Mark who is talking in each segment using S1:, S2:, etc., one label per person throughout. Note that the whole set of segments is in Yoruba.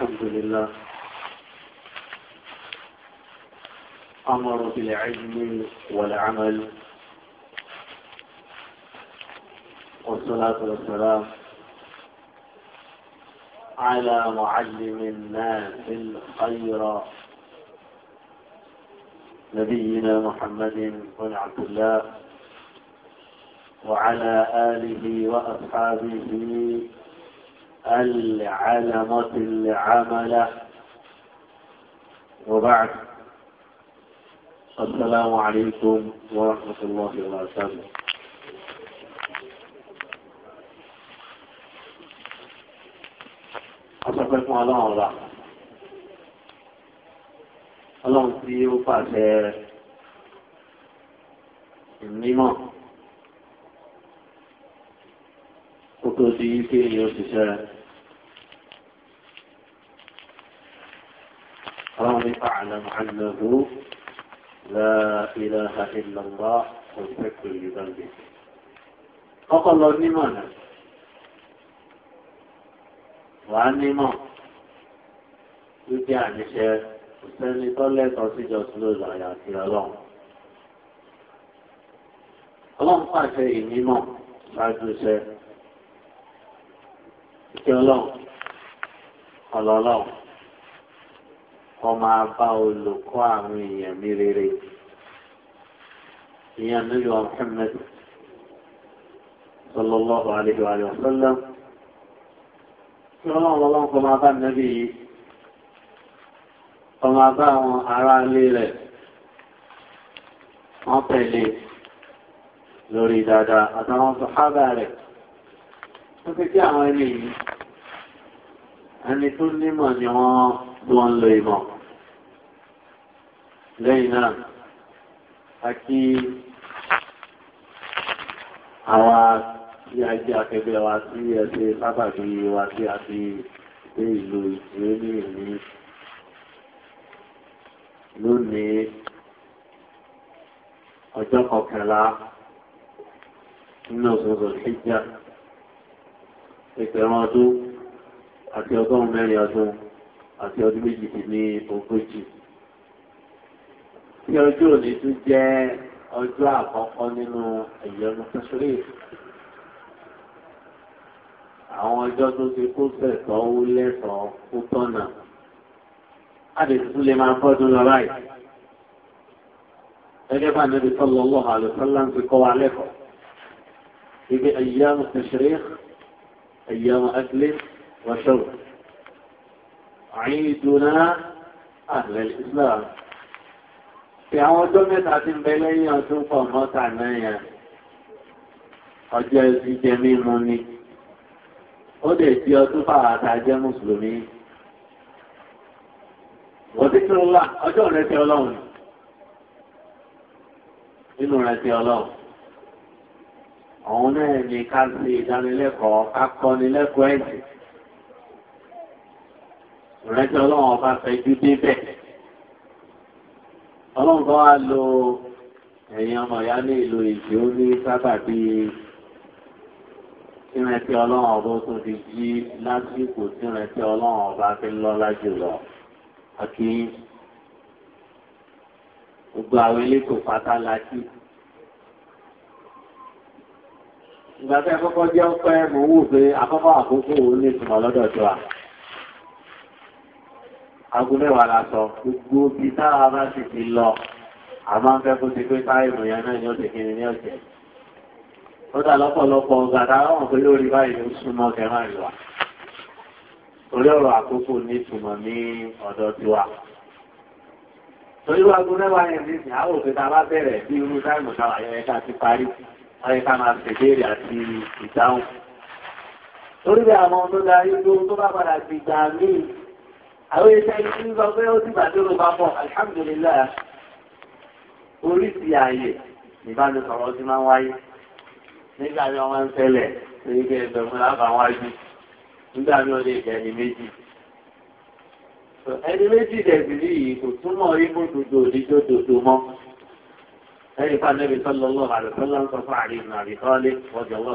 S1: الحمد لله أمر بالعلم والعمل والصلاة والسلام على معلم الناس الخير نبينا محمد بن عبد الله وعلى آله وأصحابه العلمة العملة وبعد السلام عليكم ورحمة الله وبركاته أصبحت مع الله ورحمة ọlọ́run tí ó pàṣẹ mímọ́ kó tó di ike ni ó ṣiṣẹ́ rẹ̀. الله أنه لا إله إلا الله والذكر لذنبه فقال الله نمانا وعن نمان يجي عن الشيخ وسني طلع تصيج أسلوب على كلام الله قال شيء نمان بعد الشيخ كلام قال الله kọ́ máa bá olùkọ́ àwọn èèyàn mi rere ìyẹn nílùú Muhammad sallallahu alayhi wa sallam tí wọ́n lọ́wọ́ lọ́wọ́ kọ́ máa bá nẹ́bí yìí kọ́ máa bá àwọn ará ilé rẹ̀ wọ́n tẹ̀lé lórí dáadáa àtàwọn sọ̀hábà rẹ̀ tó fi kí àwọn ẹni yìí ẹni tó nímọ̀ ni wọ́n tó ń lo ìmọ̀ lẹ́yìn náà a kí àwọn tí a jẹ́ akẹgbẹ́ wa tí ẹ ṣe sábàbí wa tí a fi dé ìlú ìtìlẹ́lì ní lónìí ọjọ́ kọkànlá nínú òṣòṣò ìjà ẹgbẹ̀rún ọdún àti ọgọ́rùn-ún mẹ́rin ọdún àti ọdún méjì ogójì ní ọjọ́ òní tó jẹ́ ọjọ́ àkọ́kọ́ nínú ẹ̀yọ́nù kékeré àwọn ọjọ́ tó ti kó sẹ̀tọ́ ó lẹ́tọ̀ọ́ kó tọ̀nà àdètú lè máa bọ́dún lọ báyìí gẹ́gẹ́ bá níbi sọ́lọ́ lọ́wọ́ àlùfọ́lá ń fi kọ́ wa lẹ́kọ̀ọ́ ibi ẹ̀yọ́nù kékeré ẹ̀yọ́nù ẹgbẹ́ wọ́ṣọ́rọ̀ àyíndùnà àhìlẹ̀ ìsìláàmù. Tí àwọn ọjọ́ mẹ́ta ti ń bẹ lẹ́yìn ọdún pọ̀ mọ́ta náà yẹn, ọjọ́ jíjẹ mímu ni. Ó dẹ̀ di ọdún fàwàtà jẹ́ Mùsùlùmí. Òtí tí ó wà, ọjọ́ rẹ̀ ti ọlọ́run. Inú rẹ̀ ti ọlọ́run. Àwọn náà ni ká ṣe ìdánilẹ́kọ̀ọ́, ká kọ́ni lẹ́kọ̀ọ́ ẹ̀sìn. Ìrẹ́jọ́ ọlọ́run ọba fẹ́ ju débẹ̀ ọlọ́run bá wá lo ẹ̀yin ọmọ ìyá ní ìlú ìjì ó ní sábà bí ìrẹsì ọlọ́run ọba tó ti jí lásìkò tí ìrẹsì ọlọ́run ọba fi ń lọ́lá jùlọ àti gbogbo àwọn elétò pátá láti. ìgbà tẹ́ kọ́kọ́ jẹ́ ọpẹ́ mo wù pé àkọ́kọ́ àkókò òun ní ìtumọ̀ lọ́dọ̀ tó wa aago mẹ́wàá la sọ gbogbo bí táwa bá sì ti lọ àmọ́ ń fẹ́ kó ti pé táìmù yẹn náà ni ó ti kiri ní ọ̀jẹ̀. ó dà lọ́pọ̀lọpọ̀ gàdá ọ̀hún pé lórí báyìí ó súnmọ́ kẹmà ìwà. torí ọ̀rọ̀ àkókò ní ìtumọ̀ ní ọ̀dọ̀ tiwa. torí wàá gún mẹ́wàá yẹn nísìnyí àwọn òfin tá a bá bẹ̀rẹ̀ bí irú táìmù táwa yẹn ká ti parí ọyẹ ká máa ṣèbéèrè àti ìdáhùn. torí bí àwọn tó darí tó bá padà ti gbà míì àwọn iṣẹ́ ìlú sọ pé ó ti gbàdúrò bá pọ̀ alihamudulilayi oríṣi ààyè ìbánisọ̀rọ̀ ti máa ń wáyé nígbà tí wọ́n máa ń tẹ́lẹ̀ lórí pé ẹgbẹ̀rún lábàá wájú nígbà tí wọ́n lè jẹ́ ẹni méjì. ẹni méjì dẹ̀bìrì yìí kò túmọ̀ ibú dodo òdíjọ́ dodo mọ́. ẹni fún anábì sallallahu alaihi wasallam ń sọ fún àrí ìrìn àbí kọ́lé wọ́n jọ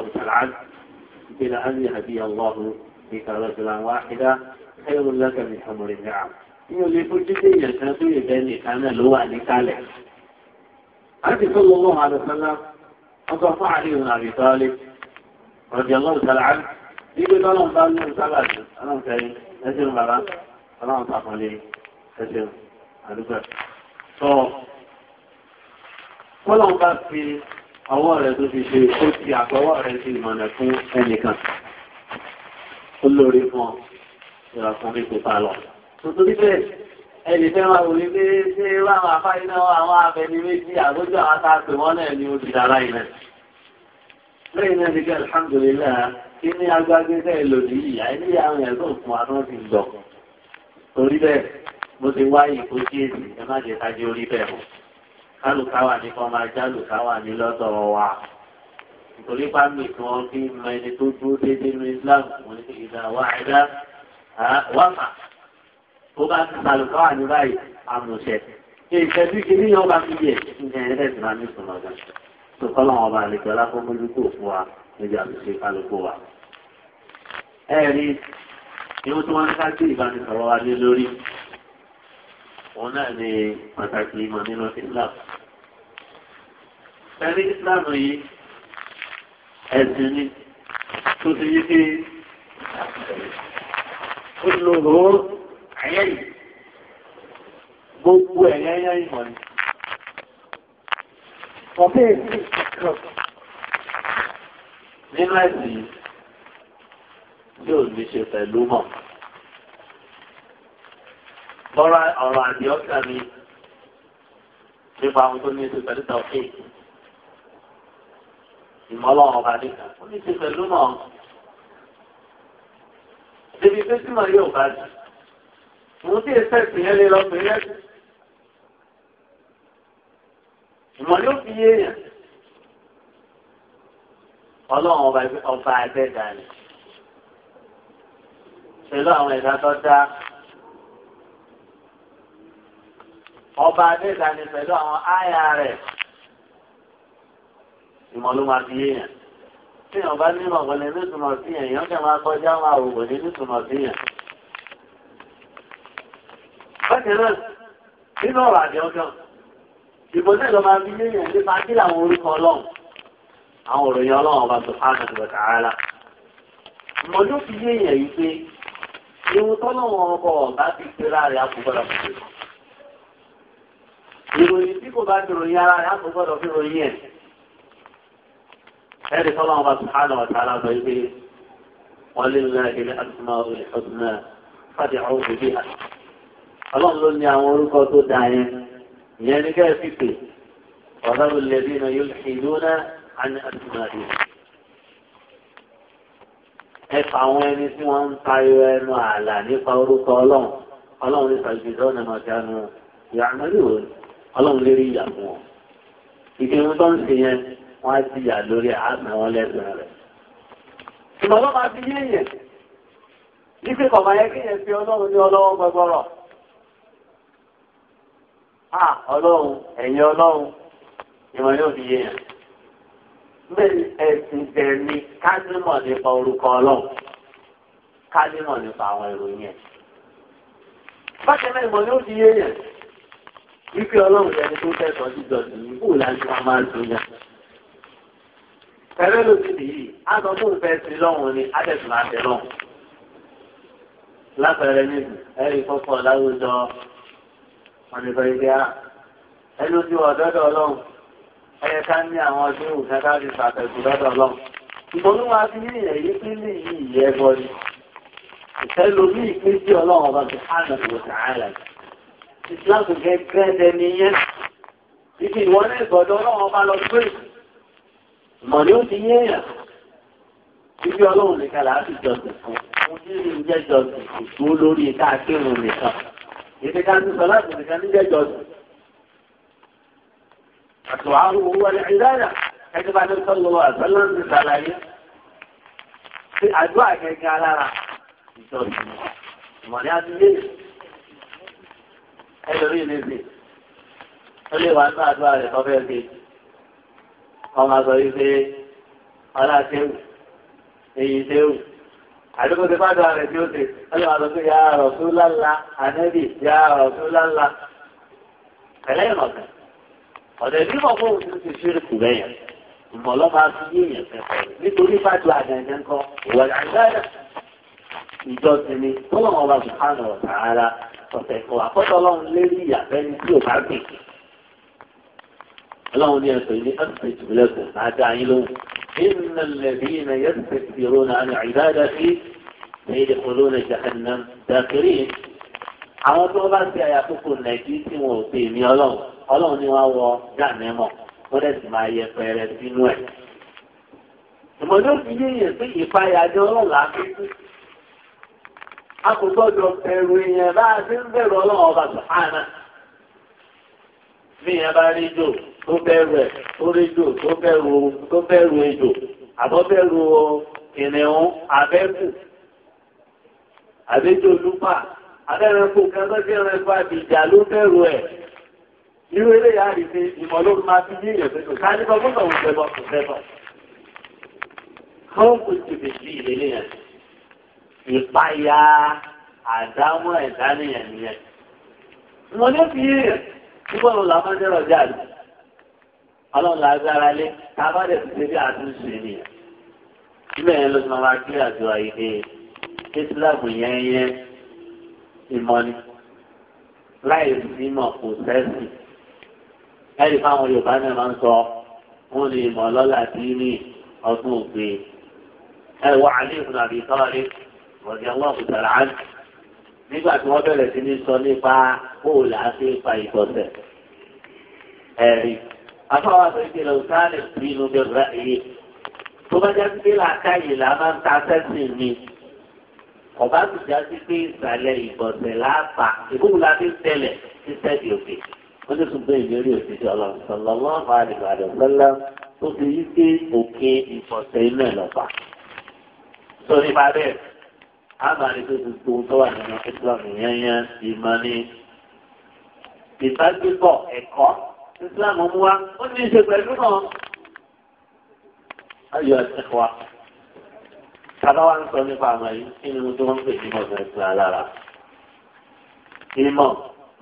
S1: ìpínlẹ̀ ẹ̀rù lọ́kàn mi sọ̀rọ̀ ìgbà. Ní olè fojú dé èèyàn kan tó yẹ bẹ́ẹ̀ nìkan náà ló wà ní kálẹ̀. A ti tó lọ́wọ́ àlùfáà ọkọ̀ fún àríwọ̀n àbìtọ́lé. Ọ̀dì ọlọ́run sọ̀rọ̀ àná. Nígbè tọ́lọ́run bá lóun sábà jù, ọlọ́run kẹrin, ẹsẹ̀ ń bàbá, ọlọ́run sàkànlé, ẹsẹ̀ àdúgbò. Sọ tọ́lọ́run bá fi ọwọ́ rẹ̀ tó fi ṣe ó ti àgbọ̀wọ́ rẹ̀ sí ìmọ̀nà fún ẹnìkan. Ó lórí fún ọ ìwà fún mi pípa lọ. Nítorí pé ẹnì fẹ́ máa wò ní pé ṣé báwọn afáyín náà àwọn abẹni méjì àgójọ àwọn tá a pè wọ́n náà ni ó ti dára yìí rẹ̀. Lẹ́yìn náà ni kí alhamdulillah kí ní agbágbé fẹ́ lòdì yìí, àìní àwọn ẹ̀sọ́ fún wa náà ti gbọ̀. Torí bẹ́ẹ̀, mo ti wáyé kó sí èsì ẹ má jẹ́ kájí orí bẹ́ẹ̀ mọ̀. Kálùkáwà ní kan máa já lùkáwà ní lọ́dọ̀ wa nítorí bá fi mọ ẹni tó dúró déédéé ní Islam wọ́n ní ìdá wa wáfà ó bá ti sàlùkọ́ àní báyìí àmùṣẹ. ìṣẹ́jú kìíní yóò bá fi yẹ ẹ̀ẹ́dẹ́ ti máa ní ìsúná ọ̀gá. sọkọ́ làwọn ọba àlejò alákọ̀ọ́mọ́jú kò fún wa níbi àmùṣe kálukú wa. ẹ rí irun tí wọ́n ń ká sí ìbánisọ̀rọ̀ wa ní lórí. òun náà ni pàtàkì ìmọ̀ nínú Islam. ẹni Islam yìí ẹ̀sìn ni tó ti yí pé كلهم علم gbogbo ẹ̀yà ẹ̀yà ìmọ̀ ni ọ̀pẹ́ ìlú ìkọ̀ nínú ẹ̀sìn yóò ní ṣe pẹ̀lú mọ̀ ọ̀rọ̀ àdì ọ̀sẹ̀ mi nípa àwọn tó ní ṣe pẹ̀lú tọ̀kì ìmọ̀lọ́wọ́ ọba nìkan ó ní ṣe pẹ̀lú mọ̀ débi pé símọ̀ yóò bá jù òun tí èsì ẹ̀sìn yẹn lè lọ pè lẹ́sìn. ìmọ̀ yóò fi yé èèyàn ọlọ́run ọba àtẹ́dá ni pẹ̀lú àwọn ẹ̀dá tó dá ọba àtẹ́dá ni pẹ̀lú àwọn áyà rẹ̀ ìmọ̀ ló máa fi yé èèyàn tí èèyàn bá ní ọ̀gọ́lẹ̀ sí yẹn èèyàn kẹ́ máa kọjá máa wò ní nítumọ̀ sí yẹn. bákan náà nínú ọ̀rọ̀ àjọ kan ìbò náà lọ fi yé yẹn nípa kí làwọn orúkọ ọlọ́run àwọn òròyìn ọlọ́run ọba tó fáwọn àti bàtà ara. mọ̀jú fi yé yẹn yìí pé ewu tọ́lọ́wọ́n ọkọ ọ̀gá ti pé láàrin àkùgbọ́dọ̀ fi ṣe. ìròyìn tí kò bá ẹ̀rí sọ́lá ọba sùhánà ọ̀tá alábọ̀ ibi wọn lè lọ ilé asùnmọ́ ìṣọ́sùnà fàdí àwọn òbí à. ọlọ́run ló ní àwọn orúkọ tó dá yẹn ìyẹn ní kẹ́ ẹ fi pè ọ̀dọ́ lẹ́bí náà yóò ṣe ìlú náà á ní ẹ fà àwọn ẹni tí wọ́n ń tayọ ẹnu ààlà nípa orúkọ ọlọ́run ọlọ́run ní sàgbéjọ́ ọ̀nà màdánù ìyá àmàlẹ́ ọlọ́run lérí ìyàwó wọn. ìgbìmọ̀ wọ́n á sì yà lórí àmà wọn rẹ̀. ìmọ̀ ló máa fi yéèyàn ní ya kọ̀ọ̀mà yẹ kéèyàn fi ọlọ́run ní ọlọ́wọ́ gbọgbọrọ̀. à ọlọ́run ọlọ́run ìmọ̀ yéèyàn. ọlọ́run kánímọ̀ nípa tó jíjọ sí láti tẹ́lẹ̀ ló yìí azọ tó ń fẹ́ sí lọ́hùn ni adẹ́sùn máa tẹ̀ lọ́hùn. lápẹẹrẹ níbi ẹ̀rí fọ́fọ́ láwùjọ ọ̀nìkan ah, ẹni ojú ọ̀dọ́dọ̀ ọlọ́run ẹ̀yẹ ká ní àwọn ọdún ìwòsàn ká fi pàtẹ́kù lọ́dọ̀ ọlọ́run. ìbọnú wa fi ní ẹ̀yí pé lè yí ìyẹ́ bọ
S2: ni. ìfẹ́ lomi sí ọlọ́run ọba ti hàn náà wò
S1: mọ̀ ó ti yé èèyàn bíbí ọlọ́run nìkan là á fi jọ̀sìn fún mo ní ní jẹ́ kò tó lórí káàkiri nìkan ètè ká ní sọlá nìkan ní jẹ́ jọ̀sìn. àtọ̀ àrùn owó wọlé ìdáyà ẹgbẹ́ bá ní sọ́lọ́ àtọ́lá ní sàlàyé sí àdúrà gẹ́gẹ́ alára ìjọsìn mọ̀ ni a ti yé ẹlòmíì lè ṣe ó lè wà ní àdúrà rẹ̀ tọ́fẹ́ ṣe wọ́n sọ wípé ọlá tẹ́wù èyí tẹ́wù àdúgbò ti fádùn ààrẹ tí ó ṣe ọlọ́ sọ pé yà á rọ̀tún lálá ànẹ́bì yà á rọ̀tún lálá ẹlẹ́yìn ọ̀sẹ̀ ọ̀dẹ̀ bí wọ́n kó òun ti ṣe kù lẹ́yìn ìmọ̀ lọ́ fi yé èèyàn fẹ́ nítorí fádùn àdẹ̀ǹdẹ̀ ńkọ ìwà ìdájọ́ ìjọ sinmi tó lọ́wọ́ bá sùn ọ̀tà ara ọ̀sẹ̀ àkọ́tọ̀ ọlọ́run lérí ìyàfẹ́ tí ò bá gbèkè ọlọ́run ní ẹ̀sọ̀ yìí ní ẹ̀sọ̀ ìtùbílẹ̀kùn àti إن الذين يستكبرون عن عبادتي سيدخلون جهنم داخرين àwọn tó bá ti àyàkókò nàìjí tí wọn ò pè mí ọlọ́run ọlọ́run ni wọ́n wọ dàmẹ́mọ̀ wọ́n dẹ̀ sì máa yẹ pẹrẹ sínú ẹ̀. ìmọ̀lẹ́ òfin yéèyàn pé ìpayà jẹ́ ọlọ́lá pípé a kò gbọ́dọ̀ bẹ̀rù èèyàn bá a ti ń bẹ̀rù ọlọ́run ọba Mi bá rí jò tó bẹ̀rù ẹ̀ tó rédò tó bẹ̀rù tó bẹ̀rù ejò àbọ̀ bẹ̀rù ìrìnàún abẹ́kù àbẹ́jọ́ olúpa abẹ́rẹ́kù kẹ́lọ́dé ẹ̀rẹ́kù àbìjà ló bẹ̀rù ẹ̀ irú eléyà rí pé ìmọ̀ ló máa fi ní ìyẹn pẹ̀lú kánífọ́ gbọ́dọ̀ wọ́n fẹ́ bọ́ kò fẹ́ bọ́. kọ́ńkù ti fi sí ìdílé yẹn ìpayà àdámọ́ ẹ̀dá nìyẹn nìyẹn. mo ní fi yé yẹn nígbà wo làwọn máa ń dẹ́rọ̀ jáde ọlọ́run lágbára lé kábàdé ti ṣe bí àtúnṣe ni ilé yẹn ló ti máa kí àjọ àyíké islam yẹn yẹn ìmọ̀ni láì sí ìmọ̀ kò sẹ́sì ẹ̀rí fáwọn yorùbá náà máa ń sọ wọn ní ìmọ̀ lọ́la tí ní ọdún ògbé ẹ wọ àlẹ́ àbí tọ́lẹ̀ ọ̀dẹ̀ wọn kò tẹ̀lé àná nígbà tí wọ́n bẹ̀rẹ̀ sí ní sọ nípa bóòlù àti ipa ìtọ̀sẹ̀ ẹ̀rí àtàwọn àtẹ̀sí lọ sáré bínú bí ra èyí tó bá jẹ́ pé làákàyè là máa ń ta sẹ́sìn mi ọba tó já sí pé ìsàlẹ̀ ìbọ̀sẹ̀ láàpá ìkókò la fi ń tẹ̀lẹ̀ sí sẹ́ẹ̀dì òkè wọ́n ti sùn bẹ́ẹ̀ lérí òṣìṣẹ́ ọlọ́run sọlọ́lọ́ àdìgbà àdìgbà tó ti yí pé òkè ìbọ̀sẹ̀ inú ẹ̀ lọ́pàá. sórí bá bẹ́ẹ̀ á máa rí pé gbogbo tó wà nínú Islam yẹn yẹn ìmọ̀ ni ìbágbépọ̀ ẹ̀kọ́. Islam mú wa ó ní í ṣe pẹ̀lú náà. ayọ̀ ẹ̀sẹ̀ wa tàbá wa ń sọ nípa àmọ́ yìí kí ni mo tó ń pè nímọ̀ fún ẹ̀sìn alára. ìmọ̀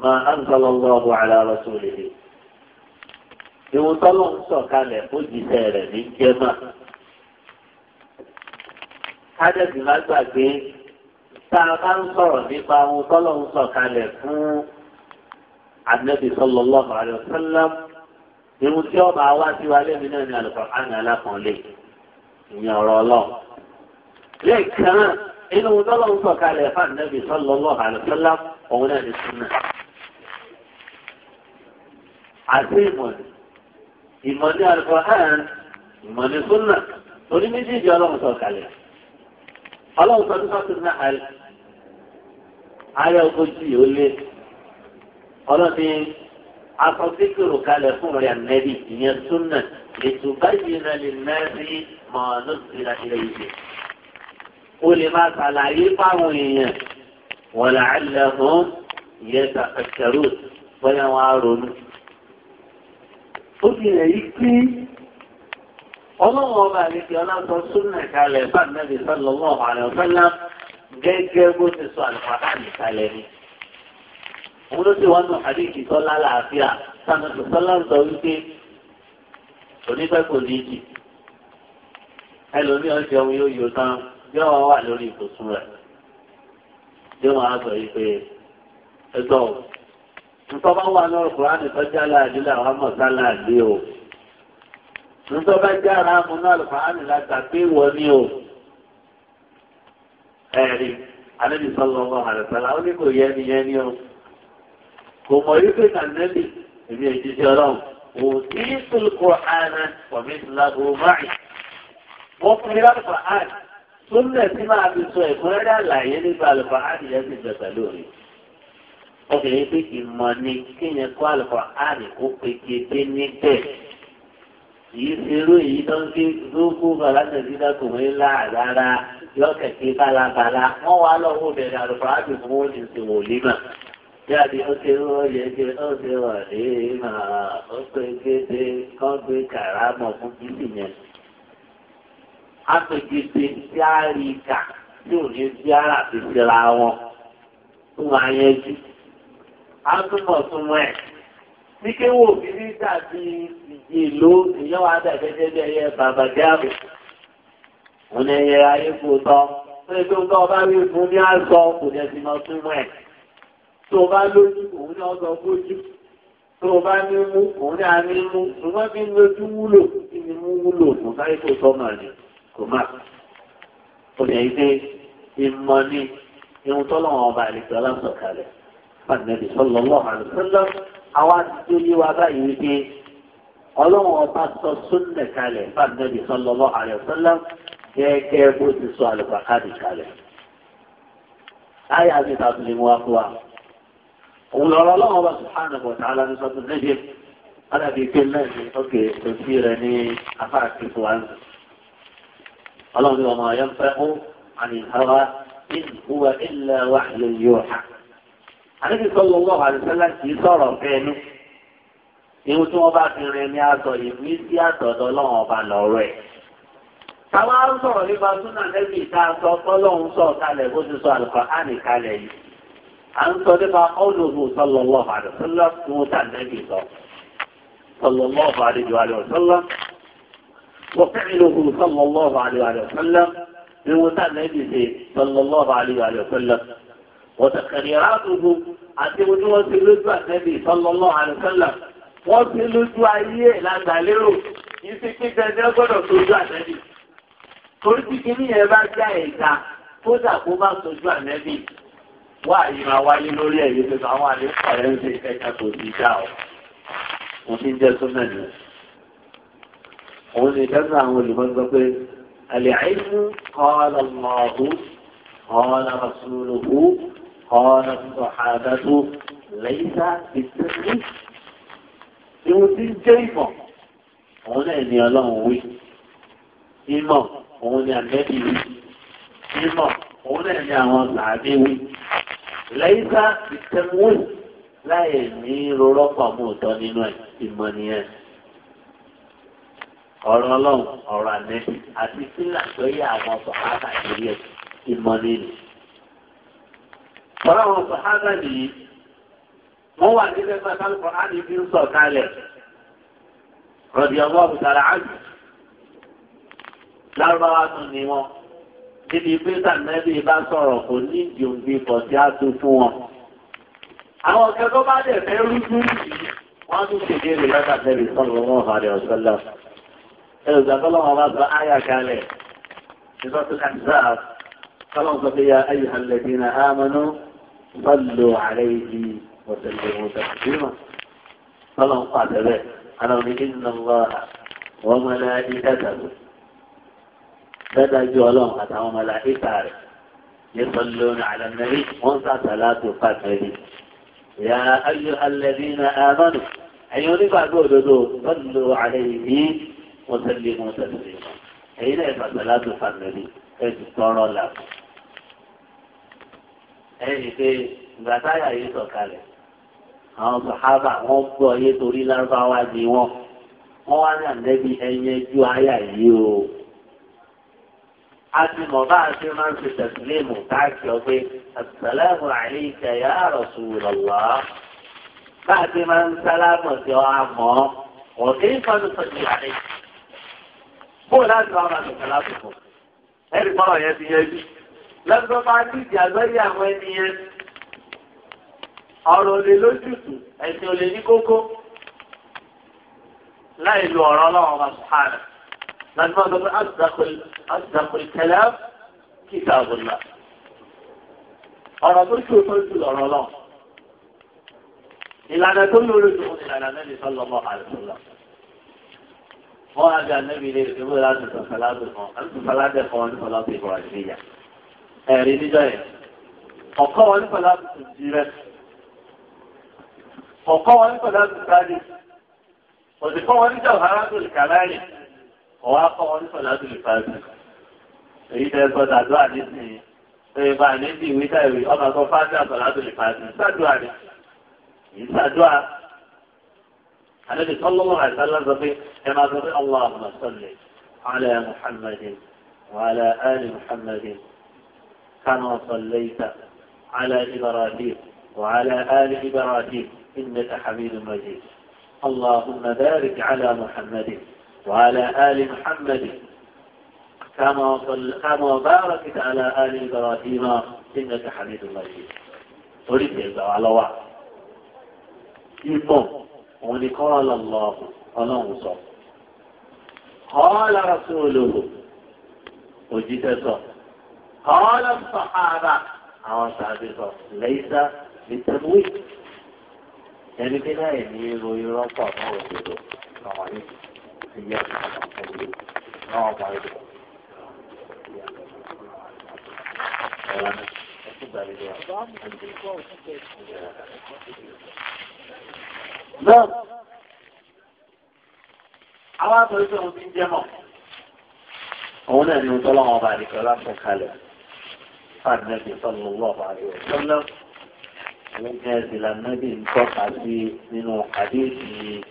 S1: máa anzalallahu ala rasulihi. ìwọ̀n tọ́lọ́ ń sọ kalẹ̀ ó jìṣẹ́ rẹ̀ ní jẹ́mà. kájẹ́sì má gbàgbé tá a bá ń sọ̀rọ̀ nípa ohun tọ́lọ́ ń sọ kalẹ̀ fún ànábì sallallahu alaihi wasallam irun tí ọba wá sí wa lẹ́mi náà ní Al-Qur'an alákànlé ìyẹn ọ̀rọ̀ ọlọ́run. lẹ́ẹ̀kan náà inú wọn tọ́lọ́ ń sọ kalẹ̀ fún ànábì sallallahu alaihi wasallam òun náà ní súnà. àti ìmọ̀ ìmọ̀ ní Al-Qur'an ìmọ̀ ní súnà torí méjèèjì ọlọ́run sọ kalẹ̀. ọlọ́run sọ ní sọ́tún náà ayọ̀ ogójì ó lé ọlọ́ni akọ síkìrù kalẹ̀ fún rẹ̀ nẹ́bí ìyẹn súnà ètò báyìí náà lè nẹ́bí mọ̀ọ́nù ìlà ilẹ̀ ìgbè. ó lè máa ṣàlàyé fáwọn èèyàn wọ́n là á lẹ̀ fún ìyẹn ṣàkàṣẹ̀rù bóyá wọ́n á ronú. ó fi hàn yí pé ọlọ́wọ́ ọba àlejò ọlọ́sọ súnà kalẹ̀ fún ànábì sọ́lọ́wọ́ àlọ́ fẹ́lá gẹ́gẹ́ bó ti sọ àlùfáà nìkalẹ̀ ni. òun ló ṣe wá nù àdéhìí sọ́lá làáfíà sànàtò sọ́lá ń sọ wípé onífẹ́ kò ní jì ẹlòmíràn yóò yọ tán wà lórí ìbùsùn rẹ̀ sọ wípé ẹgbẹ́ bá wà lọ́rọ̀ làwọn mọ̀ sálà o bá ara wọ o kò mọ̀ wípé kàndẹ́lì èmi èjìṣẹ́ ọlọ́run kò sí ìsìnkú ààrẹ pọ̀mí ìsìlágbó máì. wọ́n fún mi láti fàán súnlẹ̀ tí máa fi sọ ẹ̀kúnrẹ́rẹ́ àlàyé nípa àlùfàán yẹn ti bẹ̀tẹ̀ lórí. obìnrin pé ìmọ̀ ni kíyẹn kó àlùfàán kó pegedé níbẹ̀. yìí ṣe irú èyí tó ń gé lóko bàlájẹ dídá kò ní láàrára yọ kẹ̀kẹ́ bálabàla wọ́n wá lọ́wọ́ bẹ̀rẹ̀ àlùfàán jáde ó ṣe wọ́n yege wà ní máa ó pé gédé kán gbé kàrámọ̀ fún bíbí yẹn. a tí a rí kà tí ní bí ara ti ṣera wọn tó máa yẹjú. a túbọ̀ súnmọ́ ẹ̀. ní kéwò òbí ní dàbí ìlú ìyẹn wàá dàgẹ́gẹ́ bí ẹyẹ bàbá dáàbò. òun ẹyẹ ayé kò tọ́ pé tó ń tọ́ ọba wí fún ní àṣọ kò dẹ̀ sí tó bá lójú òun ní ọgbọ̀n gbójú tó bá ní mú òun ní àní mú ṣùgbọ́n bí lójú wúlò kí ni mú wúlò kò sáré tó sọ́mà ni kò má. ó lè ṣe ìmọ̀ ni irun tọ́lọ́wọ́n ọba àlejò aláǹsọ̀kalẹ̀ fàdínẹ́bí sọ́lọ́ lọ́wọ́ àlùfẹ́lọ́ àwa ti tó yé wa báyìí wípé ọlọ́wọ́n ọba sọ súnnẹ̀ kalẹ̀ fàdínẹ́bí sọ́lọ́ àlùfẹ́lọ́ gẹ́gẹ́ bó ti sọ àlùfàkàdì kalẹ̀. láyé àti ìtàkùn ni mo wá fún wa. òun lọ́rọ̀ ọlọ́wọ́ bá subhanahu wa ta'ala ní sọ́tún lẹ́yìn alábi pé mẹ́rin ókè òsì rẹ̀ ní afáàkì fún wa. ọlọ́run ní ọmọ ayọ́ ń fẹ́ fún àníhàwá ìhùwà ilẹ̀ wà àníbi sọ́wọ́ kì í sọ̀rọ̀ tí wọ́n bá fi rin ní sí àtọ̀dọ̀ ọlọ́run ọba à ń sọ nípa ọlọ́hùn sallallahu alaihi wasallam tí wọ́n tà nẹ́bí sọ sallallahu alaihi wasallam wọ́n fẹ́ẹ̀lọ́hùn sallallahu alaihi wasallam tí wọ́n tà nẹ́bí sẹ sallallahu alaihi wasallam wọ́n tẹ̀ kẹ̀rìírà tuntun àti wọn tí wọ́n ti lójú àtẹ́bí sallallahu alaihi wasallam wọ́n ti lójú ayé lágbàlérò yìí ti pín wá yìí máa wáyé lórí ẹ̀yẹ tó máa wà ní ọ̀rẹ́ ń ṣe ẹ̀ka kò sí dá o mo ti ń jẹ́ súnmọ̀ nù. òun ni ìtẹ́sí àwọn olùkọ́ pé àlẹ́ àìsí kọ́ọ̀lọ́ mọ̀ọ́hù kọ́ọ̀lọ́ mọ̀sùlùkù kọ́ọ̀lọ́ sọ̀hàdàtù lẹ́yìnká ìtẹ́sí. ìwọ ti ń jẹ́ ìmọ̀ òun náà ni ọlọ́run wí ìmọ̀ òun ni àgbẹ̀bí wí ìmọ̀ òun náà ní àwọn làbí wí lẹ́yìnká ìtẹ̀wé láì ní rọ́pọ̀ mọ́tọ́ nínú ẹ̀ ìmọ̀ nìyẹn ọ̀rọ̀ ọlọ́run ọ̀rọ̀ àlẹ́ àti sílà tó yẹ àwọn sọ̀hádà lórí ẹ̀ ìmọ̀ nìyẹn. ọ̀rọ̀ àwọn sọ̀hádà nìyí wọ́n wà nílẹ̀ pẹ̀lú alukọ̀ránì bí ń sọ̀ kalẹ̀ rọ̀dì ọgbọ́n ọ̀bùtàlá àjù lárúbáwá tún ni wọ́n níbi pé sàmẹ́bí bá sọ̀rọ̀ kò ní ìdí òǹgbẹ pọ̀ tí a tún fún wọn. àwọn ọ̀kẹ́ tó bá dẹ̀ fẹ́ rú fún yìí wọ́n tún ṣèké rè lọ́dà tẹ̀lé sọ̀rọ̀ wọn ọ̀hà rẹ̀ ọ̀sọ́lá. ẹ̀rọ̀dà tọ́lọ́wọ́n bá sọ áyà kalẹ̀ ìsọ́tún àdìsáà tọ́lọ́wọ́n sọ pé ya ayyuhal ladina amanu sallu alayhi wa sallimu taslima tọ́lọ́wọ́n pàtẹ́lẹ̀ dájú ọlọ́run àtàwọn màláíkà rẹ̀ yẹtọ̀ lónìí àlàmẹ́rí wọ́n sàtàlá tó pàtẹ́rì. ìyá ayé alẹ́bí na àmánù ẹ̀yin onígbàgbọ́ òdodo sọ́lù àlẹ́yìn ní wọ́n tẹ̀lé wọn tẹ̀lé ẹ̀yin náà sàtàlá tó pàtẹ́rì ẹ̀ ti tọrọ làkù. ẹ̀yìn pé ìgbà táyà yìí sọ̀kalẹ̀ àwọn sàhábà wọ́n gbọ́ ayé torí lárúbáwá di wọn wọ́n wá ní àtìmọ̀ bá a ṣe máa ń ṣe tẹ̀sílẹ̀mù káàkiri ọ̀pẹ asàlámù àlíkà yà á Rasulullah. bá a ṣe máa ń sálámù sí ọ àmọ́ ọ̀dẹ́ ìfọdùsọ̀jì àlẹ́. bó o láti wá máa tẹ̀sán lásìkò ẹ̀rí fọ́nà yẹn ti yẹ bí. lọ́sọ̀ máa ti ìjà àwọn ẹni yẹn. ọ̀rọ̀ olè lójútù ẹ̀sìn olè ní kókó láì lu ọ̀rọ̀ ọlọ́run لأن ما قبل أصدق أصدق الكلام كتاب الله أرادوا شو قلت الأرى الله إلا أن كل رجل إلى النبي صلى الله عليه وسلم وهذا النبي يقول أنت صلاة أنت صلاة القوان صلاة إبراهيمية أريد جاية وقوان صلاة الجيرة وقوان صلاة الثالث وقوان جوهرات الكلام ọwọ́ akọ́ wọn ní sọ̀láṣí lè fa ẹ̀sìn. èyí tẹ́ sọ dàdúrà nísìnyí pé bá a ní bí ìwé táìwé ọmọ sọ fáṣí àsọ̀láṣí lè fa ẹ̀sìn sàdúrà ni kì í sàdúrà. àlejò sọlọ́wọ́ àìsàn lọ́sọ pé ẹ máa sọ pé allahumma salli ala muhammadin wa ala ali muhammadin kama sallaita ala ibrahim wa ala ali ibrahim innaka hamidun majid. اللهم بارك على محمد وعلى آل محمد كما كما باركت على آل إبراهيم إنك حميد مجيد أريد أن على واحد يقوم ونقال الله الله صلى قال رسوله وجدته قال الصحابة àwọn sàbí ليس lẹ́yìnsá يعني tẹ́lúwì ẹni bí náà ní ìròyìn rọ́pọ̀ وإياك نستعين اللهم بارك náà àwọn àtọ̀rí tó ń fi jẹ́ mọ̀ òun náà ni tọ́lá wọn bá nìkan láṣọ kalẹ̀ fàdínẹ́bì sọ́nù lọ́wọ́ àríwá sọ́nà àwọn jẹ́ ìlànà bí ń tọ́ka sí nínú àdéhùn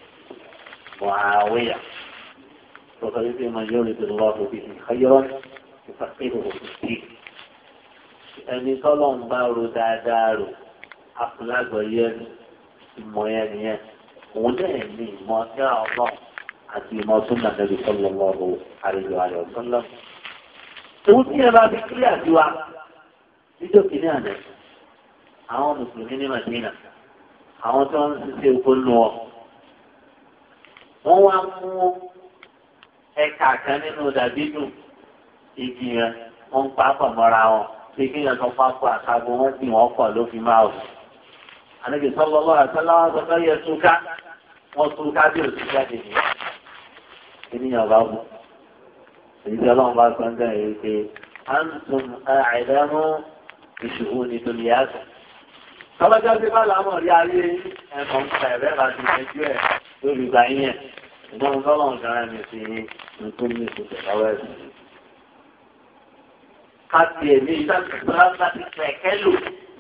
S1: Muawiya. وطريق من يولد الله به خيرا يفقهه في الدين ẹni tọ́lọ̀ ń bá ro dáadáa rò afúlágbọ̀ yẹn ìmọ̀ yẹn nìyẹn òun náà ní ìmọ̀ síra ọlọ́ àti ìmọ̀ tó nà lẹ́bi sọ́lọ́ lọ́rọ̀ àrẹ̀lẹ̀ àrẹ̀ ọ̀sọ́lọ́. òun tí yẹn bá fi kílẹ̀ àdúrà níjọ́ kìíní àná àwọn mùsùlùmí ní Madina àwọn tó ń ṣiṣẹ́ okòó nù ọ́ wọ́n wá mú ẹ̀ka kan nínú dàbídù igi yẹn wọ́n ń papọ̀ mọ́ra wọn pé kí yẹn tó papọ̀ àkàgbọ̀ wọ́n sì wọ́n pọ̀ ló fi máa wò. àníbi sọ́lọ́lọ́ àtàláwà sọ́kọ́ yẹ túká wọ́n túká bí òsì jáde nìyẹn. ènìyàn bá wù. èyí tí ọlọ́run bá sọ ń dẹ̀ yìí pé à ń tún àìdámú ìṣòwò ní tòlí yàtọ̀. tọ́lọ́jọ́ ti bá làámọ̀ rí ayé ẹ̀kọ́ ń pa ẹ̀rẹ́ ìdáhùn tọ́lọ́run ṣe ara ẹni sí nǹkan ní oṣù tẹ̀láwọ́ ẹ̀sìn. ká tiẹ̀ ní ìdájọ́ láti pẹ̀kẹ́ lò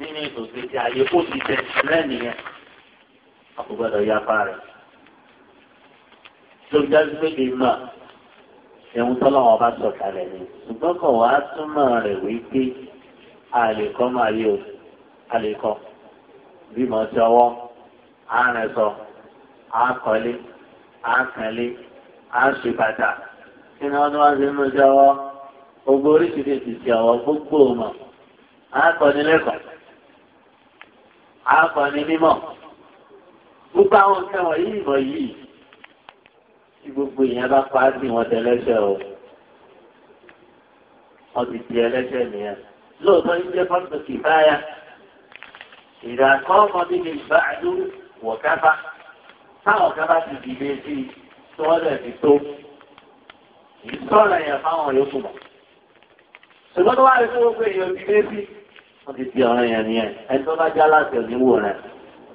S1: nínú ìtòsí ti ààyè kó ti tẹ̀ lẹ́nìyẹn. a kò gbọ́dọ̀ ya apá rẹ̀. ló dájú pé kì í mọ̀ ẹ̀hún tọ́lọ́run ọba sọ̀ ni ṣùgbọ́n kò wá túmọ̀ rẹ̀ wípé àlèkọ́ máa yẹ o àlèkọ́ bí mo ṣe ọwọ́ àárẹ̀ sọ àkọlé à ń sànlé à ń ṣe bàtà kí ni wọ́n ní wọ́n ṣe ń lójú ọwọ́ gbogbo oríṣiríṣi ti ọwọ́ gbogbo mọ̀ à ń kọ́ni lẹ́kọ̀ọ́ à ń kọ́ni mímọ̀ gbogbo àwọn nǹkan wọ̀nyí ìmọ̀ yìí tí gbogbo ìyẹn bá pa á sí wọn tẹ́lẹ́sẹ̀ o wọ́n ti di ẹlẹ́sẹ̀ nìyẹn lóòótọ́ yìí jẹ́ fọ́tò kìfáyà ìdàkọ́ ọmọdé lè bá wọ̀ káfá táwọn kan bá ti dìde sí i tí wọ́n lè fi tó ìsọ̀rọ̀ yẹn fáwọn yòókù mọ̀. ṣùgbọ́n tó wá rí fún gbogbo èèyàn dìde sí wọ́n ti di ọ̀rọ̀ yẹn nìyẹn ẹni tó bá já láti òníwò rẹ̀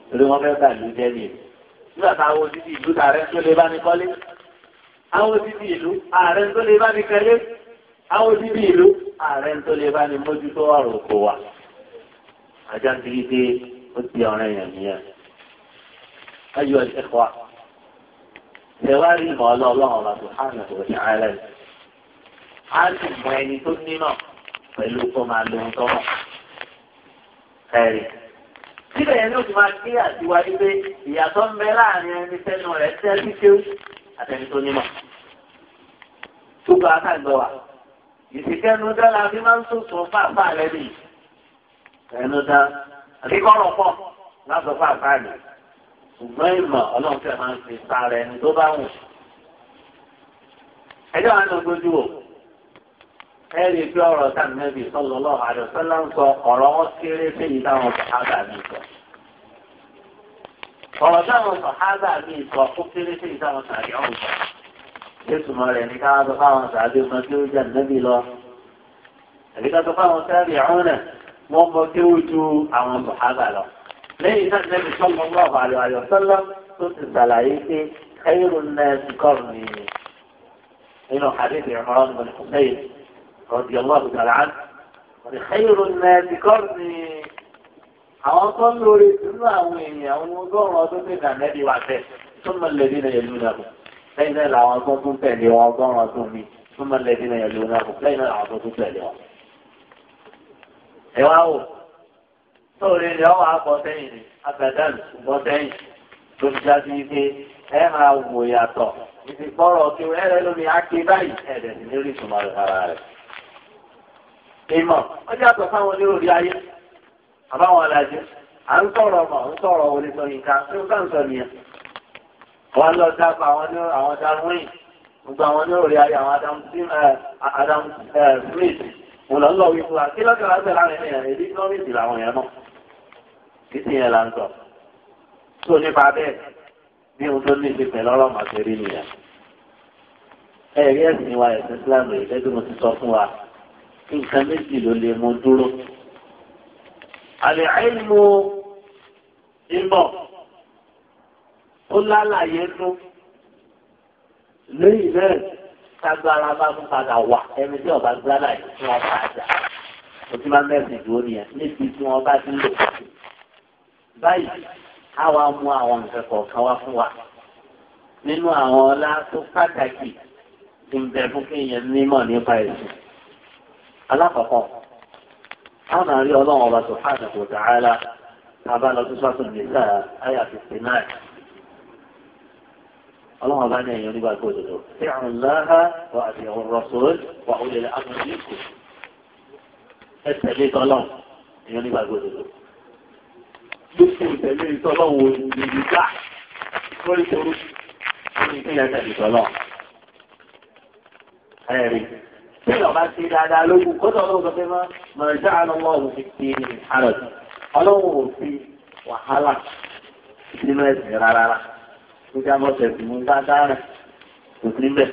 S1: torí wọ́n fẹ́ bà ló jẹ́ nìyẹn. nígbà táwọn odidi ìlú ààrẹ tó lè bá ní kọ́lé àwọn odidi ìlú ààrẹ tó lè bá ní kẹ́lé àwọn odidi ìlú ààrẹ tó lè bá ní mójútó ọ̀rọ̀ òkò wa. àjá ti ó ti ọ̀rọ̀ yẹn nìyẹn ayọ̀ ẹ̀kọ́ wa ṣe wá rí ìmọ̀ ọlọ́ọ̀lọ́run ọ̀la tó hàn náà wọ̀ ní ara rẹ̀ á sì mọ ẹni tó ní náà pẹ̀lú kó máa lo ohun tó mọ̀ ẹ̀rì. síbẹ̀ yẹn ló ti máa gbé àtiwájú pé ìyàtọ̀ ń bẹ láàrin ẹni tẹnu rẹ̀ tẹ́lí tí ó àtẹni tó ní mọ̀. túbọ̀ akágbọ̀ wa ìsìnkẹ́nu dára bí máa ń sòsò fáfá rẹ̀ nìyí. ẹnu dá àbíkọ́ ọ̀rọ̀ pọ̀ lásọ̀ fáfá rẹ̀ ṣùgbọ́n ìmọ̀ ọlọ́run fẹ́ máa ń fi sára ẹni tó bá wù. ẹjọ́ wa ló gbójú wò ẹ lè fi ọ̀rọ̀ sàmìnẹ́bì sọ́lọ́ lọ́wọ́ àdọ̀sọ́lá ń sọ ọ̀rọ̀ wọn kéré séyìí táwọn sọ̀hádà mi sọ. ọ̀rọ̀ táwọn sọ̀hádà mi sọ ó kéré séyìí táwọn sàrí ọ̀hún sọ. jésù mọ rẹ̀ ní káwọn sọ fáwọn sàbí ọmọ tí ó jẹ́ nẹ́bì lọ. àbíkà sọ fáwọn sàrí ọ̀hún náà wọ́n mọ lẹ́yìn náà nẹ́bí sọ́mọ́ wà wàlú àyọ̀sọ́lá tó ti sàlàyé pé ẹ̀rù náà ti kọ́ mi nínú àdéhùn ìrọ̀rùn bọ̀lì fúnbẹ́yì rọ̀dì ọlọ́ọ̀bù sàlàn rẹ̀ ẹ̀rù náà ti kọ́ mi àwọn tó ń lórí nínú àwọn èèyàn àwọn ọgọ́rùn-ún ọdún tó dà nẹ́bí wà fẹ́ súnmọ́ lẹ́bí náà yẹlú náà bù lẹ́yìn náà làwọn tó tún tẹ̀lé wọn ọgọ́rùn-ún ọdún mi súnmọ́ lẹ́bí náà yẹlú náà bù lẹ́yìn náà làwọn tó tún tẹ̀lé wọn. ẹ wá wò sóòrè rẹ̀ ọ̀ àbọ̀ sẹ́yìn ni àgbàdàn bọ̀ sẹ́yìn tó ti dá sí pé ẹ máa wò yàtọ̀ ìfi gbọ́rọ̀ kí wọ́n ẹ̀rẹ́ lómi áké báyìí ẹ̀rẹ́ ní lórí ìtumọ̀ ara rẹ̀. ìmọ̀ ó yàtọ̀ sáwọn onírúurú ayé àbáwọn alájẹ à ń sọ̀rọ̀ ọmọ ń sọ̀rọ̀ wọlé sọ nǹkan tí ó kàn sọ nìyẹn. wọ́n lọ dábàá àwọn ní àwọn darwin gbogbo àwọn onírúurú ayé àwọn Adam Smith wọ́n lọ lọ wí fún wa kí lọ́kàn láti rà rẹ̀ ní ẹ̀rí lọ́rìsì làwọn yẹn náà títí yẹn la ń sọ tó nípa bẹ́ẹ̀ bí ohun tó ní ti pẹ̀lú ọlọ́mọ àti rí nìyẹn ẹ̀rí ẹ̀sìn wa ẹ̀sìn Islam rẹ̀ gẹ́gẹ́ mo ti sọ fún wa nǹkan méjì ló lè mú dúró. àlè àìmọ ìmọ̀ ó lálàyé nú lórí bẹ́ẹ̀ tágbára bá ń padà wà ẹni tí ọba gbára yìí tí wọ́n bá jà òtí máa ń bẹ̀rẹ̀ dúró nìyẹn níbi tí wọ́n bá ti ń lò báyìí á wá mú àwọn nǹkan kọ̀ọ̀kan wá fún wa nínú àwọn ọlá tó pàtàkì tí ń bẹ fún kéèyàn nímọ̀ nípa ẹ̀sìn. alákọ̀ọ́kọ́ àwọn àrí ọlọ́run ọba subhanahu wa ta'ala bàbá lọ sí sọ́tún nígbà àyà fifty nine. ọlọ́run ọba ní ẹ̀yìn onígbà gbòdòdó tí àwọn ńláha wà àti àwọn rasul wà ó lè lè amúlẹ̀ ẹ̀sẹ̀ lé tọ́lọ́run ẹ̀yìn onígbà gbòdòdó ló ìjọba ti dáadáa lójú kódà ọlọ́run tó fẹ́ máa mọ̀rẹ̀ já àánú òun fi ti ní àrọ̀ Ọlọ́run ò fi wàhálà nínú ẹ̀sìn rárá. Nígbà mọ̀tẹ̀ mú dáadáa rẹ̀ kò sí bẹ̀.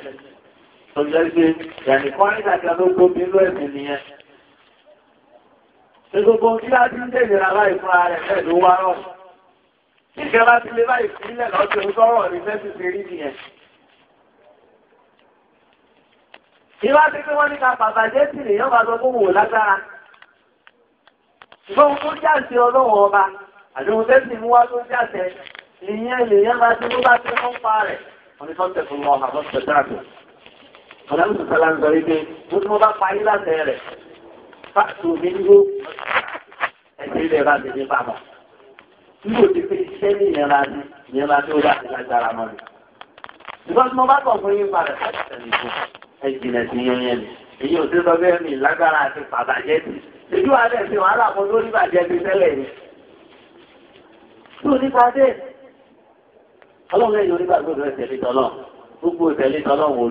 S1: Ọjọ́ ìgbé ìyànìkan nígbà kan ló tóbi ló ẹ̀sìn nìyẹn. Gbogbo kí láti ń tẹ̀lera láì fún ara rẹ̀ pẹ̀lú wa rọ̀. Ìjọba ti lé láì sílẹ̀ lọ́jọ́ ìgbọ́rọ̀ ní fẹ́ ti ṣe rí nìyẹn. Ìwá ti pé wọ́n ní ká bàbá jẹ́ sí nìyẹn bá sọ fún wò lágbára. Ṣùgbọ́n tó jáde ọlọ́wọ́ ọba, àdéhùn fáàtì òmìniró ẹgbẹ́ ilẹ̀ ra bèbè bàbà nígbò tí pé iṣẹ́ ní ìyẹn ra ní ìyẹn ra tó bá ti lágbára mọ́ ni. ìgbà tí mo bá kọ̀ fún yín padà láti tẹ̀lé fún ẹ̀jìnlẹ̀ sí yẹn yẹn ni èyí ò sí sọ bẹ́ẹ̀ mi lágbára àti pàbàjẹ́ ti ìjú alẹ́ sí wàhálà kan lórí bàjẹ́ ti tẹ́lẹ̀ ni. tó nípa dé ọlọ́run ẹ̀yìn onígbàgbọ́dọ̀ ẹ̀ tẹ̀lé tọ́lọ́ gbogbo ìtẹ̀lé tọ́lọ́ wọ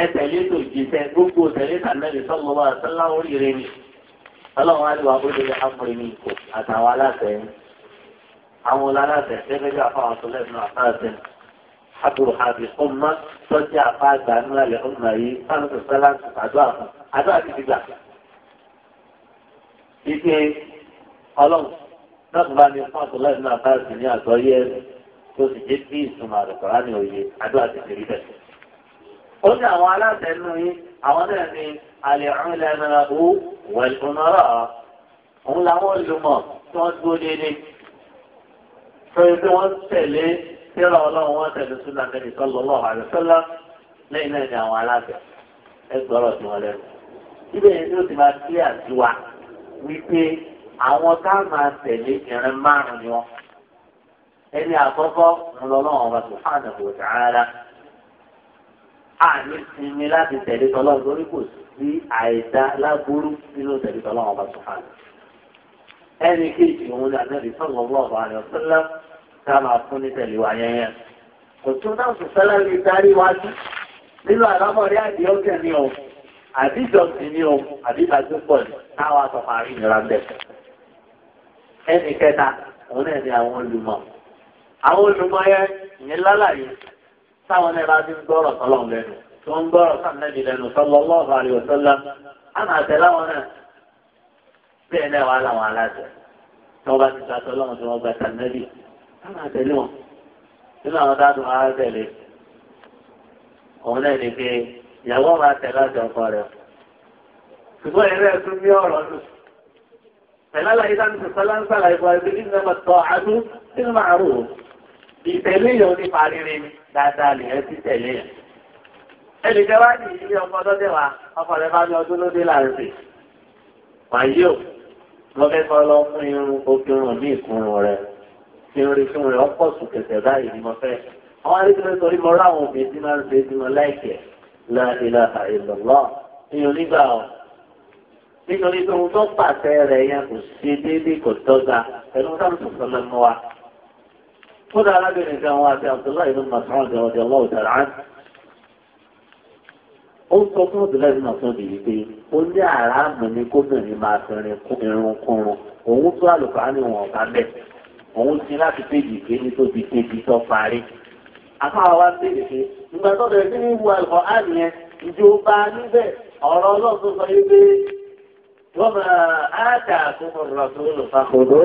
S1: ẹ tẹ̀lé tó jíṣẹ́ gbogbo tẹ̀lé tànàbí sọ́mọ́ bá sọ́lá oríire ni ọlọ́run á lè wà bóde ní ápùrẹ́ ní ìkó àtàwọn aláṣẹ àwọn aláṣẹ gẹ́gẹ́ bí afọ àwọn sọlẹ́ nù àfáàṣẹ àbúrò àbí ọmọ tọ́jú àfáàgbà nínú àlẹ́ ọmọ yìí fáwọn tó sọ́lá àdúrà fún àdúrà ti ti gbà. ike ọlọ́run náà tó bá ní fún àtọ́lẹ́ nù àfáàṣẹ ní àtọ́yẹ tó sì jẹ́ kí ìtumọ̀ àdùkọ̀rá ní òye àdúrà ti ti ó ní àwọn aláṣẹ nù yín àwọn náà ní alẹ́ ọ̀run lẹ́nu ó wẹ̀lùmọ́rọ̀ òun làwọn olùmọ̀ tí wọ́n dúró déédéé fẹ́rẹ́ pé wọ́n tẹ̀lé tẹ́lá ọlọ́run wọ́n tẹ̀lé súnà nẹ́bí sọ́lọ́ lọ́wọ́ àlùfẹ́lá lẹ́yìn náà ní àwọn aláṣẹ ẹ gbọ́rọ̀ sí wọn lẹ́nu. ibẹ̀ yẹn ni ó ti máa kí àdúrà wípé àwọn tá a máa tẹ̀lé ìrìn márùn-ún ni wọ́n. ẹni àní sinmi láti tẹ̀lé tọ́lọ́ lórí kò sí àìdá lágbóró nínú tẹ̀lé tọ́lọ́ ọba sọ̀kan. ẹnì kejì òun ni ànábì sọ̀rọ̀ ọ̀rọ̀ ọ̀bà rẹ̀ ọ̀sẹ́lá ká máa fún ní tẹ̀lé wa yẹn yẹn. kò tún náà sọ sẹ́lá lè darí wa nínú àlámọ̀rí àdìẹ ni o àbí ìjọsìn ni o àbí ìbájúpọ̀ ni táwa sọ parí ìnira ń bẹ̀. ẹnì kẹta òun náà ni àwọn olùmọ̀ àwọn olùmọ̀ yẹn ìyẹn lálàyé táwọn ẹ̀rọ ti ń gbọ́rọ̀ sọ́lọ́run lẹ́nu tó ń gbọ́rọ̀ sàmẹ́bí lẹ́nu sallallahu alaihi wasallam á máa tẹ̀ láwọn náà bẹ́ẹ̀ náà wà láwọn aláṣẹ tí wọ́n bá ti gbà sọ́lọ́run tí wọ́n gbà sàmẹ́bí á máa tẹ̀lé wọn nínú àwọn dáadọ́ ara tẹ̀lé òun náà ni pé ìyàwó máa tẹ̀ láti ọkọ rẹ̀ ṣùgbọ́n ẹ̀rẹ́ ẹ̀sùn ní ọ̀rọ̀ nù pẹ̀lú ìtẹ̀lé yẹn onípa rere ni dáadáa lè yẹn ti tẹ̀lé yẹn. ẹnìkan wá ní ìdílé ọkọ lọ́dẹ̀ wa ọkọ rẹ̀ bá ní ọdún lóde láàrin. wàyí o lọ fẹ́kọ̀ọ́ lọ fún irun okirun ní ìkùnrùn rẹ̀ tí ń rí fún rẹ̀ ọ̀pọ̀ sùn kẹsẹ̀ báyìí ni mo fẹ́. àwọn arígbẹ́ sọrí mo ráwọn òbí tí máa ń ṣe tí mo láìkẹ̀ la ilaha illallah ìyọ̀ nígbà ọ̀ nítorí pé ohun tó pàṣẹ rẹ̀ yẹn kò ṣe déédéé kò tọ́ga pẹ̀lú táwọn خذ على ابن جواد عبد الله بن مسعود رضي الله تعالى عنه ó sọ fún ọ̀dọ́lẹ́bí náà sọ bìí pé ó ní àràmù ní gómìnà máa fẹ́rin irun kúrun òun tó àlùfáàní wọn ọ̀gá bẹ̀ òun ti láti péjì pé ní tó fi débi tó parí. àfáwọn wa béèrè pé ìgbà tó bẹ̀rẹ̀ sí ní wu àlùkò àmì yẹn ìjọba níbẹ̀ ọ̀rọ̀ ọlọ́run tó sọ yí pé wọ́n máa áàkà àkókò rọ̀ tó lò fàkòrò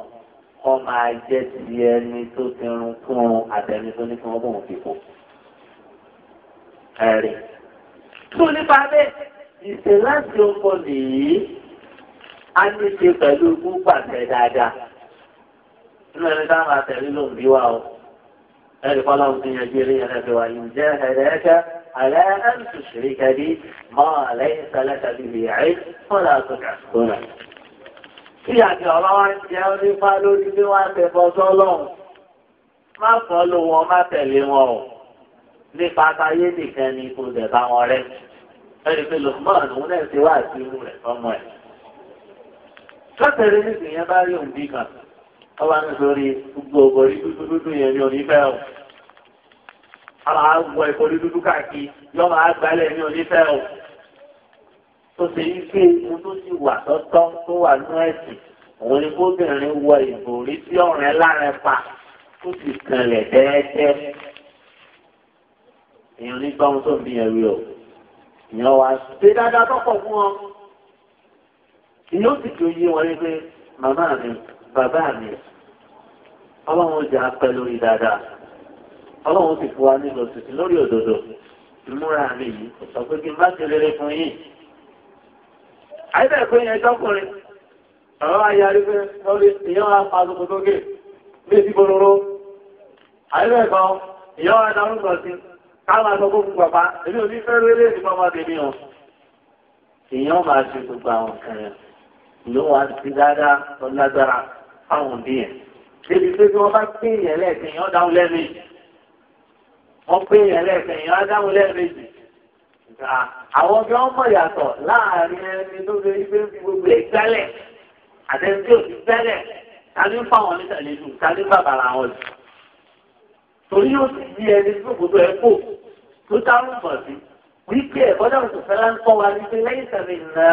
S1: kọ́ máa jẹ́ ti ẹni tó ti rún fún un àtẹni tó ní kí wọ́n bọ̀ wọ́n fi kó. ẹ̀rí. tó nípa bẹ́ẹ̀ ìṣe láti ọkọ nìyí a ní ṣe pẹ̀lú púpàṣẹ dáadáa. nínú ẹni tá a máa tẹ̀lé ló ń bí wa o. ẹ̀rí kọ́lá ń fihàn bí eré yẹn fi wá yìí jẹ́ ẹ̀rẹ́kẹ́ على أن تشرك بي ما ليس لك به علم ولا تدعسونه Kí àti ọ̀rọ̀ wọn jẹ́ onífá lórí bí wọ́n ṣe bọ́ sọ́lọ́hùn. Má fọ́ ló wọn má tẹ̀lé wọn o. Nípa àtàyé nìkan ni kò dẹ̀ bá wọn rẹ̀. Ẹni pé Lùmọ́ọ̀n òun náà ti wá àti irú rẹ̀ fọ́mọ ẹ̀. Kọ́tẹ̀rẹ́ ní ìyẹn bá rí òǹbí kan. Ọba ń sori gbogbo ògbòrí dúdú dúdú yẹn ní onífẹ́ o. Àwọn àgbọ̀ ìkórè dúdú káàkiri yọ máa gbálẹ̀ ní onífẹ́ o tó ṣe yí pé ewu sì wà tọ́tọ́ tó wà ní ẹ̀sìn òun ni kóbìnrin wọ ìbòrí tí ọ̀rẹ́ lára pa tó sì kanlẹ̀ dẹ́ẹ́dẹ́. èèyàn ní gbọ́n tó ń bí yẹn rí o ìyẹn wá ṣe dáadáa tọ́pọ̀ fún ọ. ìyẹn ó sì tó yé wọn ní pé màmá mi bàbá mi ọlọ́run jẹ́ apẹ́ lórí dáadáa ọlọ́run sì fún wa nílò tuntun lórí òdodo ìmúra mi yìí sọ pé kí n bá ti rere fún yìí àìbẹ̀ pé yẹn dáadáa tó lágbára fáwọn òbí yẹn débi pé bí wọ́n bá pé ìyẹn lẹ́ẹ̀kẹ́ ìyọ́ dáhùn lẹ́ẹ̀mejì wọ́n pé ìyẹn lẹ́ẹ̀kẹ́ ìyọ́ dáhùn lẹ́ẹ̀mejì àwọn ọgbẹ́ wọn mọ̀ yàtọ̀ láàrin ẹni tó ṣe ife ń fi gbogbo ẹ̀ gbẹ́lẹ̀ àtẹ̀sí òsì gbẹ́lẹ̀ kálí ń fáwọn onítẹ̀lẹ́ jù kálí bàbàrà wọn jù torí yóò sì di ẹni tó kò tó ẹ kó tó dárò mọ̀ sí wípé ẹ̀kọ́ náà tó fẹ́ láńkọ́ wa ní pé lẹ́yìn sẹ́mi nà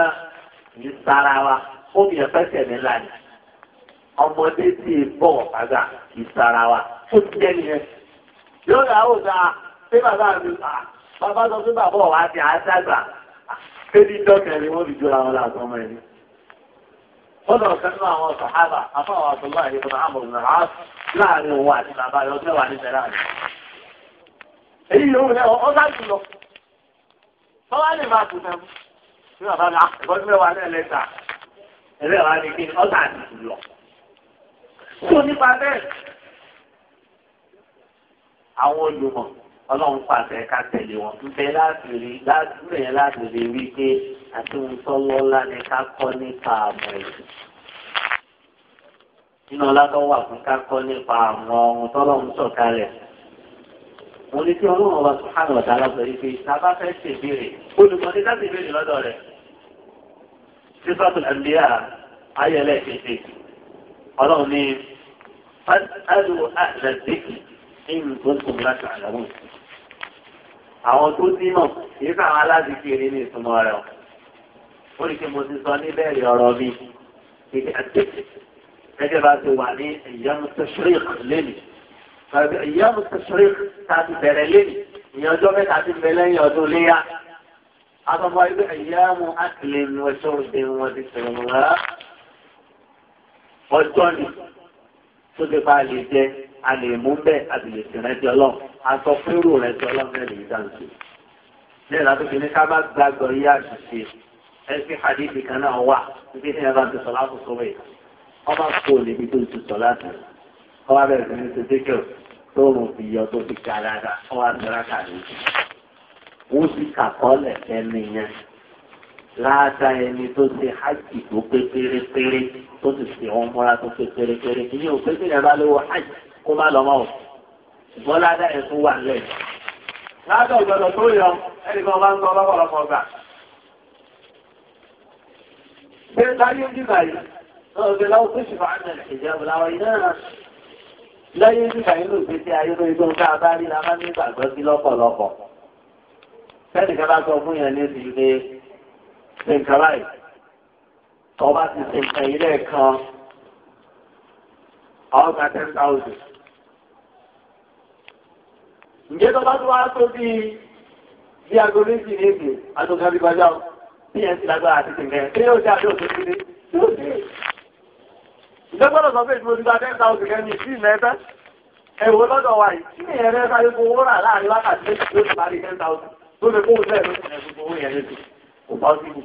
S1: ní sara wa ó ní ẹ̀fẹ́ sẹ̀mí ńlá ni ọmọdé tí ì bọ̀ padà kì í sara wa ó ti jẹ́ nìyẹn yóò rà bàbá sọ pé bàbá ọ̀wá ti àádágbà kéde dọ́kẹ́ ni wọ́n fi jọra wọn láàtọ́ ọmọ ẹni. wọ́n lọ sẹ́nu àwọn sàhábà afáwọn àtọ́lá ìlú àmọ̀ nàá láàrin òun àti bàbá rẹ̀ ọjọ́ wà ní sẹ́lá rẹ̀. èyí yòówù náà ọ bá jù lọ tọ́wá lè máa kùnà mú ní bàbá mi àkọ́jú mẹ́wàá ẹlẹ́wàá kí ọlọ́run pàṣẹ ká tẹ̀lé wọn bẹ láti rí lásìlẹ̀ láti rí wípé àti ohun tó lọ́lá ni ká kọ́ nípa àmọ́ ẹ̀sìn. nínú ọlátọ́ wà fún ká kọ́ nípa àmọ́ ohun tọ́lọ́run sọ̀kalẹ̀. mo ní kí ọlọ́run ọba sùhánù ọ̀dà lọ́sọ̀ yìí pé sábà fẹ́ ṣèbéèrè olùkọ́ni láti béèrè lọ́dọ̀ rẹ̀. sísọ́tù àbíyá ayẹlẹ́ kejì ọlọ́run ní fásitì àlù àlàdékì ẹ̀yìn àwọn tó nímọ̀ kìí sàwọn aládìkiri ní ìtumọ̀ rẹ̀ o. ó lè ṣe mo ti sọ níbẹ̀rẹ̀ ọ̀rọ̀ mi ìdí àti gẹ́gẹ́ bá ti wà ní ìyanu tashriq lẹ́nu. ìyanu tashriq ta ti bẹ̀rẹ̀ lẹ́nu ìyànjọ́ mẹ́ta ti bẹ̀ lẹ́yìn ọdún léyà. àtọ́fọ́ ibi ìyanu akilin wẹ̀ṣọ́rùdìn wọn ti sọ̀rọ̀ ọjọ́ ni tó ti bá a lè jẹ a lè mú bẹ́ẹ̀ a sì lè sìn rẹ ti ọlọ́run aṣọ fúnrú rẹ ti ọlọ́run náà lè dáǹtì. ní ìlànà tó ní ká bá gbàgbọ́ yí àṣìṣe ẹsẹ̀ hadithi kan náà wà títí ní ẹ̀rọ àti sọ̀lá àkókò rẹ̀ ọba kò níbi tó ti sọ̀ láti ọba bẹ̀rẹ̀ sí ní ti dékẹ̀ tó rùn fi yọ tó ti kà dáadáa ọba ti rà kà wọ́n ti kàkọ́ lẹ̀ fẹ́ nìyẹn láàdá ẹni tó ṣe hajj tó pé pérépéré tó sì ṣe ohun mọ́ra tó pé pérépéré kì í yóò pé kéèyàn bá lówó hajj kó má lọ́mọ́ o ṣùgbọ́n láàdá ẹ̀ tún wà lẹ́yìn. láàdá ìgbọ́dọ̀ tó yọ ẹnì kan bá ń gbọ́ lọ́pọ̀lọpọ̀ gbà. ṣé láyé ń dìbà yìí lọ́wọ́ pé láwọ́ pé ṣùgbọ́n àná ìjẹun láwọn iná láyé ń dìbà yìí ló gbé sí ayé lórí tó ń ká ní ìgbàgbọ́ sí lọ́pọ̀lọpọ̀ ṣe nǹkan láì tọba ti ṣe nǹkan ilé kan àwọn gba ten thousand. ǹjẹ́ tọba tó wá tó bí bí aago méjì ní èdè àtúnkà bí bàjá o bí ẹ̀ ń ti lágbára àti tìǹkẹ́ kí yóò ṣe àdéhùn tó ti dé yóò ṣe. ìjọba sọ pé ìdúró ti gba ten thousand kẹ́mi sí ìmẹ́ta ẹ̀wọ̀ lọ́dọ̀ wa yìí kí ni ẹ̀rẹ́ sáré fún owó rà láàrin wákàtí méjì parí ten tó lè kó o lẹ́ẹ̀lú ẹ̀fún owó yẹn lé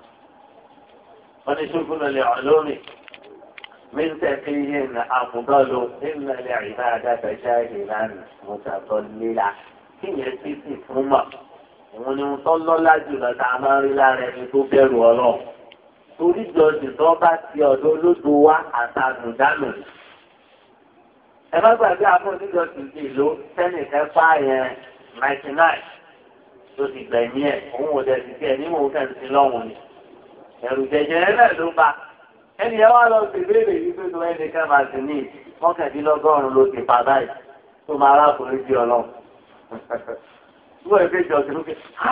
S1: wọ́n ní ṣùgbọ́n lè hàn lórí mi ń tẹ̀sí yìí ní àmúdọ́lù nínú ilé ìlà àdàbẹ̀ṣẹ́ ìlànà mọ́tàtọ́ líla kí yẹn ti sì fún mọ̀ òun ni wọ́n tọ́ lọ́lá jùlọ tá a máa ń rí lára ẹni tó bẹ̀rù ọlọ́run torí jọ̀sìn tó bá ti ọ̀dọ́ olódò wá àtàdùndánù ẹ má gbàgbé àbọ̀ oníjọsìn ti ìlú sẹ́nì kẹfà yẹn ninety nine tó ti gbẹ̀mí ẹ̀ òun ò dẹ̀ ti tiẹ̀ níwọ̀n kẹ́ǹtì lọ́wọ́ ni ẹ̀rù jẹjẹrẹ náà ló bá ẹni ẹ wá lọ sí ìbéèrè yìí pé tó ẹni ká máa sì ní mọ́kàndínlọ́gọ́rùn-ún ló ti pa báyìí tó máa arákùnrin bí ọlọ́run. wọ́n ẹgbẹ́ ìjọ sí lókè ha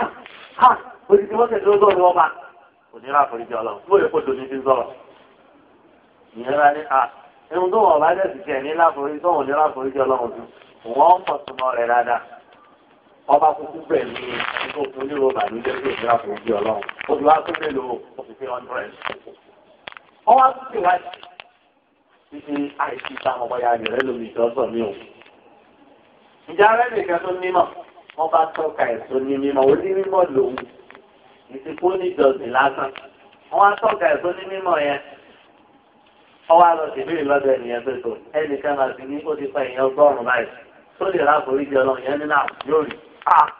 S1: ha odidi mọ́kàndínlọ́gọ́rùn-ún ọba kò ní arákùnrin bí ọlọ́run wọ́n èkó tó ní fi sọ̀rọ̀. ìyẹn bá ní ha ah, ẹ̀hún tó wọ̀ bá dẹ̀sì jẹ́ ní láforí tó wọ̀ ní láforí bí ọlọ́run oṣù wa tó mélòó oṣù fi hundred. wọ́n wá sí ìwádìí títí àìsí táwọn ọmọ ya rẹ̀ lómi ìjọsọ mi ò. ìjà rẹ̀ nìkan tó nímọ̀ wọ́n bá tọ́ka ẹ̀sùn ní mímọ́ onímọ̀ lòun ìsìnkú oníjọsìn lásán wọ́n á tọ́ka ẹ̀sùn ní mímọ́ yẹn ọwọ́ àlọ́ ìbéèrè lọ́dọ̀ ènìyàn tó tó ẹnìkan máa ti ní ó ti pa èèyàn ọgọ́rùn-ún báyìí tó lè ráforíjì ọlọ́run yẹn nínú àwọn rí. Ah!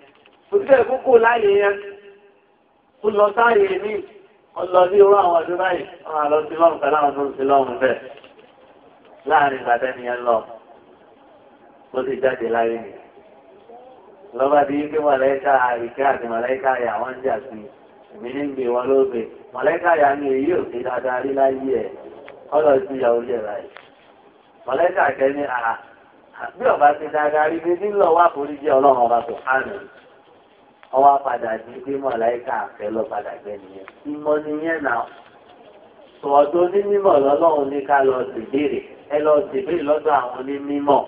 S1: òṣìṣẹ́ ìkókò láyé yẹn ó lọ sáàyè ní ọlọ ní irú àwọn ọdún báyìí wọn àlọ sí lọ́run pẹ̀lú àwọn tó ń sí lọ́run bẹ́ẹ̀ láàrin ìgbàdẹ nìyẹn lọ ó ti jáde láyé ni lọ́ba di ike mọ̀lẹ́ka ìkẹ́ àti mọ̀lẹ́ka àyà wọ́n sí èmi ní gbé wọn lóògbé mọ̀lẹ́ka ni rí láyé ẹ̀ sí ìyàwó
S2: mọ̀lẹ́ka
S1: ní ọwọ́ apàdà ní pé mọ̀láìkà àfẹ́ lọ padà jẹ́ nìyẹn. ìmọ̀ nìyẹn náà sọ̀ọ́dọ̀ onímọ̀ lọ́lọ́run ní ká lọ dìbèrè ẹ lọ dìbèrè lọ́dọ̀ àwọn onímọ̀.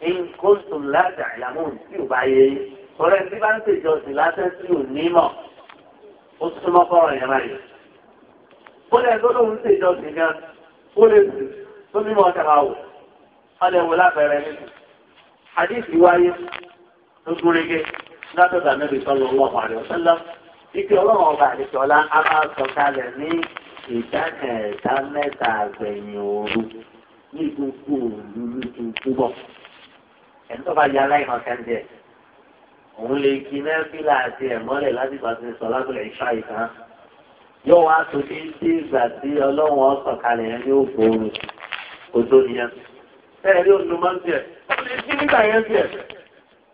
S1: nǹkan láti àyàmú tí ò bá yẹ yín ọ̀rẹ́ tí bá ń ṣèjọsìn lásán tí ò nímọ̀ ó súnmọ́ fọ́ọ̀rọ̀ yẹn báyìí. ó lẹ tó lóun ṣèjọsìn gan ó tó mímọ́ ọ̀tá wò ọ̀lẹ́wò látọ̀dà nẹ́bí sọ́lọ́ ọlọ́run àrẹ ọ̀sẹ́lá ike ọlọ́run ọba àdìsọ́lá á máa sọ kalẹ̀ ní ìdákẹ̀ẹ́ta mẹ́ta àgbẹ̀yìn òru ní gbogbo òru lójú púpọ̀ ẹni tó bá ya aláìmọ̀ kẹ́ńdẹ̀ òun lè kí nẹ́fílà àti ẹ̀mọ́lẹ̀ láti bá ti sọ lábẹ́lẹ̀ ìṣá ìtàn yóò wá tó ní sí ìgbà tí ọlọ́run ọ̀sọ̀ kalẹ̀ yẹn ní òkú òru bẹ́ẹ̀ ni ó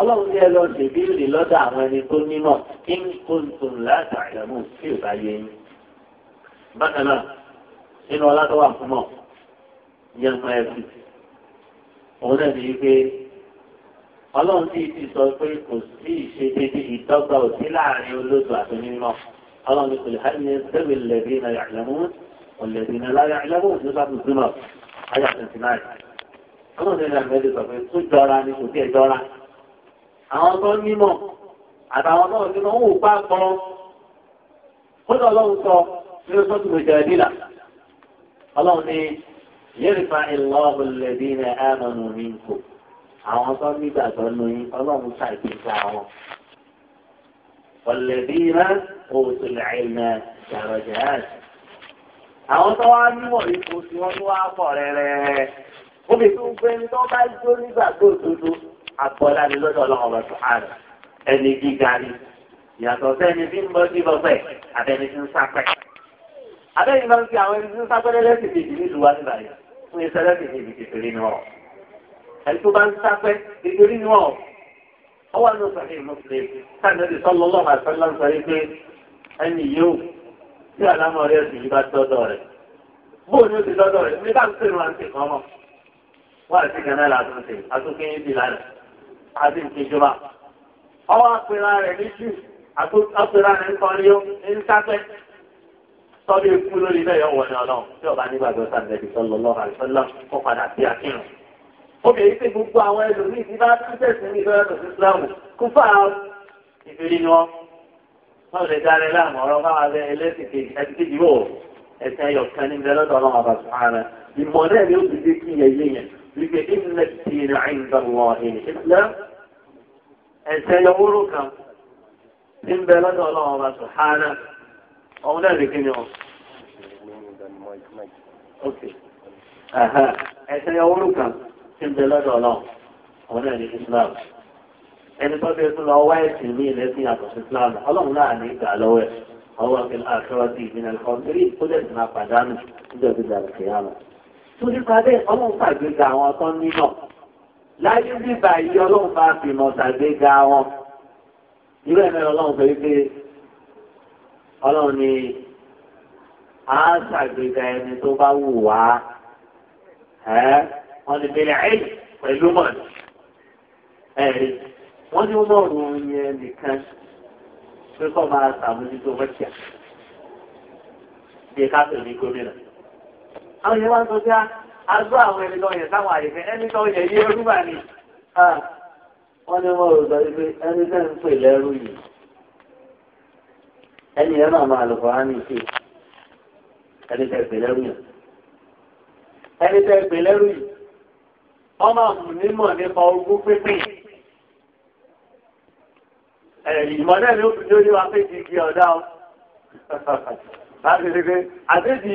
S1: ọlọ́run ní ẹ lọ ṣèbéèrè lọ́dọ̀ àwọn ẹni tó nímọ̀ kí ń kóńtòm láti àyẹ̀mú sí ìbáyé yín. bákan náà nínú ọlátọ́wà fún mọ̀ yẹn fún ẹbí òun náà ní pé ọlọ́run sì ti sọ pé kò sí ìṣedédé ìdọ́gba òsí láàrin olóòtú àti mímọ́ ọlọ́run ní kò lè hàn ní sẹ́mi lẹ́bí náà yàgbẹ́mú ọ̀lẹ́bí náà láyà yàgbẹ́mú nípa tuntun náà ayà ọlọ́run ní ẹ̀rọ àwọn tó nímọ̀ àtàwọn náà nínú wọn ò bá gbọ́ kódà ọlọ́run sọ nínú sọ́tù mùjàdínà ọlọ́run ní yẹ́rìfà ìlọ́ọ̀bù lẹ́bí ní àmọ́nù mi ń kò àwọn tó nígbàgbọ́ nù yín ọlọ́run ṣàgbéga wọn. والذين أوتوا العلم درجات àwọn tó wá nímọ̀ ipò tí wọ́n tó wá pọ̀ rẹ̀rẹ̀ ó fi tún pé ń tọ́ bá jó nígbà tó dodo agbọ́lá ni lọ́dọ̀ ọlọ́run ọba sùhánù ẹni gíga ni ìyàtọ̀ sẹ́ni bí ń bọ́ sí bọ́pẹ́ abẹ́ni tí ń sápẹ́. abẹ́ni máa ń fi àwọn ẹni tí ń sápẹ́ lẹ́lẹ́sì kejì nílùú wá nígbà yìí fún iṣẹ́ lẹ́sì kejì kékeré ni wọ́n. ẹni tó bá ń sápẹ́ kékeré ni wọ́n. ọwọ́ àná sọ̀rọ̀ ìmọ̀sílẹ̀ sáàdẹ̀dẹ̀ sọ́lọ́ lọ́wọ́ àtọ́lá ń sọ pé ẹni yóò tí àlámọ̀ rẹ̀ sì bá dọ́dọ̀ rẹ̀. bóun ni ó ti dọ́dọ̀ rẹ̀ nígbà tó ń àti ìṣèjọba. Ọwọ́ apẹ̀ra rẹ̀ ní jù apẹ̀ra rẹ̀ ń kọrin yó ń sáfẹ́. Sọ́dọ̀ ikú lórí ilé ẹ̀yọ́ wọ̀ ní ọlọ́run tí ọba nígbàgbọ́ sàbẹ̀bí sọ́lọ́lọ́ àìsọ́lá kó padà sí àkírun. Obìnrin pé gbogbo àwọn ẹlòmíì tí bá tún tẹ̀sí ní ìfẹ́ ọ̀dọ̀ sí Ìsìláàmù kú fà á ìfèrí ni wọ́n. Wọ́n lè dára láàmú ọ̀rọ̀ báwa bẹ ẹlẹ́sìn kejì ẹtí kejì wípé ìlẹ̀ tí ìlà ìgbà wọ̀ ìlẹ̀ ẹ̀sẹ̀ yọmúrú kan tí ń bẹ lọ́dọ̀ ọlọ́run ọba sùhánà ọ̀hún náà lè kíni ọ̀. ẹ̀sẹ̀ yọmúrú kan tí ń bẹ lọ́dọ̀ ọlọ́run ọ̀hún náà lè islam ẹni tó bẹ tó lọ wá ẹ̀sìn ní ilẹ̀ sí àtọ̀ sí islam ọlọ́run náà ní ìgbà lọ́wọ́ ẹ̀ ọwọ́ akẹ́lẹ́ sí ìgbìnà ìkọ́ nítorí ó dẹ̀ pàdánù níjọ́ gbígbà ìkẹyàmù tó nípa bẹ́ẹ̀ ọlọ́run ṣàgbéga àwọn tó ní láyé bíbá yìí ọlọ́run bá fìmọ̀ ṣàgbéga wọn irú ẹ̀mẹ́ ọlọ́run sọ wípé ọlọ́run ni a ṣàgbéga ẹni tó bá wù wá ẹ́ wọ́n ní bẹ́ẹ̀ ẹ̀ pẹ̀lú mọ̀ ẹ̀rí wọ́n ní wọ́n rún yẹn nìkan pé kọ́ máa ṣàmójútó mọ́tíà bí ká ní gómìnà àwọn yẹn wá ń sọ sí agbó àwọn ẹni lọ́yẹ̀ sáwọn àyẹ̀fẹ́ ẹni tó yẹ yé ni. wọ́n ní wọ́n rò sọ pé ẹni tẹ́ ń pè lẹ́rú yìí ẹni yẹn máa máa lọ́kọ̀ á ní ẹni tẹ́ pè lẹ́rú yìí. ẹni tẹ́ pè lẹ́rú yìí wọ́n máa mú nímọ̀ nípa ogún pínpín. ìmọ̀ náà ni ó fi dé orí wa pé kìkì ọ̀dá o. láti rí pé àti ìdí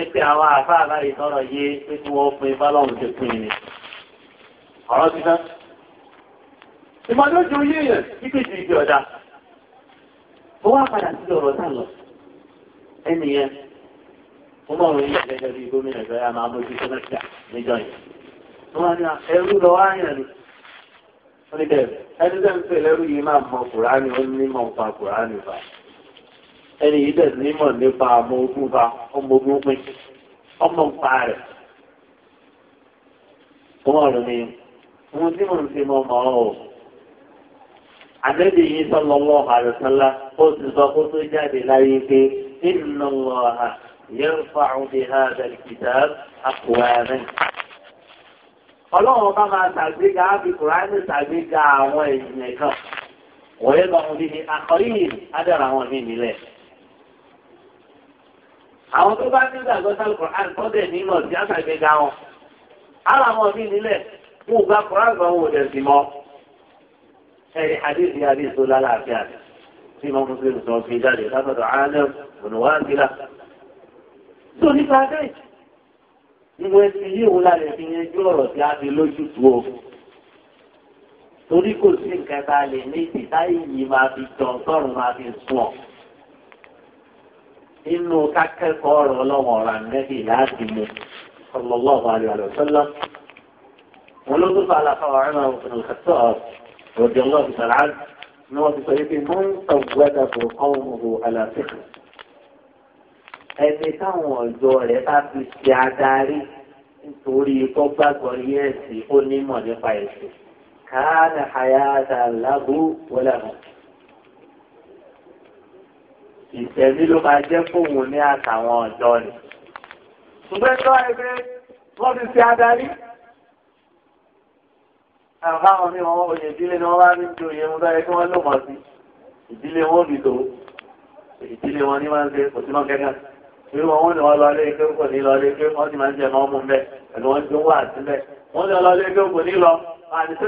S1: ẹgbẹ́ àwọn àfa àbáyé tọrọ yé pé kí wọ́n pin bọ́lọ́hùn ti pin ni ọ̀rọ̀ ti tán. ìmọ̀lẹ́ ojú oyé yẹn kíkejì ìdí ọ̀dà. ó wá padà sí ọ̀rọ̀ tá lọ. ẹnì mọ̀ òun yìí gẹ́gẹ́ bí gómìnà ìgbéyà máa mójú tó lọ́síà níjọ yìí. wọ́n ní ẹrú lọ wá ní ẹni tẹ́ ń pè lẹ́rú yìí máa mọ Kùránì ó ẹni yìí dẹ̀ ní mọ̀ nípa ọmọ ogun fa ọmọ ogun pín ọmọ ń pa rẹ̀. Wọ́n rẹ̀ ni mo tí mo ń fi mọ mọ́ ọ́. Àdébí yìí sọ́lọ́ wọ́n àlùsọ́lá ó ti sọ kó tó jáde láyé pé nínú ọ̀hà yẹ́nfà òde ha bẹ̀rẹ̀ kìtà àkùwárẹ̀. Ọlọ́run bá máa ṣàgbéga ábí Kùránì ṣàgbéga àwọn èèyàn kan. Wọ́n yẹ́ lọ́run bíi àkọ́yìn á dára àwọn mí nílẹ̀ àwọn tó bá ní ìgbàgbọ́ sálù kọ̀ọ̀án tó dẹ̀ ní ìmọ̀ sí àṣàgbéga wọn ara àwọn míì nílẹ̀ wọn ò gba kọ̀ọ̀án gan wò dẹ̀ sí mọ́ ẹ̀rí àdéhùn yà ní ìṣó lálàáfíà tí mo mú sílùú sọ fi jáde látọ̀dọ̀ alẹ́ ònùwàǹdìlà tó nípa bẹ́ẹ̀ ìwọ ẹsìn yìí wò lálẹ́ fi yanjú ọ̀rọ̀ tí a fi lójú tu o torí kò sí nǹkan tá a lè ní ìdí táyé yìí máa fi jọ ọgọ́rùn-ún máa fi sùn ọ̀ nínú kákẹ́kọ̀ọ́ ọ̀rọ̀ ọlọ́wọ́ ọ̀rọ̀ ànẹ́bí láti mú sallallahu alaihi wa sallam. wọn ló tún fàlà fáwọn ọ̀rẹ́mà òfin ìkàtọ́ òdì ọlọ́ọ̀fin sàlàn ni wọ́n ti sọ yìí pé mú ọ̀gbẹ́dà kò kọ́wọ́mù àlàáfíà. ẹni táwọn ọ̀dọ́ rẹ̀ bá fi ṣe adarí nítorí kó gbàgbọ́ yẹ́ ó nímọ̀ nípa ẹ̀sìn káàdà ìtẹ̀mí ló máa jẹ́ fóun ní àtàwọn ọ̀dọ́ ni. ṣùgbọ́n tó ẹgbẹ́ wọ́n ti ṣe adarí. àwọn mi wọn oyè ìdílé ni wọ́n bá ń ju oyè mu lọ́yẹ kí wọ́n lò mọ̀ sí. ìdílé wọn ò ní tó ìdílé wọn ní wọ́n ń ṣe kò sí náà kẹ́kẹ́. irú wọn wọn ni wọ́n lọ ilé ike kò ní lọ ilé ike wọ́n sì máa ń jẹ mọ́ mú bẹ́ẹ̀ pẹ̀lú wọn tó wà síbẹ̀. wọ́n ní ọlọ́lé ike kò ní lọ àti tó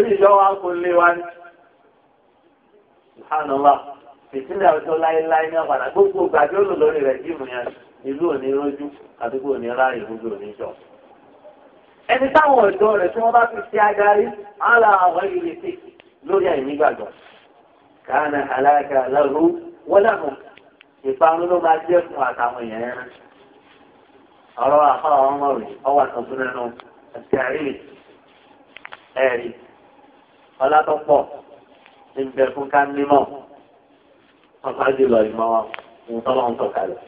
S1: ìpínlẹ̀ ọjọ́ láéláé ní ọ̀padà gbogbo gbàdé olù lórí rẹ̀ jíìmù yẹn ìlú òní rojú àdúgbò òní ráàyè gbogbo òní jọ. ẹni táwọn ọ̀dọ́ rẹ̀ tí wọ́n bá fi ṣe agarí ala àwọn ìlú ti lórí àìní gbàgbọ́. kàánà alága lọ́rù wọ́lámù ìparun ló máa jẹ́ fún àtàwọn èèyàn yẹn. ọ̀rọ̀ àfáà ọmọ rẹ̀ ọwọ́ àtọ̀tún nínú àti àríwì ẹ̀rí ọlátọ́pọ̀ ń pàápàá jùlọ ìmọ̀ ohun tọ́lọ́ ń sọ̀kalẹ̀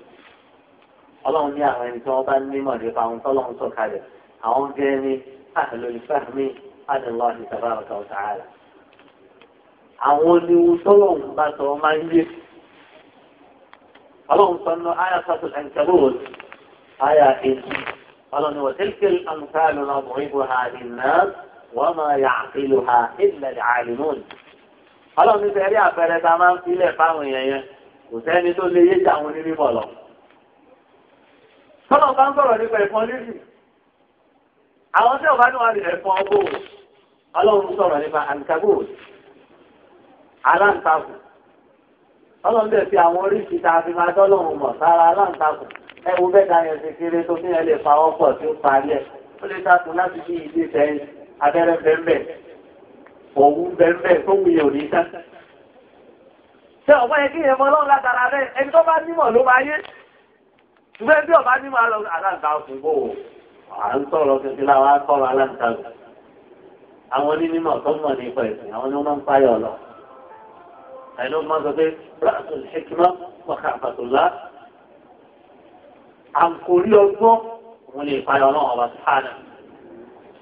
S1: ọlọ́run ní àwọn ẹni tí wọ́n bá nímọ̀ nípa ohun tọ́lọ́ ń sọ̀kalẹ̀ àwọn jẹ́ ní àlùfáàmì àdìlọ́ọ̀hì tàbáraka ọ̀tàhálà àwọn oníwu tọ́lọ̀ ń bá sọ máa ń yé náà bọ̀ ìbò ha wọ́n máa yà àkìlù ha ìlẹ̀ àlùmọ́ọ̀nì ọlọ́run ní sẹ́rí àpẹẹrẹ tá a máa ń filẹ̀ fáwọn èèyàn yẹn kò sẹ́ni tó lè yéjà àwọn onímọ̀ lọ. tọ́lọ̀ bá ń sọ̀rọ̀ nípa ẹ̀fọn lílì àwọn tí ọ̀bá ní wọn lè ẹ̀fọn ọgbó ọlọ́run sọ̀rọ̀ nípa àǹkàgbò aláǹtakùn ọlọ́run tẹ̀ sí àwọn oríṣi tá a fi máa tọ́lọ́run mọ̀ sára aláǹtakùn ẹ wo bẹ́ẹ̀ ta yẹn ti kéré tó ní ẹ lè fa ọkọ̀ òun bẹ̀rẹ̀ tó wù yẹ̀ òní tán. Ṣé ọ̀pọ̀ yẹ kí ìyẹn mọ́ lọ́rùn látara rẹ̀ ẹni tó bá nímọ̀ ló máa yé. Ṣùgbọ́n bí ọba nímọ̀ lọ aláǹta ọkùnrin bò wò, à ń sọ̀rọ̀ kẹsí láwa kọ́rọ̀ aláǹta lò. Àwọn onímọ̀ tó mọ̀ nípa ẹ̀sìn,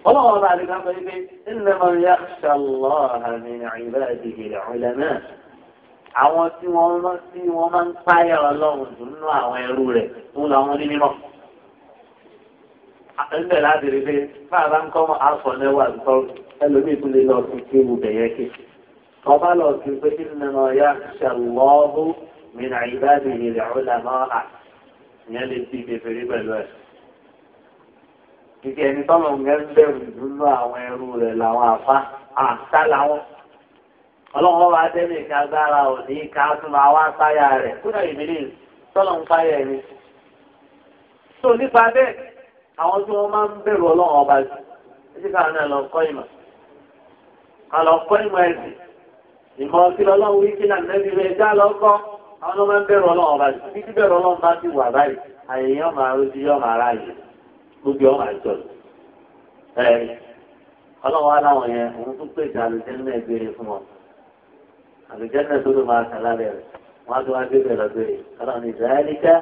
S1: ọlọ́run bá rí káfọ́ wípé innama yakhsha Allaha min ibadihi al-ulama àwọn tí wọ́n mọ́ tí wọ́n máa ń páyà ọlọ́run dùn nínú àwọn ẹrú rẹ̀ ń lọ wọn ní mímọ́. ẹgbẹ́ láti rí pé fáàbá ń kọ́mọ àfọ̀nẹ́wà tọ́ ẹlòmíì tún lè lọ sí kéwu bẹ̀yẹ ké. ọba lọ sí pé innama yakhsha Allahu min ibadihi al-ulama ìyẹn lè ti ìgbèfèrè pẹ̀lú ẹ̀ ìdí ẹni tọ́lọ̀ ń gẹ́ ń bẹ̀rù nínú àwọn ẹrú rẹ̀ làwọn àfa àṣà làwọn. ọlọ́run bá dẹ́nu ìka gbára ò ní ká tún máa wá sáyà rẹ̀ kúrò ìbílẹ̀ tọ́lọ̀ ń fáyà ẹni. tó nípa bẹ́ẹ̀ àwọn tí wọ́n máa ń bẹ̀rù ọlọ́run ọba jù ẹ̀jẹ̀ káà náà lọ kọ́ ìmọ̀ ká lọ kọ́ ìmọ̀ ẹ̀sìn ìmọ̀ kí lọ́lọ́run wí kí gbogbo ọmọ àjọ ẹ ọlọ́wọ́ aláwọ̀ yẹn òun tún pèsè àlùjẹ́nà ìbéèrè fún wọn àlùjẹ́nà tó ló máa kà lálẹ́ rẹ̀ wọ́n á tó wá gbé bẹ̀rẹ̀ lọ́gbẹ̀rẹ̀ ọlọ́run ní ìsirayẹ́líkà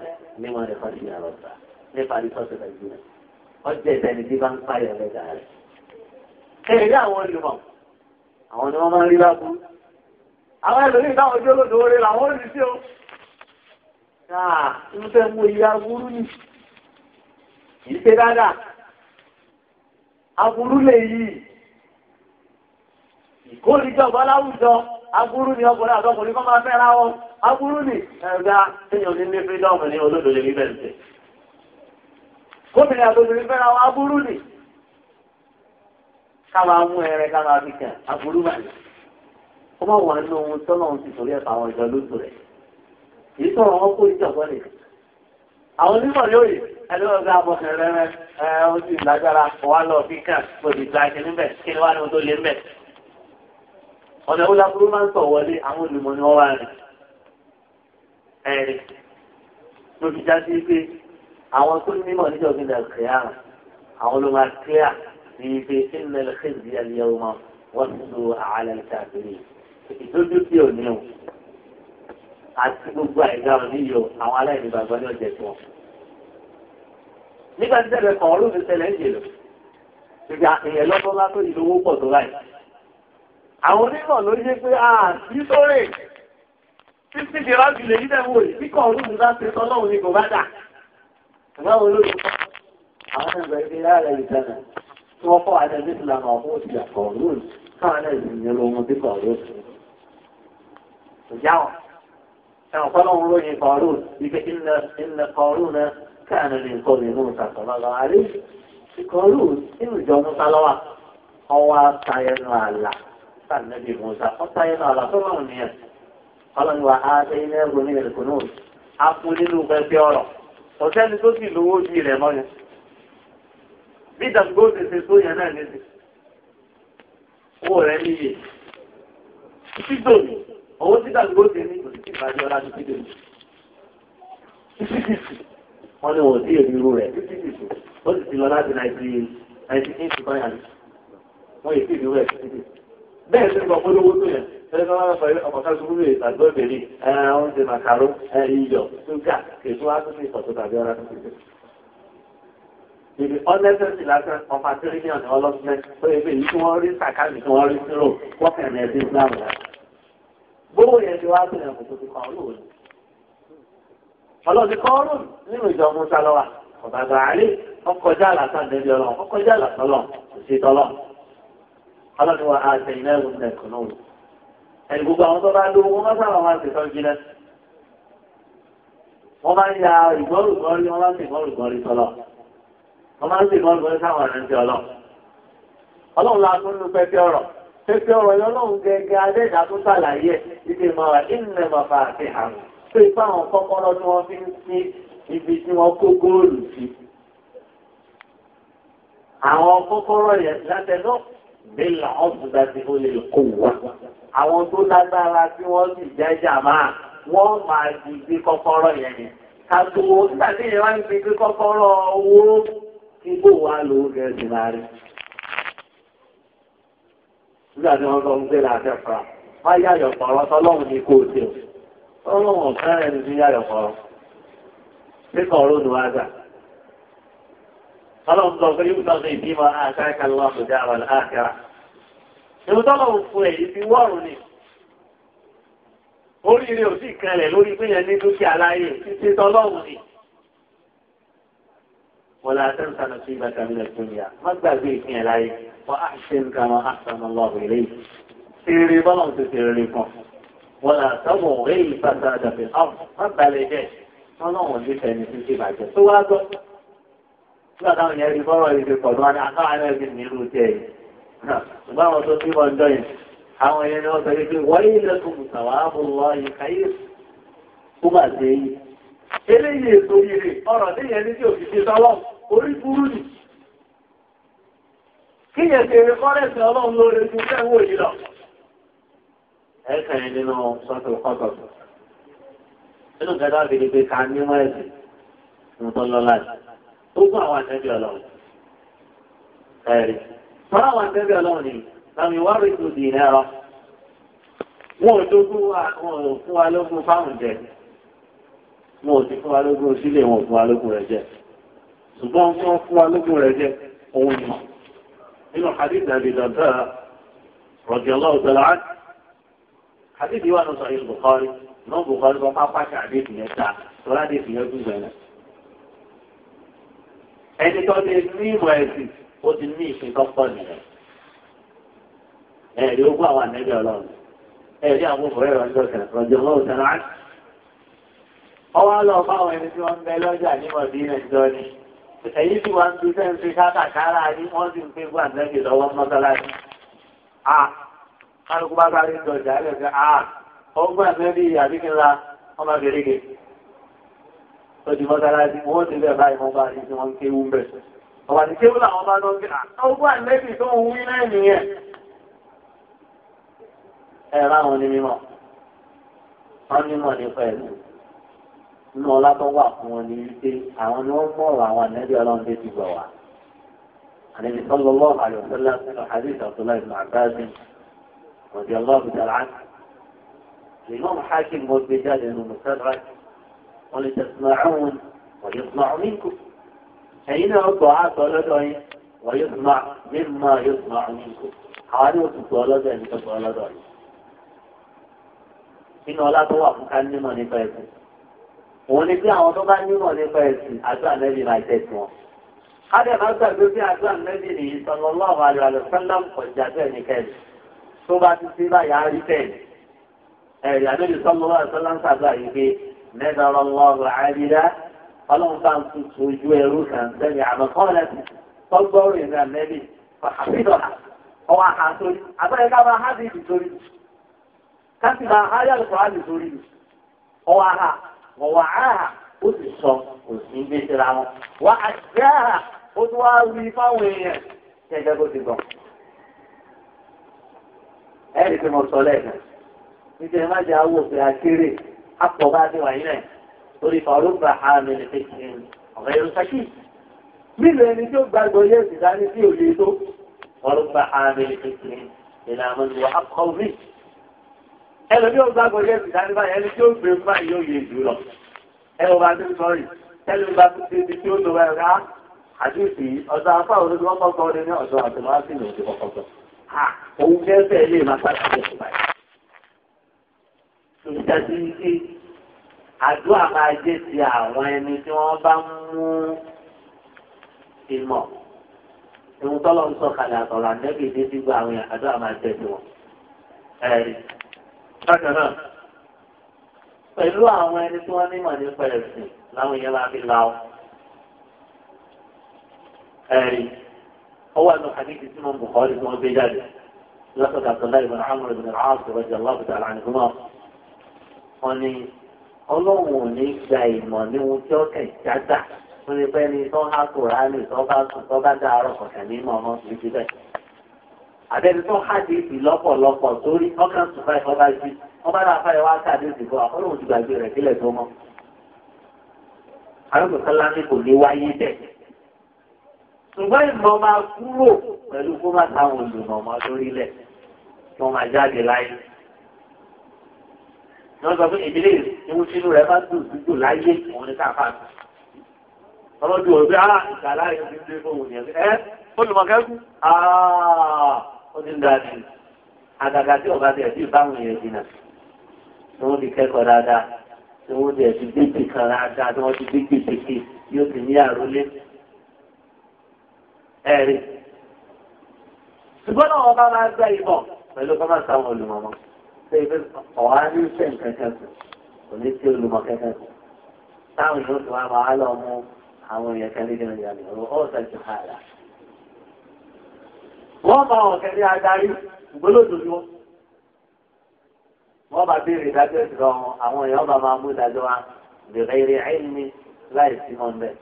S1: ní wọn lè fọ́ọ̀tì yàrá ọ̀tà nípa àdìsọ́ọ̀tì nàìjíríà wọ́n jẹ́ ìtẹ́ni tí bá ń pààyàn lẹ́gàá rẹ̀. kẹ́hìn àwọn olùmọ̀ àwọn ni wọ́n máa ń rí lábú àwọn ẹlòmíì kìí ṣe dáadáa aburú lè yí ìkórìíjọ bọ́ láwùjọ aburú ni ọkùnrin àtọkùnrin kọ́ máa fẹ́ ra wọn aburú ni ẹ̀dá téèyàn ní ní fídọ́ọ̀mù ní olódò lè rí bẹ́ẹ̀ tẹ̀ gómìnà àtọkùnrin fẹ́ ra wọn aburú ni ká máa mú ẹrẹ ká máa fi kàn aburú mà ní ó máa wà nínú ohun tọ́lọ́ ti sọ̀rọ̀ ẹ̀fà àwọn ìjọ lóṣù rẹ̀ kì sọ̀rọ̀ wọn kó ìjọ̀gbọ́n nìkan àwọn onímọ̀ yóò yìí ẹlẹ́wọ̀n gbà bọ̀ sẹ̀rẹ̀ rẹ ẹ ó sì lágbára wà lọ bí kàn kò sì gba ẹsẹ̀ níbẹ̀ kí ni wà ní o tó lé mbẹ̀. ọ̀nà ìwúlá burú máa ń tọ̀ wọlé àwọn olùmọ̀ ni wọ́n wá rìn. ẹ̀rì ló já sí pé àwọn tó nímọ̀ níjọ́ bí nà kẹ́yà àwọn ló máa kẹ́yà ní ibi tí ń lẹ́lẹ̀ kéèzì àlìyá ọmọ wọ́n ti lo àhálẹ̀ káàkiri ìdójú tí ò ní o àti gbogbo àìgbà òní yọ àwọn aláìní bàbá ní ọ̀jẹ̀ tí nígbà tí tẹ̀lé kan ọlọ́run ti ń jèlò ìgbà ìyẹn lọ́tọ́ látó ìlówó pọ̀ tó láì. àwọn onímọ̀ ló yé pé a ah, sí sórè títí ti rájú lè yílẹ̀ wò yìí kíkọ́ ọlọ́run bá ti sọ lọ́run ni kò bá dà. ìgbà wo lóyún àwọn ẹgbẹ́ ilé ara ìdáná tí wọ́n fọ́ adé ní ìlànà ọ̀hún ti yàtọ̀ ọ̀rún káwọn ẹ̀sìn yẹn lọ́wọ́ bí kọ̀ọ̀rún. ìyá كان من قول موسى صلى الله عليه يقولون إن جون صلوات أو أتاين الله فالنبي موسى أتاين الله صلى الله عليه وسلم قال وآتيناه من الكنوز أقولين بيتي ọ̀rọ̀ ọ̀sẹ́ni tó sì lówó ju ilẹ̀ mọ́ yẹn bí dàgbò ti ṣe tó yẹn náà níbi owó rẹ̀ níye títò ní owó tí dàgbò ti ní kò sí ìbàjẹ́ ọlá ti dídò ní wọ́n ní wọ́n sí èrú rẹ̀ ó sì ti lọ láti nineteen eighty five and wọ́n yìí sí ìlú rẹ̀ bẹ́ẹ̀ sí ìgbà polówó tó yẹn ẹni tó máa ń sọ ọkọ̀ ká sùkúrú rẹ̀ tàbí ọ̀bẹ̀rẹ̀ oúnjẹ màkàró iyọ̀ ṣúgà èso wá tún sí ìfọ̀tún tàbí ọ̀rá tó tẹ̀lé. Ibi ọ́nẹ́sẹ̀sì lásán ọ̀fà tírílíọ̀nù ọlọ́sẹ̀ ó yẹ pé èyí tí wọ́n rí sàkáàmì ọlọ́ọ̀dẹ kọ́ọ́rùn nínú ìjọ musa lọ́wọ́ ọ̀bàgbà àlè ọkọjá àlàsàn débi ọlọ́run ọkọjá àlàsàn lọ kò tọ́lọ́ ọlọ́ọ̀dẹ wa àṣẹ iná ẹ̀rù ní ẹ̀kọ́ náà ẹ̀rù gbogbo àwọn tó bá lówó wọn bá sábà máa ń tẹ̀sán jiná wọ́n máa ń ya ìgbọ́rùgbọ́rí wọ́n máa ń tẹ̀gbọ́rùgbọ́rí tọ́lọ́ wọ́n máa ń tẹ̀gbọ́rùgbọ́rí sáwọn àrẹ́ńtì ọlọ́ ọlọ́run la tún lu pẹ́pẹ́ ọ̀rọ̀ pẹ́pẹ́ ọ̀rọ̀ yọ ọlọ́run gẹ́gẹ́ adẹ́dàá tó sàlàyé ìdè mọ́ra ìnnẹ́ mọ́fà àti àrùn pé fáwọn kọ́kọ́rọ́ tí wọ́n fi ń sí ibi tí wọ́n kó góòlù sí. Àwọn kọ́kọ́rọ́ yẹn látẹ̀dọ́ bẹ́ẹ̀ ọ̀bùn láti ó lè kó wá. Àwọn tó lágbára tí wọ́n sì jẹ́jà máa wọ́n máa di gbé kọ́kọ́rọ́ yẹn ni. Kàtó nígbà tí ìyẹn wá ń gbé kọ́kọ́rọ́ owó igbó wa ló ń gẹ̀ sí máa Nígbà tí wọ́n sọ ń gbé láti ẹ̀fọ́ wáyé àyọ̀pọ̀ ọ̀rọ̀ tọ́lọ́run ni kò ṣe ọlọ́run ọ̀kan rẹ̀ ti yáyọ̀ kọ́ nípa ọ̀rọ̀ olùwàgbà ọlọ́run sọ pé yóò tọ́sí ìbímọ àkáàkà lọ́wọ́ àtòjá ní dúkìá láyé ìpín ẹ̀ wọ́n á ṣe ń kàmọ́ àṣà ilé yìí. bọ́lọ̀ ti ti rere kan wọn là sábà òwe yìí pàṣẹ àdàbẹ̀ ọ̀hún wọn balẹ̀ jẹ́ wọn náà wọn lè fẹ̀mí sí ti bàjẹ́ tó wá gbọ́. nígbà táwọn yẹn rí bọ́rọ̀ yìí fi pọ̀ lọ́wọ́ ni àtàwọn ẹ̀rọ ti nílù jẹ́ yìí. ṣùgbọ́n àwọn tó bímọ ọjọ́ yìí àwọn yẹn ni wọ́n sọ pé wọ́n yìí lẹ́kùn mùsàwá àbúrò ìkàyè kó bà dé yìí. eléyìí ètò yìí ọ̀rọ̀ níyẹn ní tí òfìfì sọ́wọ́ orí burú nì. kíyèsí èrè fọ́rẹ́sì ọlọ́run lóore ju fẹ́ wò yìí lọ ẹ̀ka yẹn nínú sọ́tò kọ́tọ̀. nínú gẹ́gẹ́ bá bìrì pé ká nímọ̀ ẹ̀sìn ń tọ́ lọ́la sí. ó gbọ́ àwọn àtẹ́bí ọlọ́run. ẹ̀rí sọ́rọ́ àwọn àtẹ́bí ọlọ́run ni làwọn ìwádìí ètò ìdì ẹ̀rọ. wọn ò dógún wa wọn ò fún wa lógún fáwọn jẹ. wọn ò ti fún wa lógún sílé wọn fún wa lógún rẹ̀ jẹ. ṣùgbọ́n wọn fún wa lógún rẹ̀ jẹ òun ni. nínú hadith nàbì dàdà rọ̀jọ̀lọ́ àdéhùn yìí wà ló sọ yìí Bukhari náà Bukhari kan pápá ṣe àdéhùn yẹn ta lọ́la àdéhùn yẹn dùn bẹ̀rẹ̀. ẹni tó ní ní ìmọ̀ ẹ̀sìn ó ti ní ìpín tó pọ̀ nìyẹn. ẹ̀rí ogún àwọn ànẹ́bí ọlọ́run ẹ̀rí àwọn òfòrẹ́ ìrọ̀jọ́ kan rọ̀jọ́ lọ́wọ́ sẹ́nà á. ọwọ́ lọ fáwọn ẹni tí wọ́n ń bẹ lọ́jà ní mọ̀dínà ìjọ ni èyí tí wọ́n ń fi sẹ́ńsì kátàkárà ní wọ́n sì ń pé gbọ́ àtẹ́gbẹ̀ lọ́wọ́ mọ́sálásí. Ah, kálukú bá sáré ń dọjà ẹ̀ lẹ́sẹ̀ á ọgbọ́n ẹ̀fẹ́ bí àbíkínlá ọmọ gẹ̀rẹ́gẹ̀ lọ́dí mọ́sálásí wọ́n ti bẹ̀ báyìí wọ́n bá ní tí wọ́n ń kéwú bẹ̀ ọ̀bà ti kéwú làwọn bá lọ́gbẹ̀ ah, ọgbọ́n ẹ̀lẹ́bì tó ń wí náà nìyẹn ẹ̀ ráwọn ní mímọ́ wọ́n mímọ́ nípa ẹ̀lú nínú ọlá tó wà fún wọn ní wípé àwọn ni wọ́n mọ̀ àwọn ànẹ́bí ọlọ́run رضي الله تعالى عنه الإمام حاكم والبدال أنه مستدرك ولتسمعون ويسمع منكم حين الدعاء طلبه ويسمع مما يسمع منكم حوالي وتطلبه أن تطلبه nínú ọlá tó wà fún ká nímọ̀ nípa ẹ̀sìn òun ni pé àwọn tó bá nímọ̀ nípa ẹ̀sìn àdúrà nẹ́bí máa jẹ́ tiwọn. ká dẹ̀ máa tó bá ti ṣe báyà á rí tẹ̀lé ẹ̀rí àdébí sọ́lọ́wọ́ àṣọláńsà gbà yìí pé mẹ́ta ọlọ́run àdìdá ọlọ́run bá ń tutù ojú ẹrú kan sẹ́ni àmọ́kọ́lẹ́ tọ́gbọ́rù ìrìn àmẹ́lì àfihàn ọwọ́ àhà sórí àbẹ́rẹ́ ká máa há ìdí sórí ká sì máa há yàrá àdì sórí ọwọ́ àhà ọwọ́ àhà ó sì sọ òsì ń gbé síra wọn wà á àhà ó tún wá fáwọn èèyàn ti ẹ̀rí tí mo sọ lẹ́ẹ̀kan nítorí má jẹ́ awó òfin akéré apọ̀ bá ti wà yín náà torí fàrúù bá a mi lè fi ṣe ọ̀rẹ́ irú sákì. nílò ẹni tí ó gbàgbọ́ yé ìsìnká ní sí òye tó fàrúù bá a mi lè fi ṣe ìlànà ìwà akọ mi. ẹlòmí ó gbàgbọ́ yé ìsìnká ní báyìí ẹni tí ó gbé fún báyìí yóò yé jù lọ. ẹ wọ́n bá ti ń sọ̀rọ̀ tẹ́lẹ̀ bá ti ṣe ibi tí ó lọ ẹ̀ka àdúgbò yìí ọ̀dọ̀ afáwọn olóṣèlú ọkọ̀ òun fẹ́fẹ́ lè máa padà bẹ̀ tó báyìí. Tòlítà ti ń ké àdúrà máa jẹ́ ti àwọn ẹni tí wọ́n bá ń mú ìmọ̀. Ìwọ̀n tọ́lọ̀ ń sọ kalẹ̀ àtọ̀rọ̀ àdẹ́bí dé sígbà àwọn àdúrà máa jẹ́ ti wọn. Bákan náà, pẹ̀lú àwọn ẹni tí wọ́n nímọ̀ nípa ẹ̀sìn láwọn èèyàn máa fi la ọ. هو àti hadithi tí بخاري Bukhari tí wọ́n gbé jáde lọ́sọ̀tà Abdullahi ibn Amr ibn al-As radiyallahu ta'ala أني wọn ni ọlọ́run ò ní gba ìmọ̀ ní ohun tí ó kẹ̀ jáda wọ́n ní pẹ́ ni tó ń há Kùránì tó bá sùn tó bá dáárọ̀ kọ̀ọ̀kan ní ìmọ̀ ọmọ kìí ti bẹ́ẹ̀. àbẹ́ni tó ń hadithi lọ́pọ̀lọpọ̀ torí ọkàn sùn báyìí ọba ọba náà fáyọ wá sáà déjì fún wa ti gbàgbé rẹ̀ sílẹ̀ tó mọ́. àrùn kò ní kò ní wáyé bẹ́ẹ̀ ṣùgbọ́n ìmọ̀ máa kúrò pẹ̀lú kó má táwọn olùmọ̀ ọmọ lórílẹ̀ kí wọ́n máa jáde láyé. wọ́n sọ pé ìdílé ìwú sínú rẹ̀ bá dùn dúdú láyé òun ní káfá. ọlọ́dù òbí á ah, ìgbà láyé ti dé fóun yẹn ẹ olùmọ̀kẹ́kù ah, ó ti ń da sí àgàgà tí ọba tẹ̀ sí báwọn èèyàn jìnnà tí wọ́n ti kẹ́kọ̀ọ́ dáadáa tí wọ́n ti ẹ̀sìn gbèsè kan dáadáa tí wọ́n ti gbé ẹ̀rí. ṣùgbọ́n náà ọba máa gbá ìbọn pẹ̀lú kọ́ máa sáwọn olùmọ̀mọ́. ṣé ibi ọ̀há ní ṣe nǹkan kẹ́kẹ́ kò ní sí olùmọ̀ kẹ́kẹ́ kù. táwọn yóò tún wá máa lọ mú àwọn èèyàn kan nígbà ìyá mi ọ̀rọ̀ ọ̀sẹ̀ ti hà rà. wọ́n bá wọn kẹ́kẹ́ adarí ìgbólódodo wọn. wọ́n bá béèrè ìdájọ́ ìdúró wọn àwọn èèyàn bá máa mú ìdájọ́ wa bèrè ìrìn àìní láì sí mọ́ ń bẹ̀.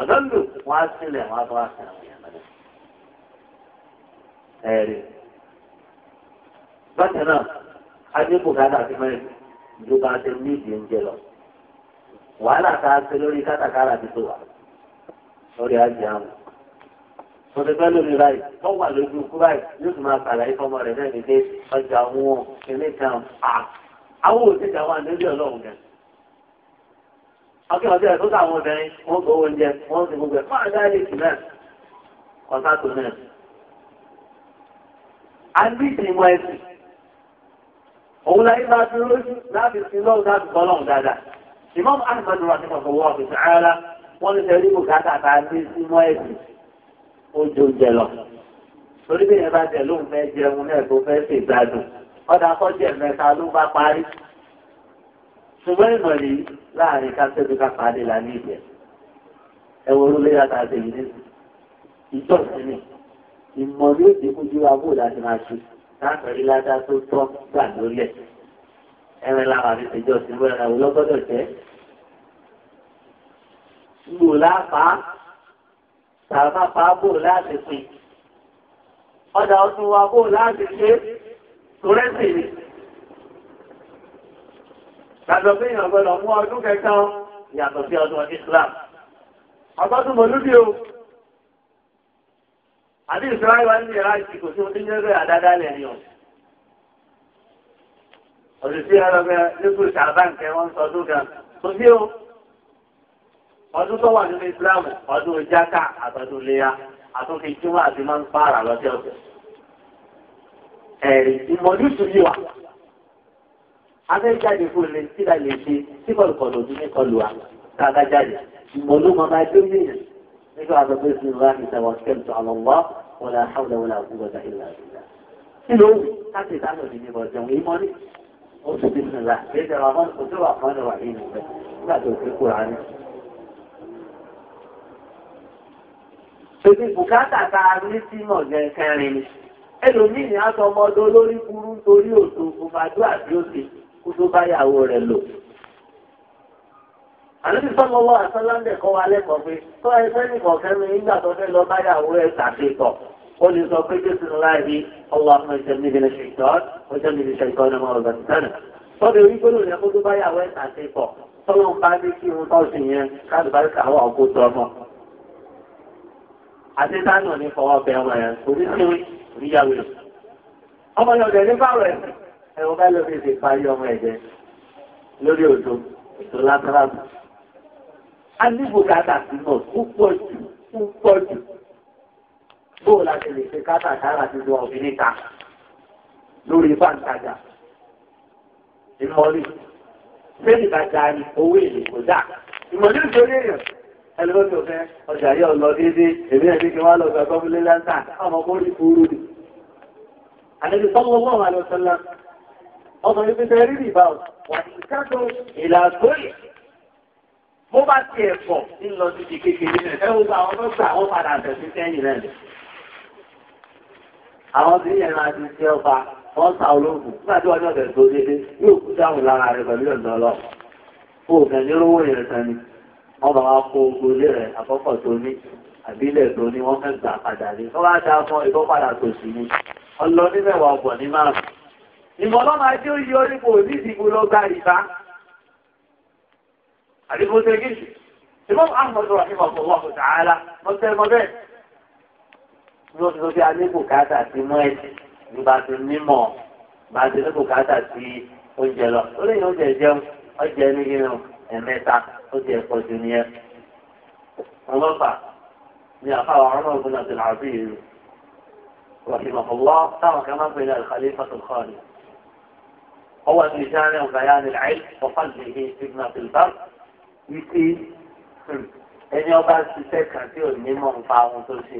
S1: ọ̀dọ́ lù wọ́n á sílẹ̀ wọ́n á tó wá sílẹ̀. ẹ̀rí. bákan náà adébù dáadáa ti mẹ́rin ju bá a ṣe ní ìdí oúnjẹ lọ. wàhálà tá a ṣe lórí kátàkárà ti tó wà lórí àjẹ àwọn. mo ti fẹ́ tó wà lójú ikú báyìí yóò tún máa ṣàlàyé fọmọ rẹ̀ náà nílé ọjà wọn ilé kan à. àwọn òṣèjà wà lórí ọlọ́run gan. ọkẹ́ ọ̀sẹ̀ tó sáwọn obìnrin wọ́n gbọ́ oúnjẹ àgbìsì ìmọ̀ ẹ̀sìn òun láyé bá fi lójú láti fi lọ́wọ́ láti bọ́ lọ́wọ́ dáadáa Imam Ahmad rahimah Allah ta'ala wọ́n ní sẹ́rí bùkátà bá dé sí mọ́ ẹ̀sìn ó jó jẹ lọ torí bí ẹ bá jẹ lóun fẹ́ jẹun náà tó fẹ́ ṣe ìgbádùn ọ̀dà ìmọ̀ ní òde kójú abó láti máa ṣe láàpẹ̀rí ládá tó tọ́ gbà lórí ẹ̀. ẹ̀rẹ̀ làwọn àti ìṣèjọ́ sí ìwé ẹ̀rọ lọ́gọ́dọ̀ jẹ́. lò lápá tàbá pa bò láti pin. ọ̀dà ọdún wa bò láti ṣe torẹ́sì ni. Gbàdọ̀ pé èèyàn gbọ́dọ̀ mú ọdún kẹta yàtọ̀ sí ọdún Islam. ọgbọ́dún mọ̀lúbí o àti ìsirayé wa ní ìlera ìsìn kò sí ohun tí ń jẹ́ pé àdáadáa lẹ̀ ni o. òṣìṣẹ́ ẹlọgbẹ́ nípò ṣàbáǹkẹ́ wọ́n sọ ọdún kan kò sí o. ọdún tó wà nínú Islam ọdún jáká àtọdún léyà àtúnkì júmọ́ àti máa ń pààrà lọ́sẹ̀ ọ̀sẹ̀. ẹ̀rí ìmọ̀lúsù yìí wà. afẹ́jáde fún ilé tí a lè ṣe tí kọlùkọlù ojú ní kọlù wa tá a bá jáde ìmọ̀lú máa dé nígbà tó pé sí ra ìtawakkaltu ala Allah wala hawla wala quwwata illa billah. kí ló wù láti ìdáhùn òdì ní bọ̀dọ̀ wí mọ́ ní oṣù tí sì ra léde ọmọ oṣù wà fún ọ̀nà wà nínú rẹ̀ nígbà tó fi kú ra ní. Ṣèbí bùkátà ta ní sí mọ̀gẹ́ kẹrin ni. Ẹlòmíì ni a sọ ọmọ ọdọ olórí burú nítorí òṣòfò màdúrà bí ó ṣe kó tó báyàwó rẹ̀ lò àlejò sọ́mọ wọ́n àtọ́láńdẹ̀ kọ́ wa lẹ́kọ̀ọ́ pé tó ẹ fẹ́ nìkan kẹ́mi nígbà tó fẹ́ lọ báyàwó ẹ̀ ṣàfihàn ó lè sọ pé jésù ńlá yìí ọlọ́run ìjẹ́mi ìdílé ṣèkọ́ ìjẹ́mi ìdílé ṣèkọ́ ọ̀nà ọmọ ọ̀gá tìtánà. sọ́dọ̀ orí gbọ́dọ̀ ní akókó báyàwó ẹ̀ ṣàfihàn tọ́lọ́n bá dé kí wọn tọ́ sí yẹn káàdùbáríkà wà ọkọ̀ tó ọmọ. àtẹ́tánà ni fọwọ́ bẹ ọmọ yẹn kò ní sí ìyàwó rẹ̀. ọmọ yẹn ọ̀dẹ̀ ní báwọ̀ ẹ̀ ẹ̀rọ bá lọ́ a ní bùkátà sí mọ̀ púpọ̀ jù púpọ̀ jù bóò la ti lè ṣe kátàkárà ti lọ ọ̀bí níta lórí fàǹtajà ìmọ̀lì sẹ́ni bàjá ni owó èlé kò dáa ìmọ̀lì ń torí èèyàn ẹlẹ́wọ́n tó fẹ́ ọjà yóò lọ déédé èmi ẹ̀ ní kí wọ́n lọ gba gbọ́mílé láńtà ọmọ kó rí kúrú ni. àlejò sọ́mọ ọgbọ́n wà lọ sọ́lá ọmọ ibi tẹ́ rí rìbá wà ní kájọ ìlà bó bá ti ẹ̀fọ́ ńlọ títí kékeré rẹ̀ ẹ wo àwọn tó gbà wọ́n padà tẹ̀ sí sẹ́yìn rẹ̀ lẹ̀. àwọn tí yẹn máa ti ṣe ọba wọ́n ta olóògùn nígbà tí wọ́n ní tó dédé yóò kú dáhùn lára rẹ̀ pẹ̀lú ọ̀dọ́ lọ. oògùn ní olówó yẹn tán ni wọ́n bá wá kó ogun ilé rẹ̀ àkọ́kọ́ tó ní àbílẹ̀ tó ní wọ́n fẹ́ gbà padà ní. wọ́n bá da fún ìbọn padà tó sì ní. ọlọ ọ̀bọ̀ ní márùn-ún. ìmọ̀lọ́mọ ajé ó yọ ipò onídìbò lọ́gbà ìbá àbí kó ṣe gíṣì Imam Ahmad rahimahullah ta'ala wọ́n tẹ́ mọ bẹ́ẹ̀ ní oṣù tó fi alébò káàtà sí mọ́ ẹ̀sìn ní bá ti nímọ̀ bá ti lébò káàtà sí oúnjẹ lọ ó lè oúnjẹ jẹun ọjẹ ní yíyan ẹ̀mẹ́ta ó ti ẹ̀kọ́ ju nìyẹn. ọlọ́pàá ni àfàwọ̀ ọ̀rọ̀ ọ̀gbìn àti làbí ìlú rahimahullah táwọn kan máa ń pè ní al-Khalifatul al-Khalid. هو في جامع بيان العلم وقلبه ابن في البر wípé hmm, ẹni ọba ṣiṣẹ́ kan tí ò ní mọ̀ nípa ohun tó ṣe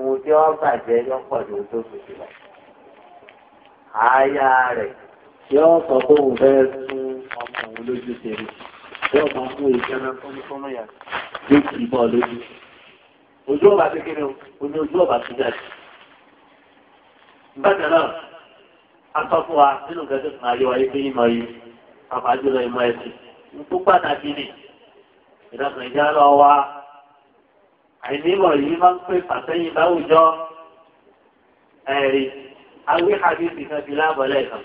S1: ohun tí wọ́n bàjẹ́ lọ́pọ̀ ní ohun tó fi sílẹ̀. àáyá rẹ̀ yóò sọ pé òun fẹ́ tún ọmọ òun lójú tèmi yóò máa mú ìṣẹ́nà fúnnúfúnnú yẹn ló kì í bọ́ lójú. ojú ọba ti o ní ojú ọba ti jáde. bákan náà a sọ fún wa nínú gẹ́gẹ́ fún ayé wa yìí pé ìmọ̀ yìí àbájọ ìmọ̀ ẹ̀sìn ń pàtàkì nìyí ìdọ̀tún ìjà lọ wa àìnímọ̀ yìí máa ń pè pàṣẹyìn láwùjọ ẹ̀rí awí hadithi kan fi lábọ̀lẹ̀ kan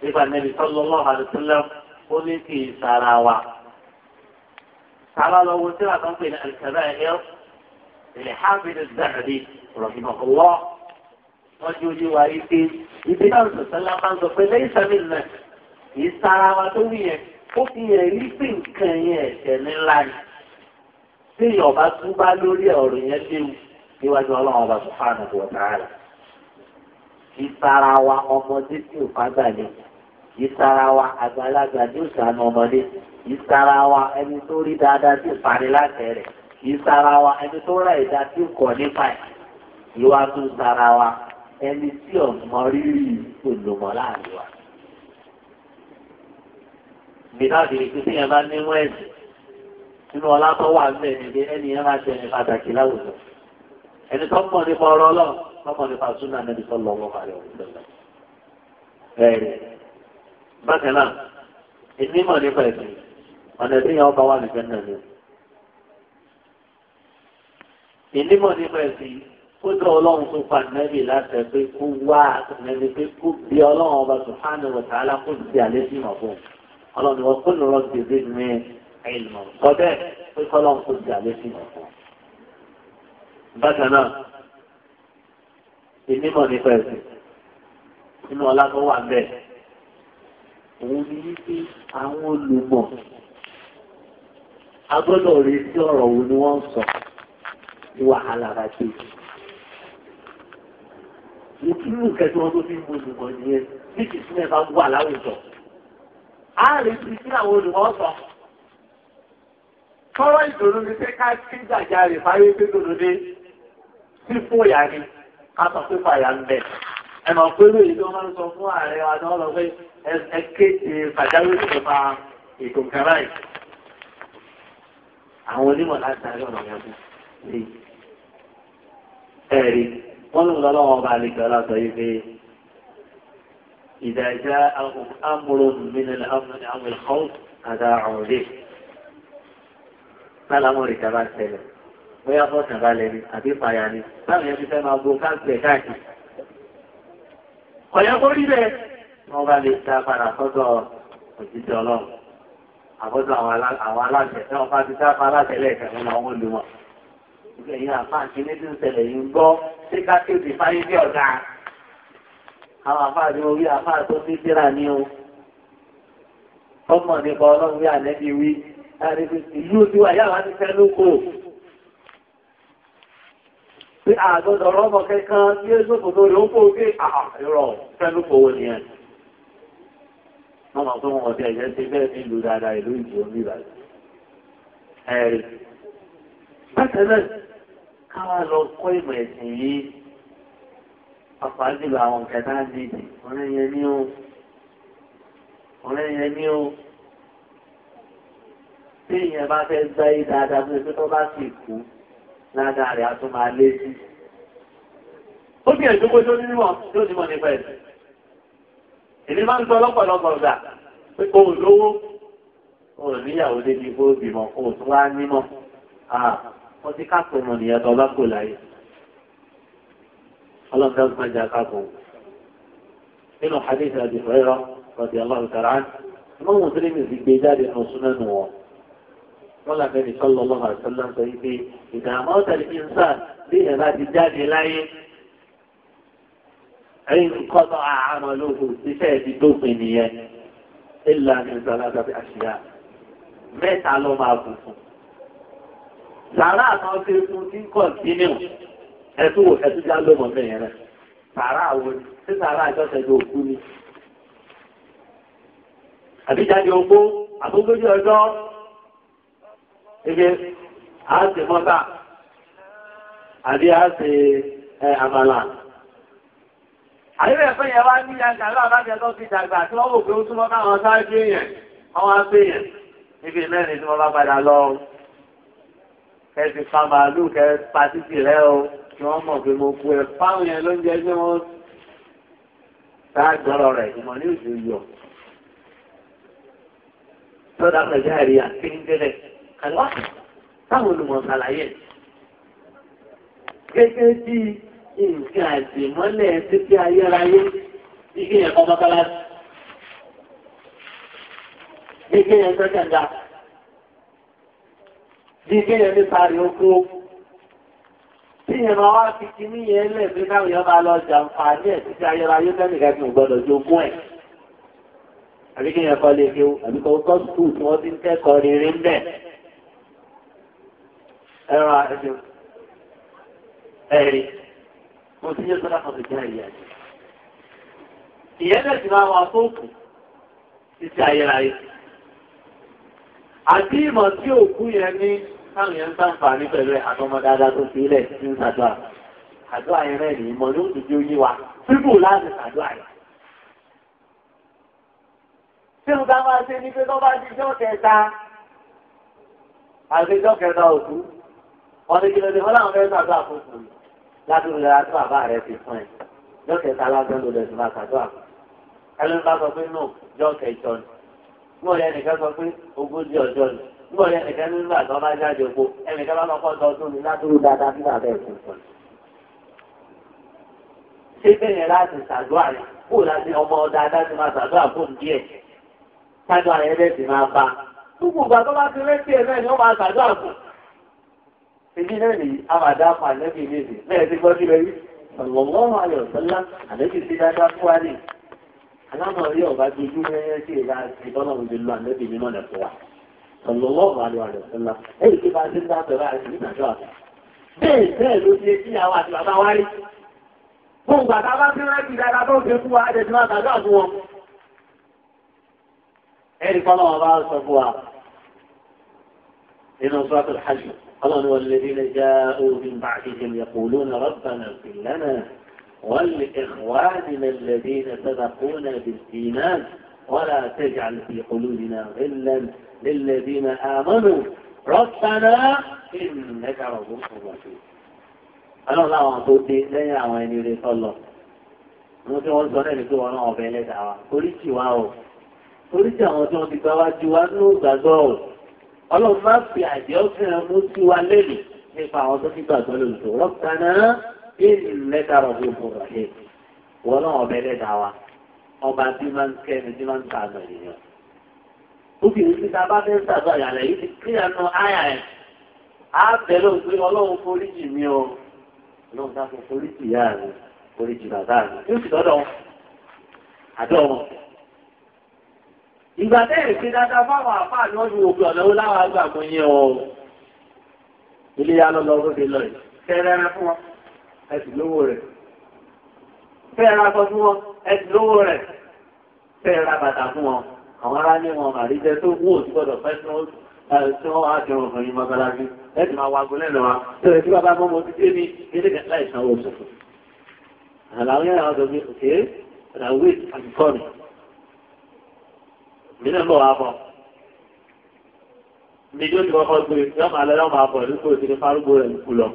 S1: nípa nẹ́bi sallallahu alaihi wasallam ó ní kì í sara wa. Sábà lọ wo síra kan pè ní al-kaba'ir ilẹ̀ Hamid al-Zahabi rahimahullah wọ́n ju ojú wa yìí pé ibi náà sọ̀tẹ́lá máa ń sọ pé lẹ́yìn sẹ́mi nà kì í sara wa tó wù yẹn ó fi hàn yí pé nǹkan yẹn ẹ̀ṣẹ̀ ńlá ni tí ọba tún bá lórí ọ̀rọ̀ yẹn léwu níwájú ọlọ́run ọba subhanahu wa ta'ala ìsara wa ọmọdé tí ò fagbà ni ìsara wa àgbàlagbà tí ò sànù ọmọdé ìsara wa ẹni tó rí dáadáa tí ò parí láti rẹ̀ ìsara ẹni tó rà ìdá tí ò kọ̀ nípa ẹ̀ ìwà tó sara wa ẹni tí ò mọ rírì olùmọ̀ láàrin wa gbèdádì ìpín tí yẹn bá ní wọ́n ẹ̀sìn nínú ọlá tó wà ń bẹ̀ ni pé ẹni yẹn máa tẹ̀lé pàtàkì láwùjọ ẹni tó mọ̀ nípa ọ̀rọ̀ ọlọ́run tó mọ̀ nípa súnà níbi tó lọ wọ́n parí ọ̀rọ̀ ìgbẹ̀lẹ̀ ẹ̀rẹ̀ bákan náà ẹni mọ̀ nípa ẹ̀sìn ọ̀nà tí yẹn ọba wà nìfẹ́ náà ni ẹni mọ̀ nípa ẹ̀sìn ó dọ̀ ọlọ́run tó pa nẹ́bì láti pé kó wá nẹ́bì pé kó bí ọlọ́run ọba sùhánù wọ̀tàálá kó ti àlẹ́ sí ọlọ́ni wọn kó lọ́rọ́ gbèdé ní ìlmọ̀ kọ́dẹ́ pé kọ́lọ́n kó jà létí mọ̀ fún. bákan náà ìnímọ̀ nípa ẹ̀sìn nínú ọlá tó wà bẹ́ẹ̀ òun ni wípé àwọn olùmọ̀ agbọ́dọ̀ rí sí ọ̀rọ̀ wo ni wọ́n ń sọ ní wàhálà bá dé. Mo kí ní nǹkan tí tó fi ń bo olùmọ̀ nìyẹn bí kìí sí mẹ́fà wà láwùjọ a lè fi sí àwọn olùwọ́ sọ. Kọ́rọ̀ ìdòdó ni pé ká kí gbàjà rè fáyé pé dòdò dé sí fún ìyá ni ká sọ pé fàyà ń bẹ̀. Ẹ mọ̀ pé lóye ló máa ń sọ fún ààrẹ wa náà lọ pé ẹ kéde pàjáwìrì tó fa ètò nǹkan báyìí. Àwọn onímọ̀ láti sáré ọ̀nà yẹn fún mi. Ẹ̀rí wọ́n lòun lọ́wọ́ ọba àlejò ọlá yìí pé. إذا جاءهم أمر من الأمن أو الخوف أذاعوا به sálámọ̀ rẹ̀ tàbá ṣẹlẹ̀ bóyá fọ́ tàbá lẹ́ni àbí payà ni báwọn ẹbí fẹ́ máa bo káàkiri ẹ̀ káàkiri. ọ̀yà kó rí bẹ́ẹ̀ wọ́n bá lè ta padà sọ́dọ̀ òjíṣẹ́ ọlọ́run àbọ̀dọ̀ àwọn aláṣẹ tí wọ́n bá ti dá aláṣẹ lẹ́ẹ̀kẹ́ wọn làwọn olùmọ̀. ìgbẹ̀yìn àfáàkì ní ti ń ṣẹlẹ̀ yìí ń gbọ́ sí káàkiri fáyé bí ọ̀gá àwọn àfáà ní orí àfáà tó ní síra ní o ọmọ nípa ọlọ́run bí ànẹ́bí wí ìlú tí wà yàrá ti fẹ́ lóko pé àgbọ̀dọ̀ rọ́mọ kẹ́kàn tí ó sókò tó ló ń kó pé àìrọ̀ fẹ́ lóko wo nìyẹn wọ́n mọ̀ tó wọ́n ti ti bẹ́ẹ̀ ní ìlú dáadáa ìlú ìjọ ní ìbàdàn ẹ̀rí bákan náà káwá lọ kọ́ ìmọ̀ ẹ̀sìn yìí àpàdùlọ àwọn kẹta dìde ọ̀rẹ́ yẹn ní o ọ̀rẹ́ yẹn ní o tí ìyẹn bá fẹ́ gbá yí dáadáa fún ẹgbẹ́ tó bá sì kú ládàá rẹ̀ á tún máa lé sí. ó bí ẹ̀jú pé tó ní níwọ̀n tó ní mọ̀ nípa ẹ̀sìn. èmi máa ń sọ lọ́pọ̀lọpọ̀ gbà pé kò lówó kò níyàwó débi kó bímọ kò tún wá nímọ̀. wọ́n ti ká pé mo nìyẹn tọ́ kò láyé ọlọ́dún ọdún máa jẹ akáàkùn nínú hadith àbí ìfẹ́rọ rọ̀dì ọlọ́run tàrà wọ́n mú sílẹ̀ nìsí gbé jáde ní oṣù náà nù wọ́n wọ́n làbẹ́ ní sọ́lọ́ ọlọ́run àti sọ́lọ́ sọ wípé ìdààmú ọ̀tàlì ní nsà bí ẹ̀ bá ti jáde láyé ẹ̀yìn kọ́tọ̀ àmọ́ lóhùn iṣẹ́ ẹ̀ ti dópin nìyẹn ìlà ní ìsọ̀lá tàbí àṣìyá mẹ́ta ló máa bù fún sàrà àtàwọn tí ó ti ń kọ̀ sínú ẹtú ẹtú já ló mọ̀ bẹ́ẹ̀ rẹ̀ sàrà àwọn tí sàrà àjọṣe tó kú ni. àbíjáde ogbó àbógbójú ọjọ́ ebe a ṣe mọ́tà àbí a ṣe àmàlà. àyẹ̀wò ẹ̀fẹ́ wá ní yàgà láàbàjẹ́ tó ti dàgbà tí wọ́n wò pé ó túnmọ́ káwọn sáájú yẹn àwọn afẹ́ yẹn níbi mẹ́rin tí wọ́n bá padà lọ kẹ́ẹ̀sì fa màálù kẹ́ẹ̀ rẹ o kí wọ́n mọ̀ pé mo kú ẹ fáwọn yẹn ló ń jẹ́ pé wọ́n tá a gbọ́rọ̀ rẹ̀ ìmọ̀ ní òjò yọ. sọ́dà pẹ̀lú àrí àkéńdélẹ̀ kàlọ́ táwọn olùmọ̀ ṣàlàyé gẹ́gẹ́ bí nǹkan àdìmọ́lẹ̀ títí ayérayé ike yẹn kọ́ mọ́kálásì ike yẹn sẹ́kẹ̀ndà ike yẹn ní sáré oko tí yẹn máa wá fi kí ní yẹn lẹ̀ pé káwọn yẹn máa lọ jàǹfààní ẹ̀ títí ayérayé lẹ́nìkan tí ò gbọ́dọ̀ jogún ẹ̀. àbí kí yẹn kọ́ lè fi àbí kọ́ kọ́ sùkúù tí wọ́n ti ń kẹ́kọ̀ọ́ rere ń bẹ̀. ẹ̀rọ ẹ̀jẹ̀ ẹ̀rí mo ti yẹ sọ́dọ̀ táwọn yẹn ń sàǹfààní pẹ̀lú àtọmọ dáadáa tó fi ilẹ̀ ń ṣàdúrà àdúrà yẹn rẹ̀ nìyí mọ̀ yóò dùdú yé wa síbù láti ṣàdúrà yẹn. tí o bá máa ṣe ní pé tó bá di jọ́ kẹta àti jọ́ kẹta òkú ọdún kìlọ̀ ní fọláwọn fẹ́ ṣàdúrà fún fún mi ládùúgbò lẹ́la tó bàbá rẹ̀ ti fún ẹ̀ jọ́ kẹta lásán ló lẹ̀ tó máa ṣàdúrà ẹlẹ́ni bá sọ pé nù jọ́ kẹjọ ni mo rẹ̀ nìkan sọ pé ogójì ọjọ́ ni nígbà yẹn nìkan nígbà tó bá jáde oko ẹnìkan bá lọ́kọ́ lọ tó ní ládùúgbò dáadáa nígbà bẹ́ẹ̀ tó sọ. ṣé bẹ́ẹ̀ láti ṣàdúrà rẹ̀ kó láti ọmọ dáadáa ti máa ṣàdúrà fún díẹ̀ ṣàdúrà rẹ̀ bẹ́ẹ̀ sì máa bá gbogbo ìgbà tó bá ti rẹ́sì ẹ̀ náà ni ó máa ṣàdúrà fún. ibi náà nìyí a máa dá fún àlẹ́bí méjì bẹ́ẹ̀ ti gbọ́ síbẹ̀ rí ọ̀lọ́wọ́ ayọ̀ sọ́lá àlẹ́bí صلى الله عليه وسلم أي كيف أنت تبعت من أجاب بيت بيت وسيت يا واد ما واري هم بعد ما في رأي كذا كانوا في قوة هذا ما تجاه هو أي كلا ما بعد سبوا إن صلاة الحج قال والذين جاءوا من بعدهم يقولون ربنا اغفر لنا ولإخواننا الذين سبقونا بالإيمان ولا تجعل في قلوبنا غلا للذين آمنوا ربنا إنك رؤوف رحيم ọlọ́run láwọn tó dé lẹ́yìn àwọn ẹni rẹ̀ sọ́lọ̀ wọ́n tí wọ́n sọ lẹ́nu tó wọn náà ọ̀bẹ lẹ́dà wa oríṣi wa o oríṣi àwọn tí wọ́n ti gbá wá ju wa nínú ìgbàgbọ́ o ọlọ́run má fi àjẹ́ ọ̀fẹ́ràn mú sí wa lẹ́nu nípa àwọn tó ti gbàgbọ́ lòlùtò rọ́pàá náà ìlú lẹ́tà rọ̀ fún ìfọ̀rọ̀ yẹn wọ́n náà ọ̀bẹ lẹ́dà wa. ọba tí máa ń kẹ́ni tí máa ń ta àgbà ènìyàn. ó ta bá fẹ́ yìí ti kí àyà ẹ̀ á bẹ̀rẹ̀ ọlọ́run forí jì mí o ọlọ́run forí jì ìyá forí jì bàbá sì àdó wọn. ìgbà dáadáa fáwọn ẹ̀sìn lówó rẹ̀ fẹ́ ra bàtà fún wọn àwọn ará ní wọn àrí jẹ tó wó tí gbọdọ̀ fẹ́ tí wọ́n wá jẹun ọ̀sán yìí mọ́gbàlájú ẹ̀sì máa wá gún lẹ́nu wa tó rẹ̀ tí bàbá mọ́ mo ti dé ní ilé kẹta ìsanwó òṣòfò àlàyé àwọn ọ̀dọ́ mi òkè ràwé àdìkọ́nì mi náà bọ̀ wá bọ̀ mi tó ti kọ́kọ́ gbé yọ́ máa lọ máa bọ̀ nípò tí ní fárúgbó rẹ̀ kú lọ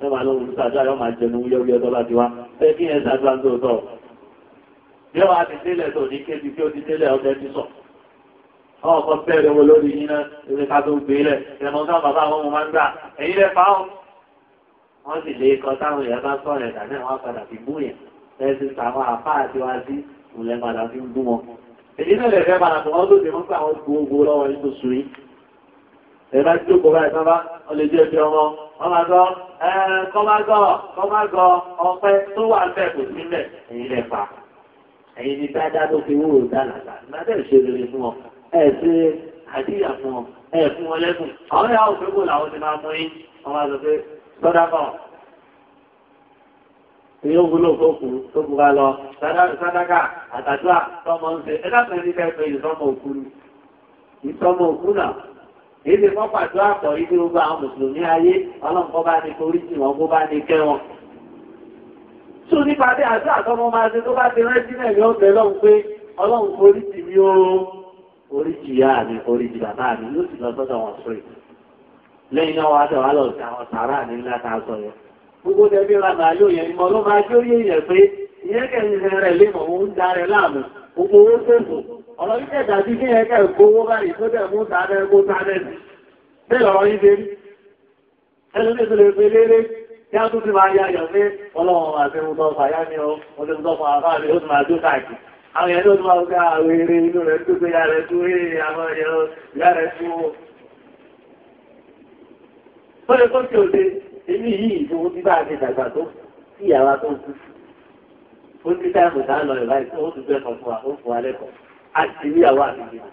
S1: yọ́ máa lọ́wọ́ bí wàá ti délẹ̀ tó ní kébi kí ó ti délẹ̀ ọ̀dẹ ti sọ. Àwọn kan bẹ̀rẹ̀ wọn lórí yín náà lórí ká tó gbé lẹ̀ ìrẹ̀mọ̀ sáà bàbá àwọn ọmọ máa ń gbà ẹ̀yin lẹ̀ fà ó. Wọ́n sì lé ikọ̀ táwọn èèyàn bá sọ̀rọ̀ ẹ̀dá náà wọ́n padà fi bú yẹn. Ẹ̀sì tàwọn àpá àti wá sí ìwòlẹ̀ padà fi ń bú wọn. Èyí náà lè fẹ́ padà tó wọ́n wọ́n lè jẹ́ ẹbí ọmọ. máa gbọ́ ọ̀pẹ tó wà ń bẹ̀ kò sí ń bẹ̀ èyí lẹ̀ fà ẹ̀yin ni dáadáa tó fi wúrò dáadáa ìgbàdá ìṣèlérí fún ọ ẹ ṣe àdíyà fún ọ ẹ fún ọ lẹ́kùn àwọn ìyàwó pé làwọn ti máa mú yín wọn máa sọ pé sọdá bọ̀ ní ogúnlò fókù tó bu wa lọ sádákà àtàdúrà tọmọ ń ṣe ẹ dákùnrin ní fẹẹ pé ìsọmọ òkú ni ìsọmọ òkú náà èyí ti fọ́ pọ̀ yìí gbogbo àwọn mùsùlùmí ayé ọlọ́run bá ní forí jì wọ́n kó bá ní kẹ́ wọn tó nípa bí àti àtọmọ máa ṣe tó bá ti rántí náà ni ó pé ọlọ́run orí ti mi ó orí ti ìyá mi orí ti bàbá mi ló sì lọ sọ́dọ̀ wọn sórí lẹ́yìn náà wá tẹ̀wá lọ sí àwọn sàárà ní ńlá ta sọ yẹn gbogbo tẹ̀bí ra màálù yẹn ni mo ló máa jó yé yẹn pé ìyẹn kẹ́yìn rẹ̀ lé mọ̀ ń darẹ̀ láàmú gbogbo owó sòfò ọ̀rọ̀ yìí kẹta sí kí yẹn gbowó báyìí tó dẹ̀ mú ta mú ta sí bẹ́ẹ̀ lọ́rọ̀ yìí ṣe rí ẹnu ní ìṣẹ̀lẹ̀ pé léré yá tó ti máa yáyọ̀ pé ọlọ́run àti ohun tọ́fà yá ní ohun tọ́fà àfáàrí ó ti máa jó káàkiri àwọn ẹ̀rọ tó máa gbá àwọn eré inú rẹ̀ tó gbé yàrá tó rí àwọn ẹ̀rọ yàrá tó wọ́. ó lè kó tí èmi yìí ìfowó tí bá a tó sí ìyàwó tó kú. ó ti táìmù tá lọ ìbáyìí tó ó ti gbẹ́kọ̀ọ́ fún wa ó fún wa lẹ́kọ̀ọ́ àti ìyàwó àti ìyàwó.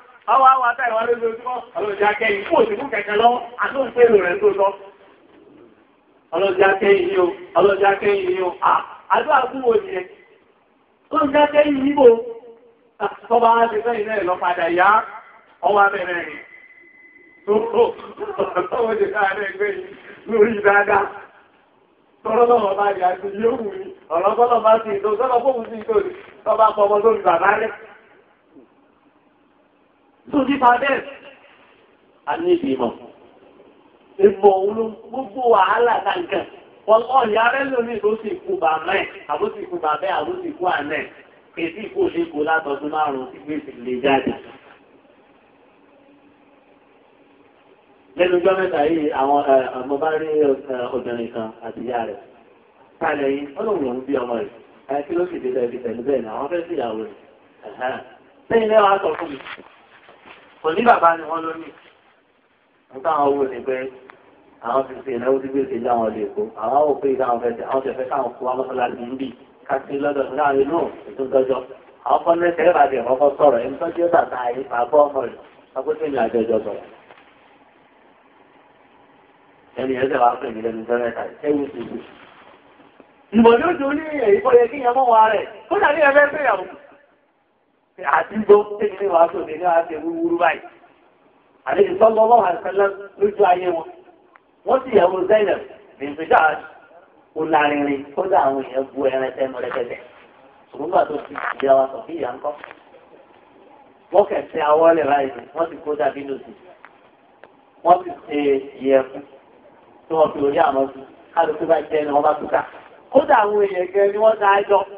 S1: Ọwọ́ àwọn àtàìwá lójoojúmọ́, ọlọ́jà kẹ́yìn kò sí fún kẹ̀kẹ́ lọ́wọ́, àtúnṣe rẹ̀ tó lọ. Ọlọ́jà kẹ́yìn ni o, ọlọ́jà kẹ́yìn ni o, àdúrà fún wo nìyẹn. Ọlọ́jà kẹ́yìn níbo, tọ́ba á ti fẹ́ ilé ìlọ padà yá, ọwọ́ abẹ́rẹ́ rẹ̀. Tóró, ọwọ́ ti ká rẹ̀ gbé lórí dáadáa. Tọ́rọ́ náà bá yà sí yóò wù mí, ọ̀rọ̀ bọ́lọ̀ bá ti ìtò, sọ́lọ́ fóun sí ìtò, tọ́ba pọ̀ tó nípa bẹ́ẹ̀ a ní òun gbogbo wàhálà kankan wọn kọ́ ìyá rẹ lórí ló sì kú bàmẹ́ àbó sì kú bàbẹ́ àbó sì kú àmẹ́ èsì kò lè kó látọdún márùn-ún sí gbèsè lè jáde. lẹ́nu ọjọ́ mẹ́ta yìí àwọn ọmọ bá rí obìnrin kan àti ìyá rẹ̀ kalẹ̀ yìí ọlọ́run lòún bí ọmọ rẹ̀ ẹ kí ló sì dé tẹ̀lé tẹ̀lé bẹ́ẹ̀ ni àwọn fẹ́ sí ìyàwó rẹ̀ lẹ́yìn lẹ́wọ̀n á sọ fún mi kò bàbá ni wọ́n lónìí nǹkan àwọn owó ni pé àwọn ti ṣe ìnáwó tí gbèsè àwọn lè kó àwọn ò pé ìdáhùn fẹsẹ̀ àwọn tẹ̀fẹ́ káwọn kó wọn mọ́sálásí ń bì káàkiri lọ́dọ̀ láàrin náà ètò ìtọ́jọ́ àwọn kan lẹ́sẹ̀ ẹ̀ bàbá ìkọ́kọ́ sọ̀rọ̀ ẹni tó jẹ́ bàbá yìí bàbá ọmọ rẹ̀ ọkọ̀ tẹ̀mí àjọjọ sọ̀rọ̀ ẹni ẹ̀sẹ̀ wàá pè mí lẹ́nu tẹ́lẹ̀ tàbí ẹ̀wù sí i. ìmọ̀lódù ní èyí kọ́ yẹ kí àdúgbò tẹ́lẹ̀ wàá tó lè ní wàá tẹ̀ wúwúrú báyìí. Àlẹ́ ìsọ́lọ́ lọ́wọ́ àṣẹlá lójú ayé wọn. Wọ́n sì yàwó Zainab bèbèdà olarinrin kódà àwọn èèyàn bu ẹran tẹnu rẹpẹtẹ. Ṣùgbọ́n àti oṣù ìjìyà wa sọ fún ìyá ńkọ́. Wọ́n kẹ̀sẹ̀ awọ́lẹ̀ báyìí wọ́n ti kó dàbí lòsì. Wọ́n ti ṣe ìyẹ̀fun tí wọ́n fi orí àmọ́ sí. Kálukú bá jẹ́ ẹni wọ́n bá túkà. Kódà àwọn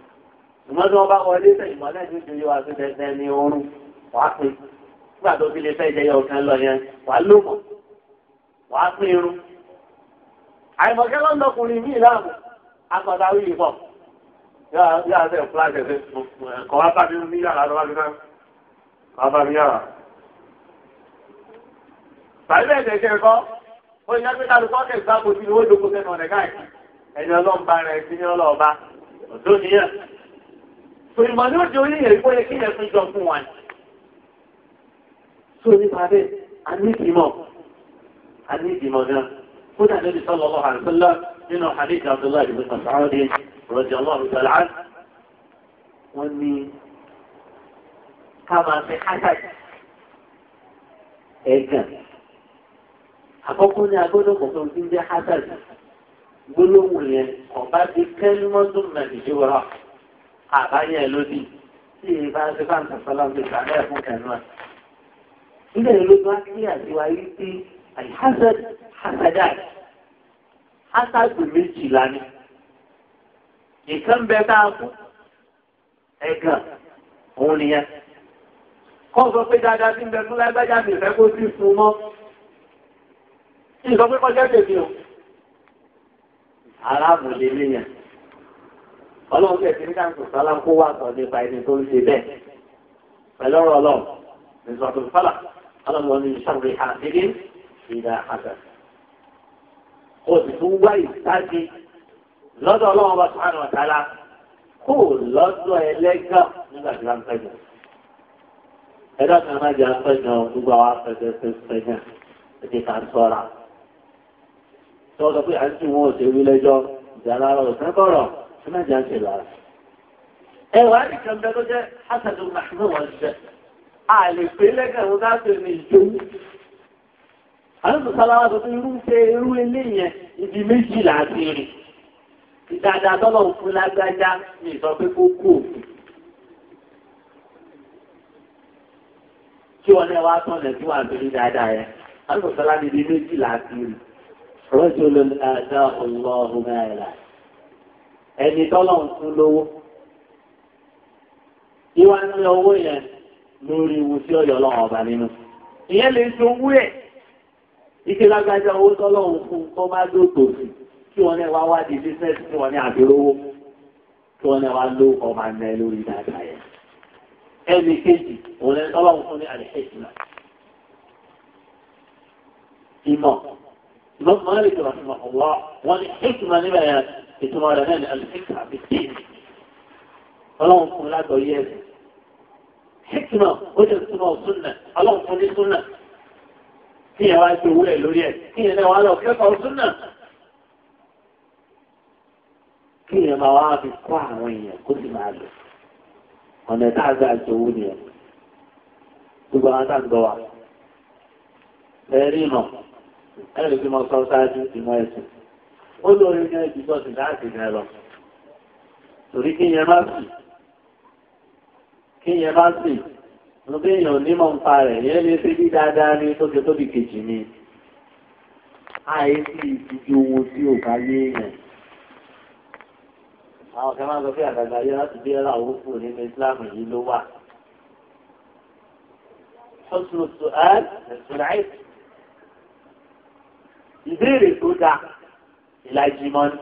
S1: ìmọ̀ tí wọ́n bá wọlé fẹ́ ìmọ̀lẹ́ ní ìdílé wa tó tẹ́tẹ́ ní oorun wàá pé nígbà tó fi lè fẹ́ ìjẹyọ kan lọ yẹn wàá lómọ̀ wàá pé irun. àìmọ̀kẹ́ lọ́ndọ̀kùnrin mí láàmú akọ̀dá wíìlì pọ̀ yára fẹ́ fúláṣẹ̀ fẹ́ kọ́ wá bá mi ní yàrá lọ́wọ́ bí náà bá mi yàrá. bàbá ẹ̀jẹ̀ kẹ́ ó yẹ pé kálukọ́ kẹ̀ gbá gbòdì ni ó dókòó sẹ́nu ọ̀nẹ̀ káàkiri ẹ̀yin ọlọ́ọ̀ba rẹ̀ sí ní ọlọ́ọ̀ba òtó nìyẹn. So ìmọ̀ ní òjò orí ẹ̀rí pọ́lẹ̀ kí ẹ̀fún jọ fún wa. So nípa bẹ́ẹ̀, a ní ìdìmọ̀, a ní ìdìmọ̀ náà. Kódà níbi sọ́lọ́ ọlọ́ àrùsọ́lá nínú àdéjì Abdullahi ibn Masaudi, Rọ̀jì Ọlọ́run Sọlá. Wọ́n ní ká fi hájáde ẹ̀gàn. Àkọ́kọ́ ní agbọ́dọ̀ kọ̀ọ̀kan tí ń jẹ́ hájáde. Gbólóhùn yẹn, ọ̀bá ti kẹ́lí mọ́tò nàìjíríà àbáyẹ lódì tí ìbá ṣe bá ń tẹ̀sọ́lá ń gbèsè abẹ́ fún kẹ̀nùà. Ilé ìlú tó wáyé àtiwá yìí pé àìhásẹ́d hásẹ́dá hásẹ́dù méjìlá ni. Ìkan bẹ ká fún ẹ̀gàn òun nìyẹn. Kọ́ sọ pé dáadáa ti ń bẹ fún lágbájá mi fẹ́ kó sí fún mọ́. Ìsọ pé kọjá tèmi o. Aráàmù lè léyàn ọlọ́run tẹ̀ sí ní káńtù sálá kó wà sọ nípa ẹni tó ń ṣe bẹ́ẹ̀ pẹ̀lú ọ̀rọ̀ ọlọ́run nígbà tó fàlà ọlọ́run ní ìṣàwé àdéhìn ìdá àgbà. o sì tún wá ìsáájú lọ́dọ̀ ọlọ́run bá sùn àwọn ọ̀tá la kó lọ́dọ̀ ẹlẹ́gàn nígbà tí wọ́n fẹ́ jù. ẹ̀dá kan máa jẹ́ afẹ́jọ gbogbo àwọn afẹ́fẹ́ fẹ́jọ ètè ẹ̀mẹ́jà ń ṣe lára. ẹwà ní kẹ̀mbẹ́ ló jẹ́ hasadu mahmud wọn ṣe àlè pé lẹ́gẹ̀rún dáṣe ní ìjó.
S2: àlùkò sáláwá
S1: tó irú ṣe irú eléyẹn ibi méjì láti rìn. ìdáadáa tọ́lọ̀ ń fún lágbájá ní ìsọ pé kó kú òfin. kí wọn lẹ wá tán lẹ kí wọn àbẹ̀rẹ̀ dáadáa yẹn alùpùpù sálámi di méjì láti rìn. rọ́jò lọ́lá dá ọlọ́run náírà ẹni tọ́lọ́run fún lówó ìwà ní owó yẹn lórí iwu sí ọ̀yọ́ ọlọ́run ọba nínú ìyẹn lè ṣe owó ẹ̀ ike owó tọ́lọ́run fún kọ́ bá dòtò sí kí wọ́n ní wá wádìí bísẹ́ẹ̀sì kí wọ́n ní àbírówó kí wọ́n ní wá ló ọba ní ẹ lórí dáadáa yẹn ẹni kejì òun ní tọ́lọ́run fún ní àlẹ́kẹ́jìlá ìmọ̀ ìmọ̀ mọ́lẹ́kì ìtumọ̀ rẹ̀ náà ní alifíkà àbí tíìmì ọlọ́run fún lágbọ̀ yẹ ẹ̀sìn hikima ó jẹ́ túnmọ̀ súnà ọlọ́run fún ní súnà kí ẹ̀ wá ṣe owó ẹ̀ lórí ẹ̀ kí ẹ̀ náà wá lọ kẹ́kọ̀ọ́ súnà kí ẹ̀ máa wá fi kọ́ àwọn èèyàn kó sì máa lò ọ̀nà tá a gbà ṣe owó ni ẹ̀ gbogbo àwọn tá a gbọ́ wa ẹ̀rí ìmọ̀ ẹ̀rí ìmọ̀ sọ ṣáájú ìmọ̀ ẹ̀sìn ó lórí ní ẹbí bọ́ sí láti ní ẹlọ torí kí yẹn má sì kí yẹn má sì mo bí èèyàn onímọ̀ ń pa rẹ̀ yẹn lè ṣe bí dáadáa ní tó ṣe tó di kejì mi àìsí ìtújú owó tí ò bá yé èèyàn àwọn kan máa sọ pé àgbàgbà yẹn láti bí ẹlà owó kù nínú ìsìláàmù yìí ló wà. Ìbéèrè tó dáa ìlàjì mọ́ni.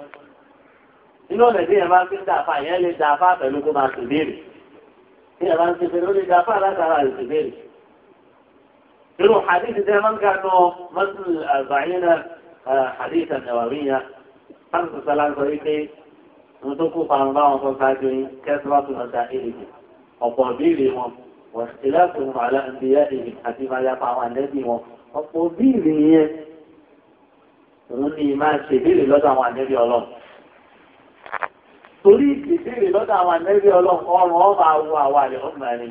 S1: inú ọ̀nà tí yẹn máa fi ń dàfà yẹn lè dàfà pẹ̀lú kó máa ṣèbéèrè. tí yẹn máa ń ṣèbéèrè ó lè dàfà látara ìṣèbéèrè. irú hadith tẹ́ máa ń ga nù mọ́tún àgbáyín náà hadith àtẹ̀wàrí yẹn. sáǹtì sọlá sọ wípé mo tó kó parun báwọn sọ ṣáájú yín kẹ́sìmọ́tò náà ta èrè ọ̀pọ̀ ìbéèrè wọn wọ̀ṣìlá tó ń bàálà ń bí òun ni máa ṣe ìbéèrè lọ́dọ̀ àwọn ànẹ́bí ọlọ́run torí ìbéèrè lọ́dọ̀ àwọn ànẹ́bí ọlọ́run ọrùn ọba wo àwa rẹ̀ ọ̀hún náà ni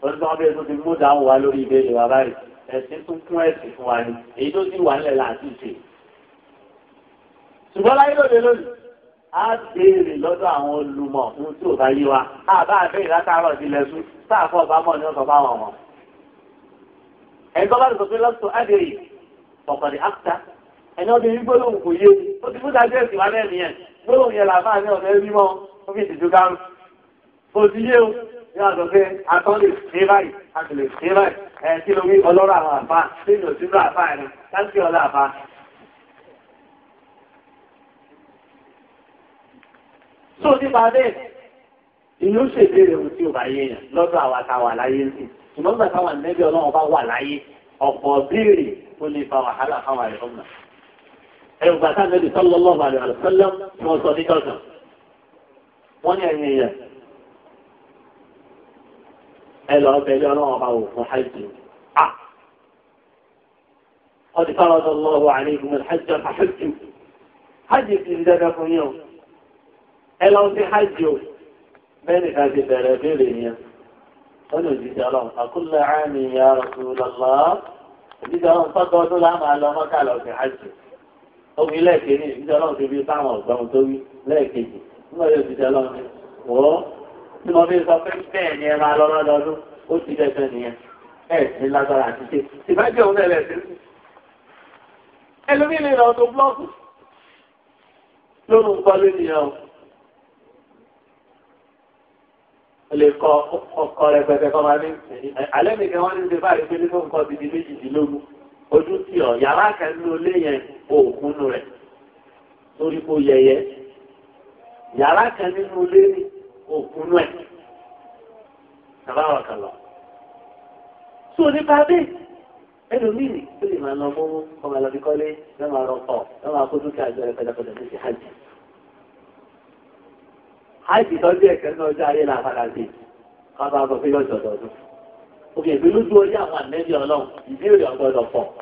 S1: wọ́n tún ọbẹ̀ tó ti mú dáhùn wá lórí ìbéèrè wa báyìí ẹ̀sìn tún kún ẹ̀sìn fún wa ni èyí tó sì wà nílẹ̀ láti ṣe ṣùgbọ́n láyé lóde lónìí a béèrè lọ́dọ̀ àwọn olùmọ̀ fún tí ò bá yé wa àbá àbẹ́yìn látàárọ̀ ìdílẹ̀ sùn sáàfọ̀ ọ̀bámọ̀ ni wọ́n sọ fáwọn ọmọ ẹ̀ńtọ́ bá ti sọ pé lọ́sọ̀ ẹni ọdún yìí gbólóhùn kò yé ó ti fún dájú ẹ̀sìn wa lẹ́nu yẹn gbólóhùn yẹn làbá ní ọ̀rẹ́ rí ó fi dìdú dárú kò sí yé o ní àtọ̀ pé atọ́ lè ṣe báyìí ẹ̀ kí ló wí ọlọ́rọ̀ àwọn àfa tí mi sínú àfa ẹ̀rọ láti ọlọ́ àfa. tó nípa bẹ́ẹ̀
S2: ìlú ṣèbéèrè
S1: ohun tí ò bá yé lọ́dọ̀ àwa ta láyé sí ṣùgbọ́n gbàtà wà nẹ́bí ọlọ́run bá wà láyé ọ̀pọ̀ béèrè ó lè fa wàhálà fáwọn àìsàn ẹ̀rù bàtà nẹ́bí sallallahu alaihi wa sallam tí wọ́n sọ ní kọ̀ọ̀kan wọ́n ní ẹ̀yìn الله عليكم الحج فحجوا hajj ti ń dandan fún yín o ẹ lọ sí hajj o bẹ́ẹ̀ ni ká ti bẹ̀rẹ̀ béèrè yẹn wọ́n lè jíjẹ ọlọ́run àkúlẹ̀ àmì ya omi lẹ́ẹ̀kejì ìṣiṣẹ́ ọlọ́run ti fi sáwọn ọ̀gbọ́n tó wí lẹ́ẹ̀kejì nígbà yóò ṣiṣẹ́ ọlọ́run ni wọ́ tí mo fi sọ pé bẹ́ẹ̀ ni ẹ máa lọ ó ti dẹ́sẹ̀ nìyẹn ẹ̀ ní lágbára àti ṣe ìbájẹ́ òun lẹ̀ sí. ẹlòmíì lè lọ tó búlọ́ọ̀kù lónìí nǹkan lónìyàn o. o lè kọ ọkọ rẹpẹtẹ kọ máa ní alẹ́ nìkan wọ́n ti di ojú tí ọ yàrá kẹlú olé yẹn òògùn nù rẹ torí kò yẹyẹ yàrá kan nínú olé òògùn nù ẹ tàbáwà kàlọ. tó nípa bẹ́ẹ̀ ẹlòmíì ní tó lè máa lọ mú ọmọ ẹlọ́bí kọ́lé ẹ máa rọ pọ̀ ẹ máa kó dúkìá jọ ẹ pẹ̀lẹ́pẹ̀lẹ́ ní ti hajj. hajj tọ́jú ẹ̀kẹ́ náà ọjọ́ ayé la padà dé ká bá a sọ pé yọ̀ọ̀dọ̀dọ̀ ó fi ìgbélójú ọjọ́ àwọn àmẹ́bí ọlọ́run ìbéèrè ọgbọ́dọ̀ pọ̀.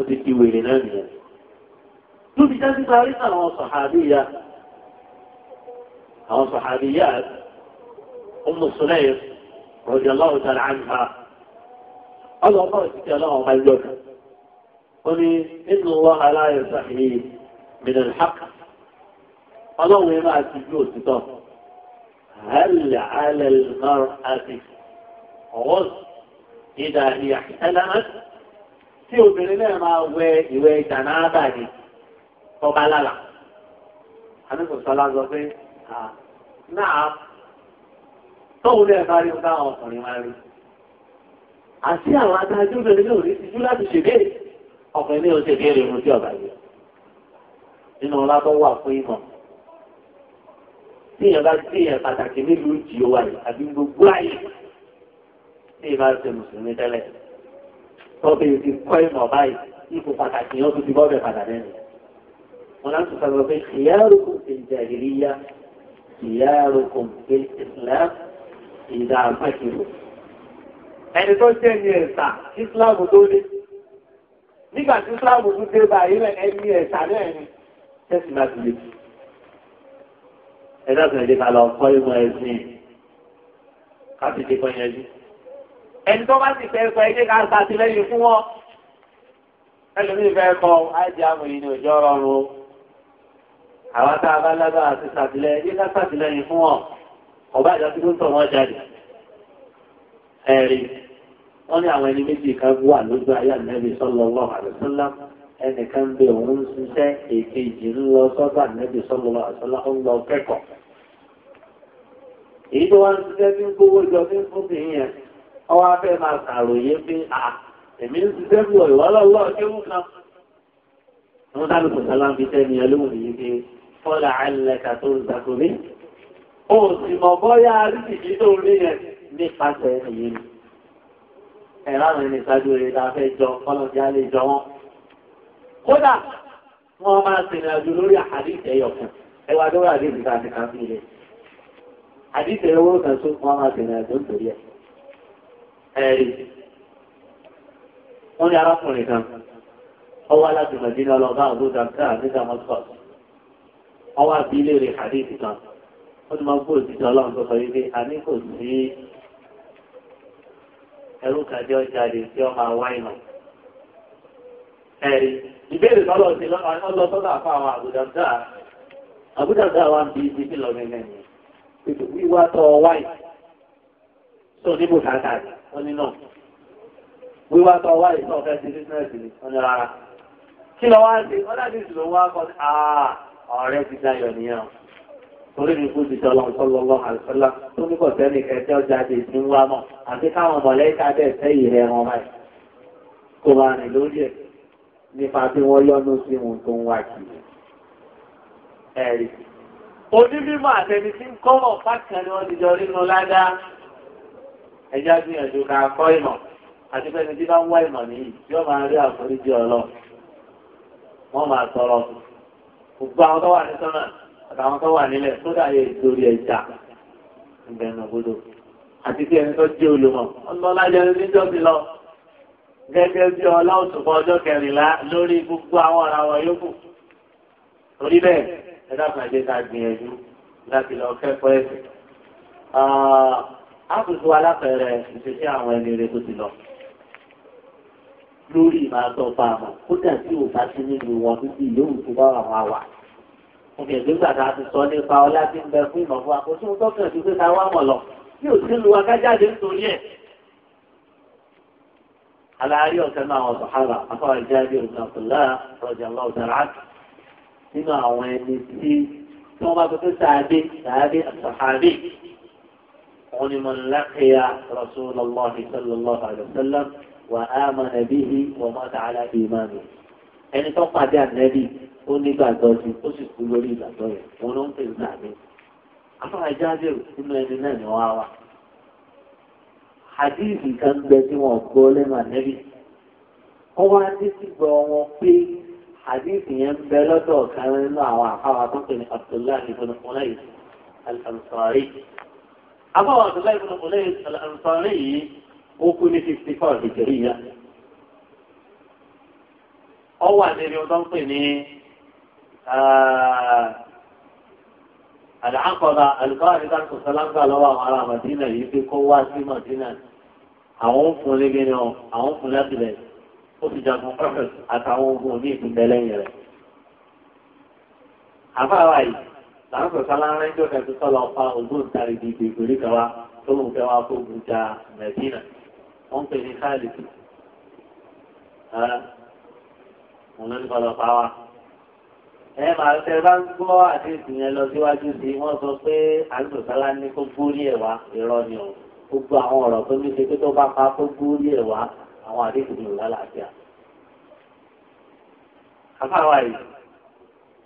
S1: ó ti di wèrè náà nìyẹn. lóbi dájú bá rí àwọn sọ̀hábíyà àwọn sọ̀hábíyà Ummu Sulaym radiyallahu ta'ala anha ọlọ́ọ̀bọ̀ ìsìnkú ọlọ́wọ́ máa ń yọ̀ kan. ó ní inna Allaha la yastahi min al-haqq ọlọ́run ẹ máa ti ju òtítọ́ hàlẹ́ alẹ́ lọ́rọ̀ àti ọ̀wọ́ ìdá ìyàtẹ́lẹ́mẹ́sì. tí obìnrin náà máa wẹ ìwẹ̀ jànáàbà ni tọ́ba lálà àdúgbòsọ́lá sọ pé náà tóun náà bá rí ọba ọkùnrin máa rí àti àwọn adájọ́ obìnrin náà rí tijú láti ṣèbéèrè ọkùnrin náà ṣèbéèrè irun tí ọ̀bà yìí nínú ọlá tó wà fún ìmọ̀ tíyẹn bá tíyẹn pàtàkì nílùú ìjì ó wáyé àbí gbogbo àyè tíyẹn bá ṣe mùsùlùmí tẹ́lẹ̀ tọ́bẹ̀ ti kọ́ ìmọ̀ báyìí ipò pàtàkì yẹn tó ti bọ́ bẹ̀ padà lẹ́nu. wọn láti sọ̀rọ̀ pé khiyarukum fil jahiliyya khiyarukum fil islam ìdá àpákìlò. ẹni tó jẹ́ ní ẹ̀sà islam tó dé nígbà tí islam tó dé báyìí rẹ̀ ẹni ẹ̀sà náà ni tẹ́sí máa ti lè. ẹ dákun ẹ̀dẹ́ ká lọ kọ́ ìmọ̀ ẹ̀sìn ká sì ti kọ́ yẹn jù ẹni tó bá ti fẹ́ sọ ẹgbẹ́ ká ṣàtìlẹ́yìn fún wọn ẹlòmíì fẹ́ kọ ájì amòyìn ní òjò rọrùn àwọn tá a bá lágbára ti ṣàtìlẹ́yìn yíká ṣàtìlẹ́yìn fún wọn ọba ìjọ tí ó ń tọ̀ wọ́n jáde ẹ̀rí wọ́n ní àwọn ẹni méjì kan wà lójú ayé ànábì sallallahu alaihi wasallam ẹnìkan bẹ òun ń ṣiṣẹ́ èkejì ń lọ sọ́dọ̀ ànábì sallallahu alaihi wasallam ó ń lọ kẹ́kọ̀ọ́ èyí tó wá ń ṣiṣẹ́ tí gbówó jọ tí fún ọwọ́ abẹ́ máa sàròyé pé à èmi ń ṣiṣẹ́ bọ̀ ìwà lọ́lọ́ kéwù kan. wọ́n dábì kò sálá ń fi tẹ́ ni ẹlóhùn yìí pé fọ́lá àìlẹ́ka tó ń sàkó mi. o sì mọ̀ bọ́yá arísìkí tó rí yẹn nípasẹ̀ ẹ̀yìn mi. ẹ̀rọ àwọn ẹni ṣáájú rẹ̀ ta fẹ́ jọ kọ́lọ́jà lè jọ wọ́n. kódà wọ́n máa sìnrìn àjò lórí àdìsẹ́ yọ̀kan ẹwà tó wà àdìsẹ́ ẹ̀rí wọ́n ní arákùnrin kan ọwọ́ alájùmọ̀dé ní ọlọ́ba àgbóta káà nígbà mọ́sọ̀ ọwọ́ abilé rẹ̀ hadith kan ó ti máa gbóòtì sí ọlọ́run sọ wípé ní kò sí ẹrú kàdé ọjà tí ọ máa wáyé nà ẹ̀rí ìbéèrè tọ́lọ̀ sí ọlọ́sọ́dọ̀ tó ní bùkátà rẹ̀ wọ́n ní náà wíwá tó wá ìtọ́ ọ̀fẹ́ sí bísínẹ́sì ni wọ́n ní rárá kí lọ wá sí wọ́n láti sì wá kọ́ sí ọ̀rẹ́ ti dáyọ̀ nìyẹn torí mi kú ti sọ lọ sọlọ lọ tó ní kò sẹ́ni kẹtẹ́ ọjà àti ìsìn wá mọ̀ àti káwọn mọ̀lẹ́kà bẹ́ẹ̀ sẹ́yìn rẹ̀ wọn báyìí kò bá rìn lórí ẹ̀ nípa bí wọ́n yọ́nú sí ohun tó ń wá kiri ẹ̀rí onímọ̀ àtẹni ń kọ́ ọ̀pá kan ni wọ́n ti jọ nínú ládàá ẹjẹ́ àgbìyànjú ká kọ́ ìmọ̀ àti pẹ́ni tí bá ń wá ìmọ̀ nìyí yóò máa rí àforíjì ọlọ́ wọ́n máa sọ̀rọ̀ gbogbo àwọn tó wà ní sọ́nà àtàwọn tó wà nílẹ̀ sódà yẹ ìdórí ẹja ìbẹ̀rù gbọdọ̀ àti tí ẹni tó jẹ́ olùmọ̀ ọlọ́lájọ níjọ́ ti lọ gẹ́gẹ́ bí ọlá òṣùpọ̀ ọjọ́ kẹrìnlá lórí gbogbo àwọn ara wọn yòókù torí bẹ́ẹ̀ ẹ dákun ẹ̀jẹ̀ ká gbìyànjú láti lọ kẹ́kọ̀ọ́ ẹ̀sìn. Ah, àtúntò alápẹ̀rẹ̀ ìṣesí àwọn ẹni rẹ̀ tó ti lọ lórí máa tọ́ fa àmọ́ kódà tí ò bá sí nínú wọn títí ìyóhùn tó bá wà wọn wà. òkè ìgbésà tá a ti sọ nípa ọlá tí ń bẹ fún ìmọ̀ fún àkóso tọ́kàn tó pé ká wá mọ̀ lọ tí ò sí lu akájáde nítorí ẹ̀. aláàárí ọ̀sẹ̀ náà àwọn sàhábà afọ́ ìjáde òun àfọlá rọjà lọ́wọ́ dára nínú àwọn ẹni tí wọ́n bá tó pé sàábé sàábé àti sàhábé òun ni mo ń lákìyà Rasulullah sallallahu alaihi wasallam wa amana bihi wa mata ala imani ẹni tó pàdé ànẹ́bí ó nígbàgbọ́ sí ó sì kú lórí ìgbàgbọ́ yẹn òun ló ń pè ní àmì afárá jáde nínú ẹni náà ni wọ́n á wá àdíìsì kan gbẹ tí wọ́n gbọ́ lẹ́nu ànẹ́bí wọ́n wá títí gbọ́ wọn pé àdíìsì yẹn ń bẹ lọ́dọ̀ kan nínú àwọn àfáwà tó pè ní Abdullahi ibn Unais al-Ansari àbáwọ̀ àdúgbò ìbùnú ọ̀lẹ́ àǹfààní yìí ó kú ní fifty four ìjẹ̀rí yẹn. ọ wà níbi ọdọ́ ń pè ní àdáhàkọ̀dà àlùkọ́wà ní káàkó sálángà lọ́wọ́ àwọn ará màdínà yìí pé kó wá sí màdínà àwọn ń fún ni àwọn ń fún ó ti jagun prophet àtàwọn ogun ní ìpínlẹ̀ lẹ́yìn rẹ̀. àbáwá yìí láwọn sọ̀tà láńlá ń jọ́kẹ́ tó tọ́lọ pa ògbóǹtarìgì ìgbègbèrè kan wá tó ń fẹ́ wá fóògùn ja mẹ́dínà wọ́n pè ní káàdì tì mo ló ní kọlọ pa wá. ẹ máa tẹ bá ń gbọ́ àti ìsìnyẹn lọ síwájú sí wọ́n sọ pé àlùsọ̀tàlá ní kó gbórí ẹ̀ ni o gbogbo àwọn ọ̀rọ̀ tó lálàáfíà. àfáà wáyé.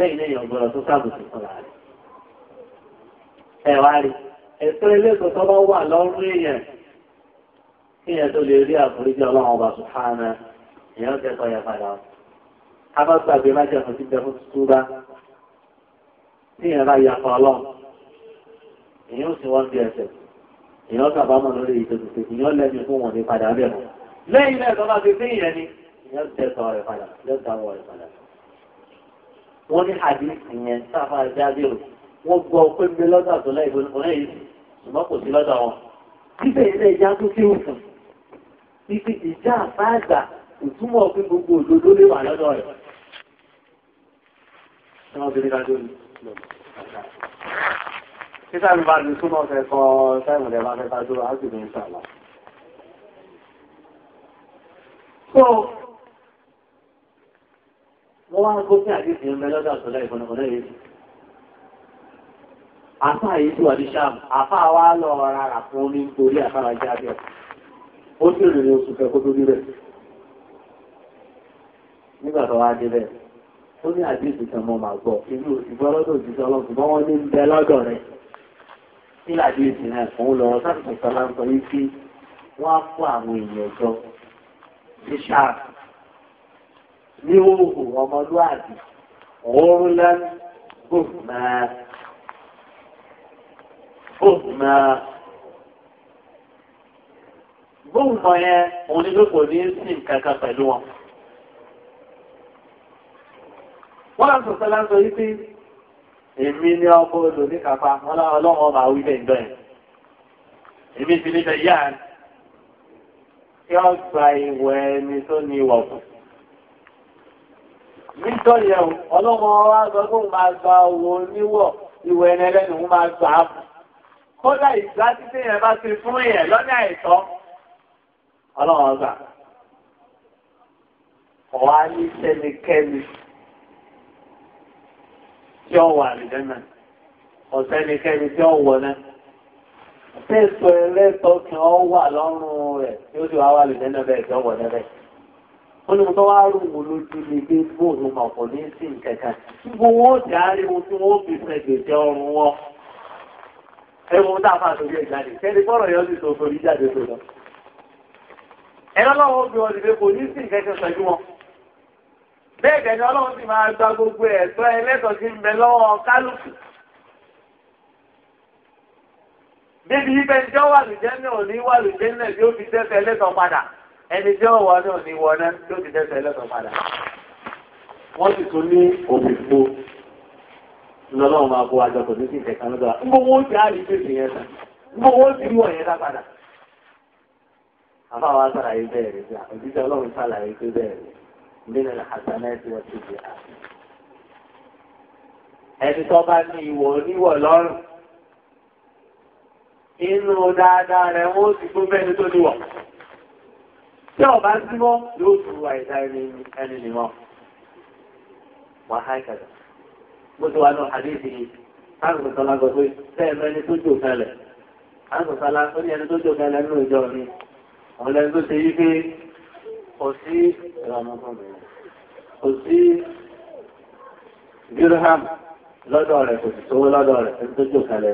S1: lẹ́yìn lẹ́yìn ọ̀gbọ́n tó sábòsí fúnra rẹ̀. ẹ̀wá rí ẹ̀sọ́ eléyìí tó bá wà lọ́rùn èèyàn kí èèyàn tó lè rí àforíjì ọlọ́run ọba sùhánà èèyàn kẹ́kọ̀ọ́ yẹn padà. a bá gbàgbé má jẹun sí bẹ́ẹ̀ fún túbá tí èèyàn bá yà fún ọlọ́run èèyàn ò sì wọ́n bí ẹsẹ̀ èèyàn kábàámọ̀ lórí ìtòtòtò èèyàn lẹ́nu fún wọn ní padà bẹ́ẹ̀ mọ́ lẹ́yìn lẹ́ẹ̀kan bá fi wọ́n ní àdìsí yẹn sáfà jáde o wọ́n gbọ́ pé gbé lọ́dà tó láì bọ́ nípa lẹ́yìn ṣùgbọ́n kò sí lọ́dà wọn. Bíbẹ̀ ilé ìjà tó kí ó sùn. Ibi ìjà àbáàgbà ìtumọ̀ pé gbogbo òdodo lè wà lọ́dọ̀ rẹ̀. Ṣé wọ́n bá lu súnmọ́ fẹ́ kọ́ táìmù rẹ̀ máa fẹ́ dájú, á sì ní ìṣàlá wọ́n wá ń kó sí àdíṣe ń bẹ lọ́dọ̀ tó lẹ́yìn fún ọ̀nà yìí. Àfá yìí tí wà ní Ṣáàmù, àfá wa lọ ra rà fún omi nítorí àfára jáde. Ó sì rìn ní oṣù kẹ́kọ́ tó níbẹ̀. Nígbà tó wá débẹ̀, ó ní àdíṣe kan mọ́ màá gbọ́, inú ìgbọ́ lọ́dọ̀ òjijì ọlọ́run bọ́ wọ́n ní ń bẹ lọ́dọ̀ rẹ̀. Kí làdíṣe náà fún ní òhù ọmọlúwàbí òórùn lẹ́nu gbòmà gbòmà gbòmà yẹn òun ni kò ní sí kankan pẹ̀lú wọn. wọ́n á sọ̀tọ́ láńsọ yìí pé èmi ni ọkọ odò ní kápá wọn láwọn ọlọ́run ọba àwọn ilé ìjọ yẹn èmi ti ní bẹ yáa kí ọgbà ìwẹ̀ ẹni tó ní ìwọ̀kùn nítorí ẹ̀ ọlọ́wọ́ máa gba owó oníwọ̀ ìwẹ̀ ẹni máa gbà á fún. kódà ìgbà títí yẹn bá ti fún yẹn lọ́nà àìtọ́ ọlọ́wọ́ gbà. ọ̀wá ní sẹ́nikẹ́ni tí ó wà nìjẹ́ náà ọ̀sẹ́nikẹ́ni tí ó wọ̀ náà. Tẹ́sọ̀ ẹlẹ́tọ̀ kí wọ́n wà lọ́rùn rẹ̀ tí ó sì wá wà lùdẹ́nà bẹ́ẹ̀ ó wá rò wò lójú ní pé bóòlù mà kò ní sí nǹkankan gbogbo wọn ó jẹ́ àárẹ̀ ohun tí wọ́n fi fẹ́ gbèsè ọrùn wọn. ẹ tá a fà sórí ẹ̀ jáde kẹ́ni bọ́rọ̀ yọ sí sọ̀tò orí jáde tó lọ. ẹ lọ́wọ́ bí wọ́n ti kò ní sí nǹkankan pẹ̀lú wọn. bẹ́ẹ̀ gẹ̀ẹ́ni ọlọ́run ti máa gba gbogbo ẹ̀tọ́ ẹlẹ́tọ̀ọ́ sí ń lọ́wọ́ kálukú. débi ibẹ̀ ń jọ́ wàlùjẹ́ náà ní wàlùjẹ́ náà ẹni tí ọwọ́ náà ní wọná tó ti dẹ́sẹ̀ lọ́sọ̀ padà wọ́n sì tún ní òfin fo ní gbogbo ó ti yẹn gbogbo ó ti padà. àbáwá sàlàyé bẹ́ẹ̀ rẹ̀ sí ọlọ́run sàlàyé bẹ́ẹ̀ rẹ̀ nínú àtàlẹ́sì wọ́n ti di àná. ẹni tó bá ní ìwọ oníwọ̀ lọ́rùn inú dáadáa rẹ̀ wọ́n tí ọba ń símọ́ yóò fún wa ìdá ẹni nìmọ́ wà á kẹlẹ̀ bó ti wà ní àdéhìí káàkiri sọlá gbọ́ pé sẹ́ẹ̀mẹ́ ẹni tó jò kẹlẹ̀ káàkiri sọlá ó ní ẹni tó jò kẹlẹ̀ nínú ìjọ mi àwọn ẹni tó ṣe yí pé kò sí kò sí dirham lọ́dọ̀ rẹ̀ kò sì sówó lọ́dọ̀ rẹ̀ ẹni tó jò kẹlẹ̀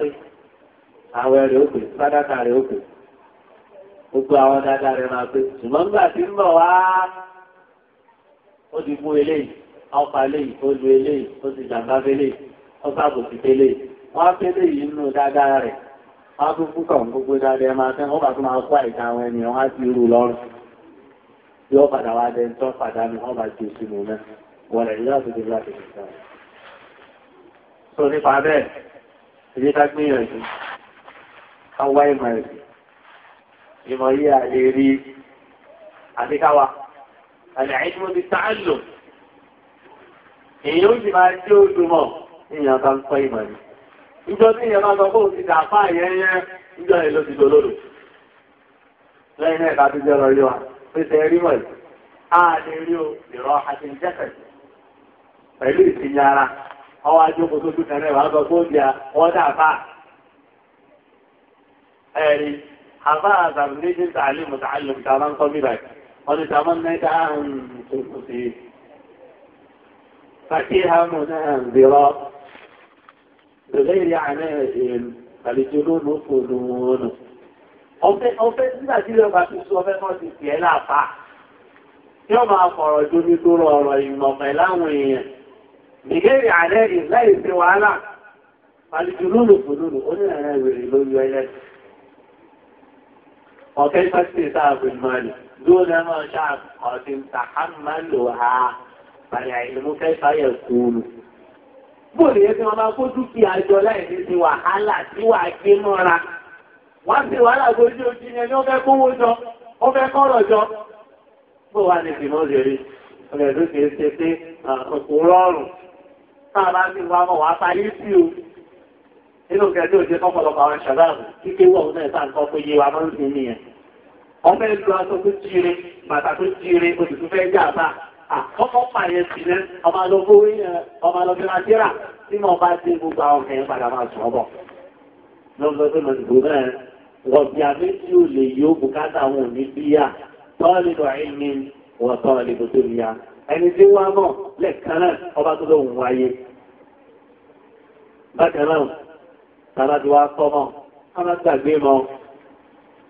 S1: ni Awere rẹ̀ ó pè sádàkà rẹ̀ ó pè gbogbo àwọn dáadáa rẹ̀ máa pé ṣùgbọ́n nígbà tí ń bọ̀ wá ó ti mú eléyìí ọ̀pá eléyìí ó lu eléyìí ó ti jàǹbá eléyìí ó sábò sí eléyìí wọ́n á nínú dáadáa rẹ̀ wọ́n á tún gbogbo dáadáa máa fẹ́ wọ́n bá tún máa kó àìta àwọn ènìyàn wọ́n á ti rú lọ́rùn bí wọ́n padà wá dẹni tó káwá ìmọ̀ ẹ̀sìn ìmọ̀ yìí a lè rí àti káwa àlẹ́ àìsímọ́ ti sáà èyí ó sì máa jẹ́ odùmọ̀ èèyàn bá kọ́ ìmọ̀ ìjọ tí sọ ìjọ lẹ́yìn náà wa rí a rí o ìrọ̀ àti pẹ̀lú ọwọ́ ajókòó tó sọ wọ́n ẹ̀rí àbá àtàrí méjì tààlé mùtàálù tààlá ń kọ́ bí báyìí wọ́n ti tààmọ́ mẹ́ta àrùn tó sí i. ففيها منذرة بغير عناء فالجنون فنون ọ̀fẹ́ nígbà tí lọ́gbà tí sọ fẹ́ mọ́ ti fi ẹ́ láàpá ó ní وكيف اكتساب المال دون ما شقة تحملها فالعلم كيف يكون bó lè yẹ kí wọn bá kó dúkìá jọ láì ní ti wàhálà tí wà á gbé mọ́ra wá sí wàhálà lójú ojú yẹn ni wọ́n fẹ́ kówó jọ wọ́n fẹ́ kọ́rọ̀ jọ bó wà ní ìgbìmọ̀ rèé ọ̀rẹ́ ló kìí ṣe pé òkú rọrùn tá a bá ní wàhálà wàá parí sí o nínú kẹjọ òjò kọ́pọ̀lọpọ̀ àwọn ṣàdáàbù kíké wọ̀ náà sáà nǹkan pé yé wa máa ní yẹn. ọmọ ẹlú aṣọ tó jíire bàtà tó jíire oṣù fẹ́ jà bá àkọ́kọ́ pààyẹ sí ní ọmọ alọ́gbó nàìjíríà tí mo bá dé gbogbo àwọn kẹyìn padà máa sọ bọ̀. lọ́gbọ́n tó lọ tàbá ti wá mọ́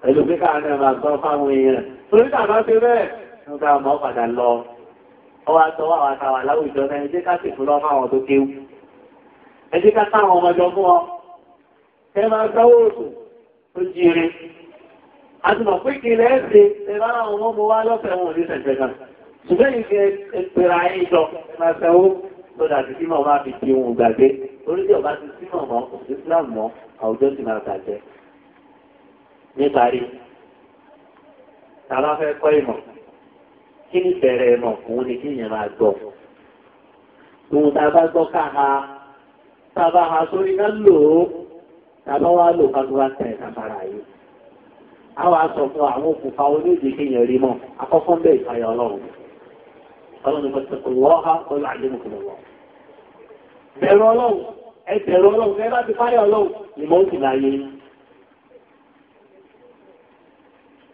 S1: pẹ̀lú pé káàrin ẹ̀mà sọ fáwọn èèyàn torí tàbá ti bẹ́ẹ̀ ń bá ọmọ padà lọ ọwọ́ àtọwọ́ àtàwà láwùjọ náà ẹjẹ́ ká sì fún lọ fáwọn tó kéwú ẹjẹ́ ká táwọn ọmọjọ tó jíire a ti mọ̀ máa fi di ohun gbàgbé orílẹ̀ ọba ti sínú ọmọ islam mọ àwùjọ sì máa bàjẹ́ níparí tàbá fẹ́ kọ́ ìmọ̀ kí ni bẹ̀rẹ̀ ìmọ̀ òun ni kí yẹn máa gbọ́ òun tá a bá gbọ́ ká ha tá a bá ha sórí ká lò ó tàbá wá lò ká tó wá tẹ̀ kàfàrà yìí àwọn aṣọ fún àwọn òkùnfà onídìí kí yẹn rí mọ́ akọ́kọ́ ń bẹ̀ ìfàyà ọlọ́run ọlọ́run ni mo ti sọ pé wọ́n há ọlọ́ àdéhùn kò lọ́wọ́ bẹ̀rù ọlọ́run ẹ̀tẹ̀rù ọlọ́run ẹ bá ti fáyọ̀ ọlọ́run ni mo ń sì láyé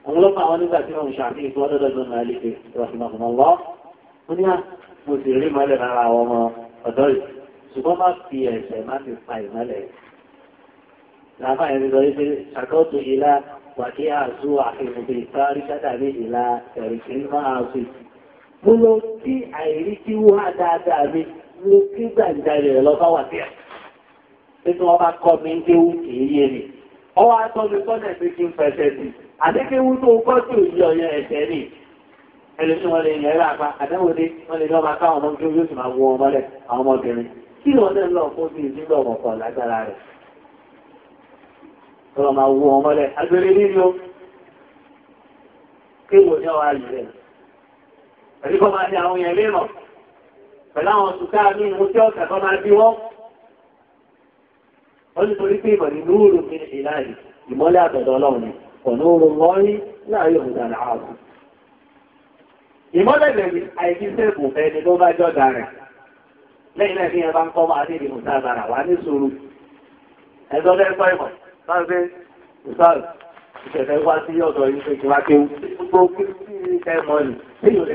S1: àwọn ọlọ́pàá àwọn nígbà tí wọ́n ṣàfihàn ìfọ́ ọdọ́dọ́dọ́ náà lè fi rọ̀sìmọ̀sìmọ̀ lọ ó ní à ah, mo sì rí mọ́lẹ̀ lára àwọn ọmọ ọ̀dọ́ yìí ṣùgbọ́n má fi ẹ̀ṣẹ̀ má fi pa ìmọ́lẹ̀ làbá ẹni lọ wípé ṣàkóso ìlà wàkí àṣù àfihàn ìparí sátàbí ìlà ẹ̀rìkì máa fi mo lọ àìrí tí wọ́n á dáadáa mi ní kí gbàgbà rẹ̀ lọ bá wà díẹ̀. Nínú ọba kọ́ mi ń kéwú kì í yé mi. Ọwọ́ atọ́ mi kọ́lẹ̀ kí n fẹsẹ̀ sí. Àti tó kọ́ sí òyìn ọ̀yẹ́ ẹ̀sẹ̀ nì. Ẹni tí wọ́n lè yẹn rà pa, àdéhùn ni wọ́n lè lọ́ba káwọn ọmọ kí yóò sì máa wọ ọmọ rẹ̀ àwọn ọmọbìnrin. Kí ni wọ́n lè lọ fún bí ìdílé ọ̀kọ̀ọ̀kan lágbára rẹ̀? Tọ́lọ́ máa wọ ọmọ rẹ̀. Àgbèrè nínú kéwò ní ọwọ́ àlùfẹ́. Àdíkọ́ máa ní àwọn yẹn lérò pẹ̀lú àwọn àtọ̀dọ̀ ọlọ́run ni ọ̀nà oòrùn mọ́rí láàrin òun dára ààbò. ìmọ́lẹ̀ lẹ́yìn àìsí sẹ́ẹ̀bù fẹ́ ni ló bá jọ́ dára lẹ́yìn náà ní ẹ bá ń kọ́ máa níbi ìmùtábàrà wà ní sùúrù ẹ̀dọ́ fẹ́ kọ́ ìmọ̀ máa ń gbé ìsáàlù ìṣẹ̀fẹ́ wá sí ọ̀dọ̀ yìí pé kí wá kéwú gbogbo kí ní ẹ̀ mọ́ ni tí yóò lè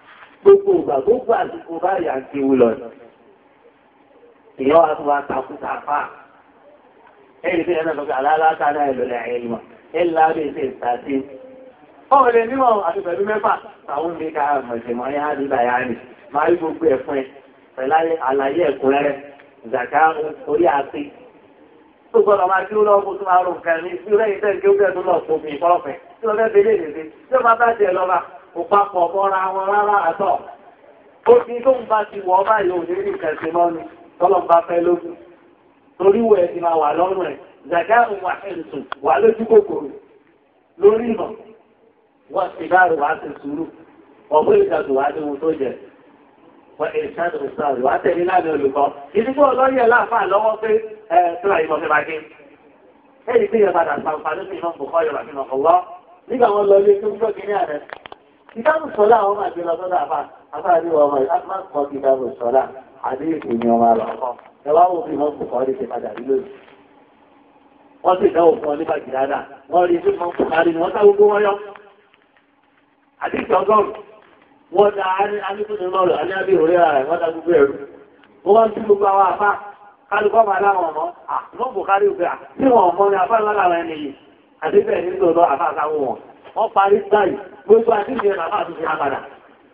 S1: gbogbo ìgbà gbogbo àdúgbò báyà ń kéwu lọ ni. ìyá wa tó wá takú tàfà ẹ̀rí fi ẹ̀rọ lọ́gbà aláàlátà náà ẹ̀lò ní àyè ìmọ̀ ẹ̀là bí ṣe ìtàtí. ọ̀rọ̀ lè nímọ̀ àti pẹ̀lú mẹ́fà táwọn ní ká mọ̀jẹ̀mọ́ yá ní bàyá nì máa rí gbogbo ẹ̀ fún ẹ pẹ̀lú àlàyé ẹ̀kúnrẹ́rẹ́ zàkà orí àti. tó gbọ́dọ̀ máa kí ó lọ́ fún tó lọ kò mọ́ra wọn rárá àtọ̀. ó ti tó ń bá ti wọ̀ ọ́ báyìí òní rí ìkẹsẹ̀ lọ́nu tọ́lọ̀ fẹ́ lógún. torí wọ ti máa wà lọ́rùn ẹ̀ zàgá wà ẹ̀sùn wà lójú kòkòrò lórí ìmọ̀ wọ́n ti dáàrú wà ti sùúrù ọ̀pọ̀ ìjàdù wà ní ohun tó jẹ wọ́n ìṣàdù ìṣàdù wà tẹ̀lé láàrin olùkọ́ ìdíkọ́ ọlọ́yẹ̀ láàfáà lọ́wọ́ pé ẹ̀ tó tí yẹn padà sàǹfà lóṣù ìmọ̀ bùkọ́ yọ̀rọ̀ àfihàn ọ̀lọ́ nígbà wọn lọ ilé tó ń gbọ́ kí àrẹ kìtàbù sọ́lá àwọn máa gbé àbá àbáàrí ọmọ ìlàkọ́ kìtàbù sọ́lá àdéhùn ni ọmọ àlọ́kọ́ ẹwà wo fi mọ́kù kọ́ padà rí lónìí wọ́n sì dáwọ́ fún ọ nípa jìdáadà wọ́n rí fún mọ́kù kárí ni wọ́n sá gbogbo wọ́n da wọ́n parí báyìí gbogbo àdíjì ẹ̀ bàbá àti ìyá padà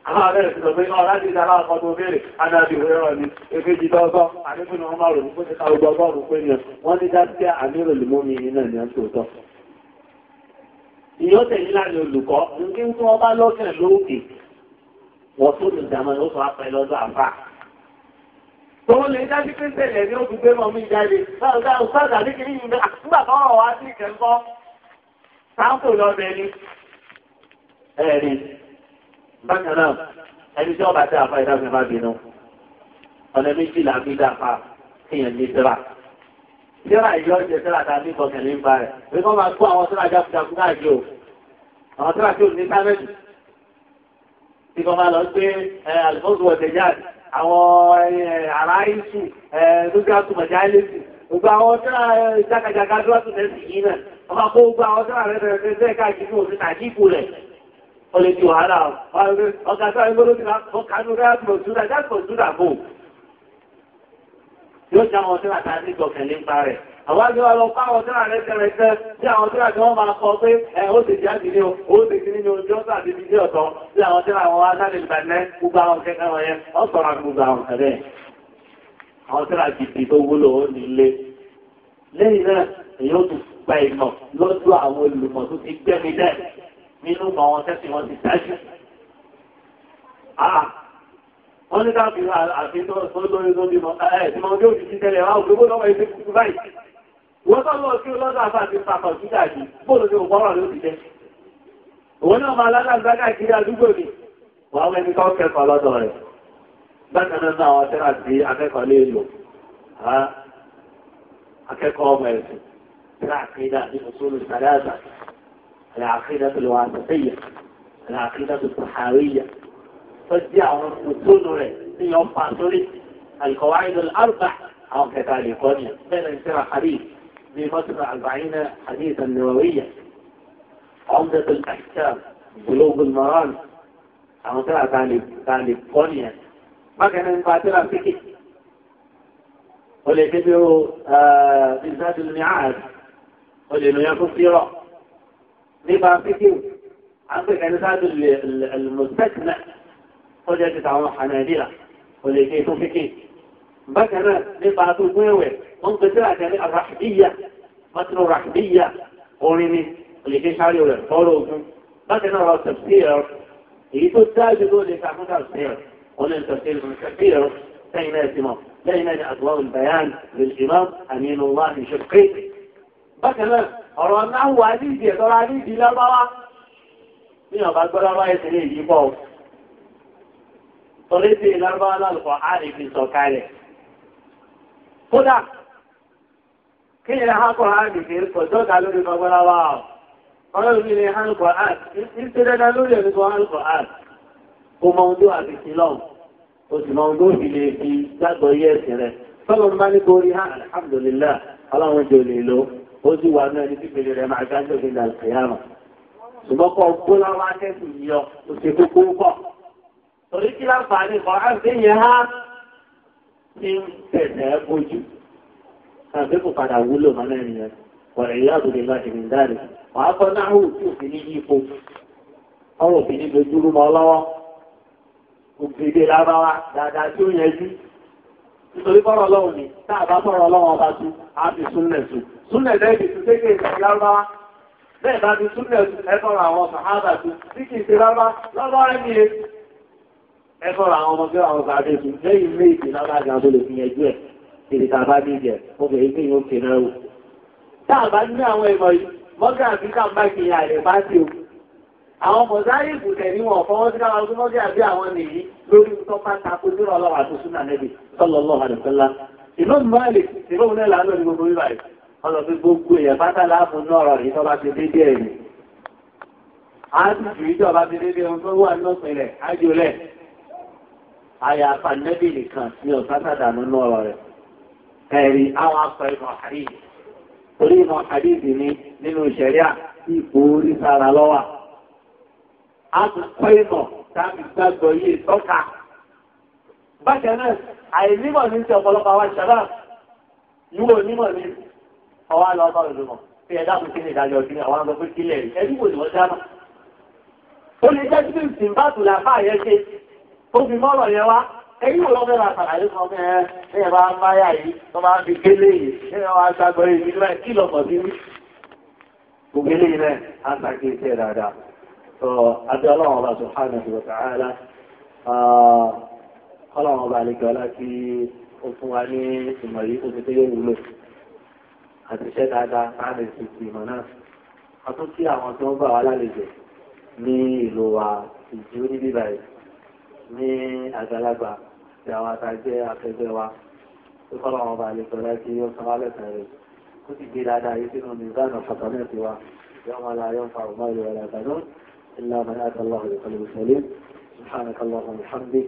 S1: àwọn abẹ́rẹ̀ ti lọ pé ọ̀rá ti dára ọkọ̀ tó béèrè adájú ìrọ̀ ni èkejì tọ́gọ́ àdébìnà ọmọ rẹ̀ pé ká gbogbo ọgọ́rùn pé ni wọ́n ní a ń tòótọ́ ìyọ́ tẹ̀yìn láàrin olùkọ́ ní tí wọ́n bá lọ́kẹ̀ lóòkè wọ́n tó lè sáàpù lọ́bẹ̀ ni ẹ̀rí bákan náà ẹni tí ọba tí a fa ìdáfẹ́ bá bínú ọ̀nà méjì là bí dàpá kéèyàn ní síra síra yìí ọ̀jẹ̀ síra tá a ní bọ̀kẹ̀lé ń ba rẹ̀ pé kọ́ máa kó àwọn síra jákujáku náà jẹ́ o àwọn síra tí ò ní sámẹ́jì tí kọ́ máa lọ gbé àlùfóòsù ọ̀tẹ̀jáde àwọn ará ìsù lójú àtúmọ̀já ilé sí gbogbo àwọn síra jákàjáká lọ́tún tẹ̀sí yìí náà ọba kó gba ọjọ́ rẹ̀ rẹ̀ rẹ̀ káàkiri òsì tàjíkù rẹ̀ ó lè di wàhálà ọ̀gá sáré gbọ́dọ̀ ti ọkànú rẹ̀ àti òṣùdà jáde òṣùdà bò yóò jẹ́ àwọn ọ̀sẹ̀ àti àti ìgbọ̀kẹ̀ nípa rẹ̀ àwọn àti wà lọ fún àwọn ọ̀sẹ̀ rẹ̀ tẹ̀rẹ̀ tẹ́ tí àwọn ọ̀sẹ̀ àti wọ́n máa kọ pé ẹ ó ti jáde ní o ó ti kí nínú ojú ọ̀sẹ̀ àti ibi ọ̀tọ̀ tí àwọn ọ̀sẹ̀ àwọn adáde ìbànẹ́ gbogbo àwọn gbogbo àwọn ọ̀sẹ̀ àwọn ọ̀sẹ̀ àti ìdí tó wúlò ó nílé lẹ́yìn náà èyí ó tún gba ìmọ̀ lọ́dọ̀ àwọn olùmọ̀ tó ti gbẹ́mi dẹ́ nínú mọ̀ wọn tẹ́sí wọn ti dájú. Ah, wọ́n ní káàkiri àfi tó lórí tó bímọ ẹ̀ tí mo dé òjijì tẹ́lẹ̀ wá òkè bóyá wọ́n ti kú báyìí. wọ́n tọ́ lọ sí ọlọ́dọ̀ àfa àti pàpà síta jù bóòlù ní òpọ́rọ̀ ló ti jẹ́. òun náà máa lálàgbá káàkiri àdúgbò mi wọ́n á mẹ́ni kọ́ ah, akẹ́kọ̀ọ́ ọmọ ẹ̀sìn العقيدة في أصول الثلاثة العقيدة الواسطية العقيدة الصحاوية فجعوا أصول في يوم فاصولي القواعد الأربع أو كذلك بين انترى حديث في مصر أربعين حديثا نووية عمدة الأحكام بلوغ المران أو ترى ذلك ما كان ينفاتر فيك ولكنه آه، بالذات المعاد والإمام كفر نبقى فيكم عقل كان هذا المستثنى وجدت على حنابلة واللي كيف فيكي بكنا نبقى تقوي منقطع كان الرحبية متن الرحبية قولني اللي كيف حالي ولا قولوا بكنا هو تفسير يتساعد دول يفهموا تفسير قولي التفسير من كثير سيناتنا لأن أدوار البيان للإمام أمين الله شقيقي Bákanáà, ọ̀rọ̀ náà wà ní ìdí ẹ̀tọ́ra ní ìdí lábáwá. Ní gbọ́lábá ẹ̀sẹ̀ pọ̀. lálùkọ̀ Kódà, kí ni àkọ̀ á lè fi sọ lórí gbọ́lábá ọ̀. ní àlùkọ̀ á, ìṣẹ́dẹ́dá lórí ẹ̀kọ́ àlùkọ̀ á. Ó mọ fi ní kó rí hàn alhamdulillah aláwọn jò lè lọ. ozi wa wà náà ní pípele rẹ̀ máa dájọ́ ìgbéga ìkẹyàmọ̀ ṣùgbọ́n kọ́ gbóná wá tẹ́sùn yìí ọ ó ṣe kókó pọ̀ torí kí láǹfààní kọ́ á sí yẹn há ní tẹ̀sẹ̀ ọrụ nítorí bọ́rọ̀ ni táà bá bọ́rọ̀ ọlọ́run ọba tú á fi súnlẹ̀ tú súnlẹ̀ lẹ́yìn tó tẹ́kẹ̀ ìgbà bẹ́ẹ̀ bá ti súnlẹ̀ tú ẹ̀fọ́rọ̀ àwọn sàhábà tú tí kì ṣe lárúbá lọ́wọ́ ẹni e ẹ̀fọ́rọ̀ àwọn ọmọ tí àwọn sàhábà tú lẹ́yìn ilé ìpè lábàgà tó àbí àwọn sallallahu alaihi wasallam ìmọ̀ mọ́lẹ̀ ìmọ̀ mọ́lẹ̀ làánà ní gbogbo bíbá yìí wọ́n lọ sí gbogbo èèyàn pátá láàbùn náà rọ̀ ní tọ́ba ti dédé ẹ̀mí a ń tù ìjọba ti dédé ohun tó wà náà pinlẹ̀ ájúlẹ̀ àyàfà nẹ́bì nìkan ní ọ̀sán sàdánù náà rẹ̀ bákan náà ní ti ọ̀pọ̀lọpọ̀ àwọn ìṣẹ̀lá ìwò onímọ̀ ní ọwá lọ bá olùmọ̀ tí ẹ kí ni ìdájọ́ kí ni àwọn àgbẹ̀ pé kílẹ̀ rí ẹbí wò ni wọ́n dáná. ó lè jẹ́ síbi ìsìn bá tù láfà yẹn ṣe ó fi mọ́rọ̀ yẹn wá ẹ̀yìn wò lọ́mọ ẹ̀rọ àtàlàyé kan fún ẹ ẹ ẹ bá ń bá yà yìí tó máa ń fi gélé yìí ẹ ẹ wá sagbọ yìí ní báyìí kí lọmọ sí ní.
S2: gbogbo eléyìí náà
S1: á sàkíyè sí ẹ dáadáa. sọ adé ọlọ́run ọba ọlọ́run ọba àlejò ọlá tí ó fún wa ní ìmọ̀ yìí ó ti tó yóò wúlò àti iṣẹ́ dáadáa láti fi ti ìmọ̀ náà a tún kí àwọn tó ń bà wá lálejò ní ìlú wa ìjú ní bíbá yìí ní àgbàlagbà àti àwọn àtàjẹ́ akẹgbẹ́ wa tó kọ́ lọ́wọ́ ọba àlejò ọlá tí ó san wá lẹ́sàn-án rẹ̀ ó sì gbé dáadáa yìí sínú mìíràn fàtàmẹ́ẹ̀tì wa يوم لا ينفع مال ولا بنون إلا من أتى الله بقلب سليم سبحانك اللهم وبحمدك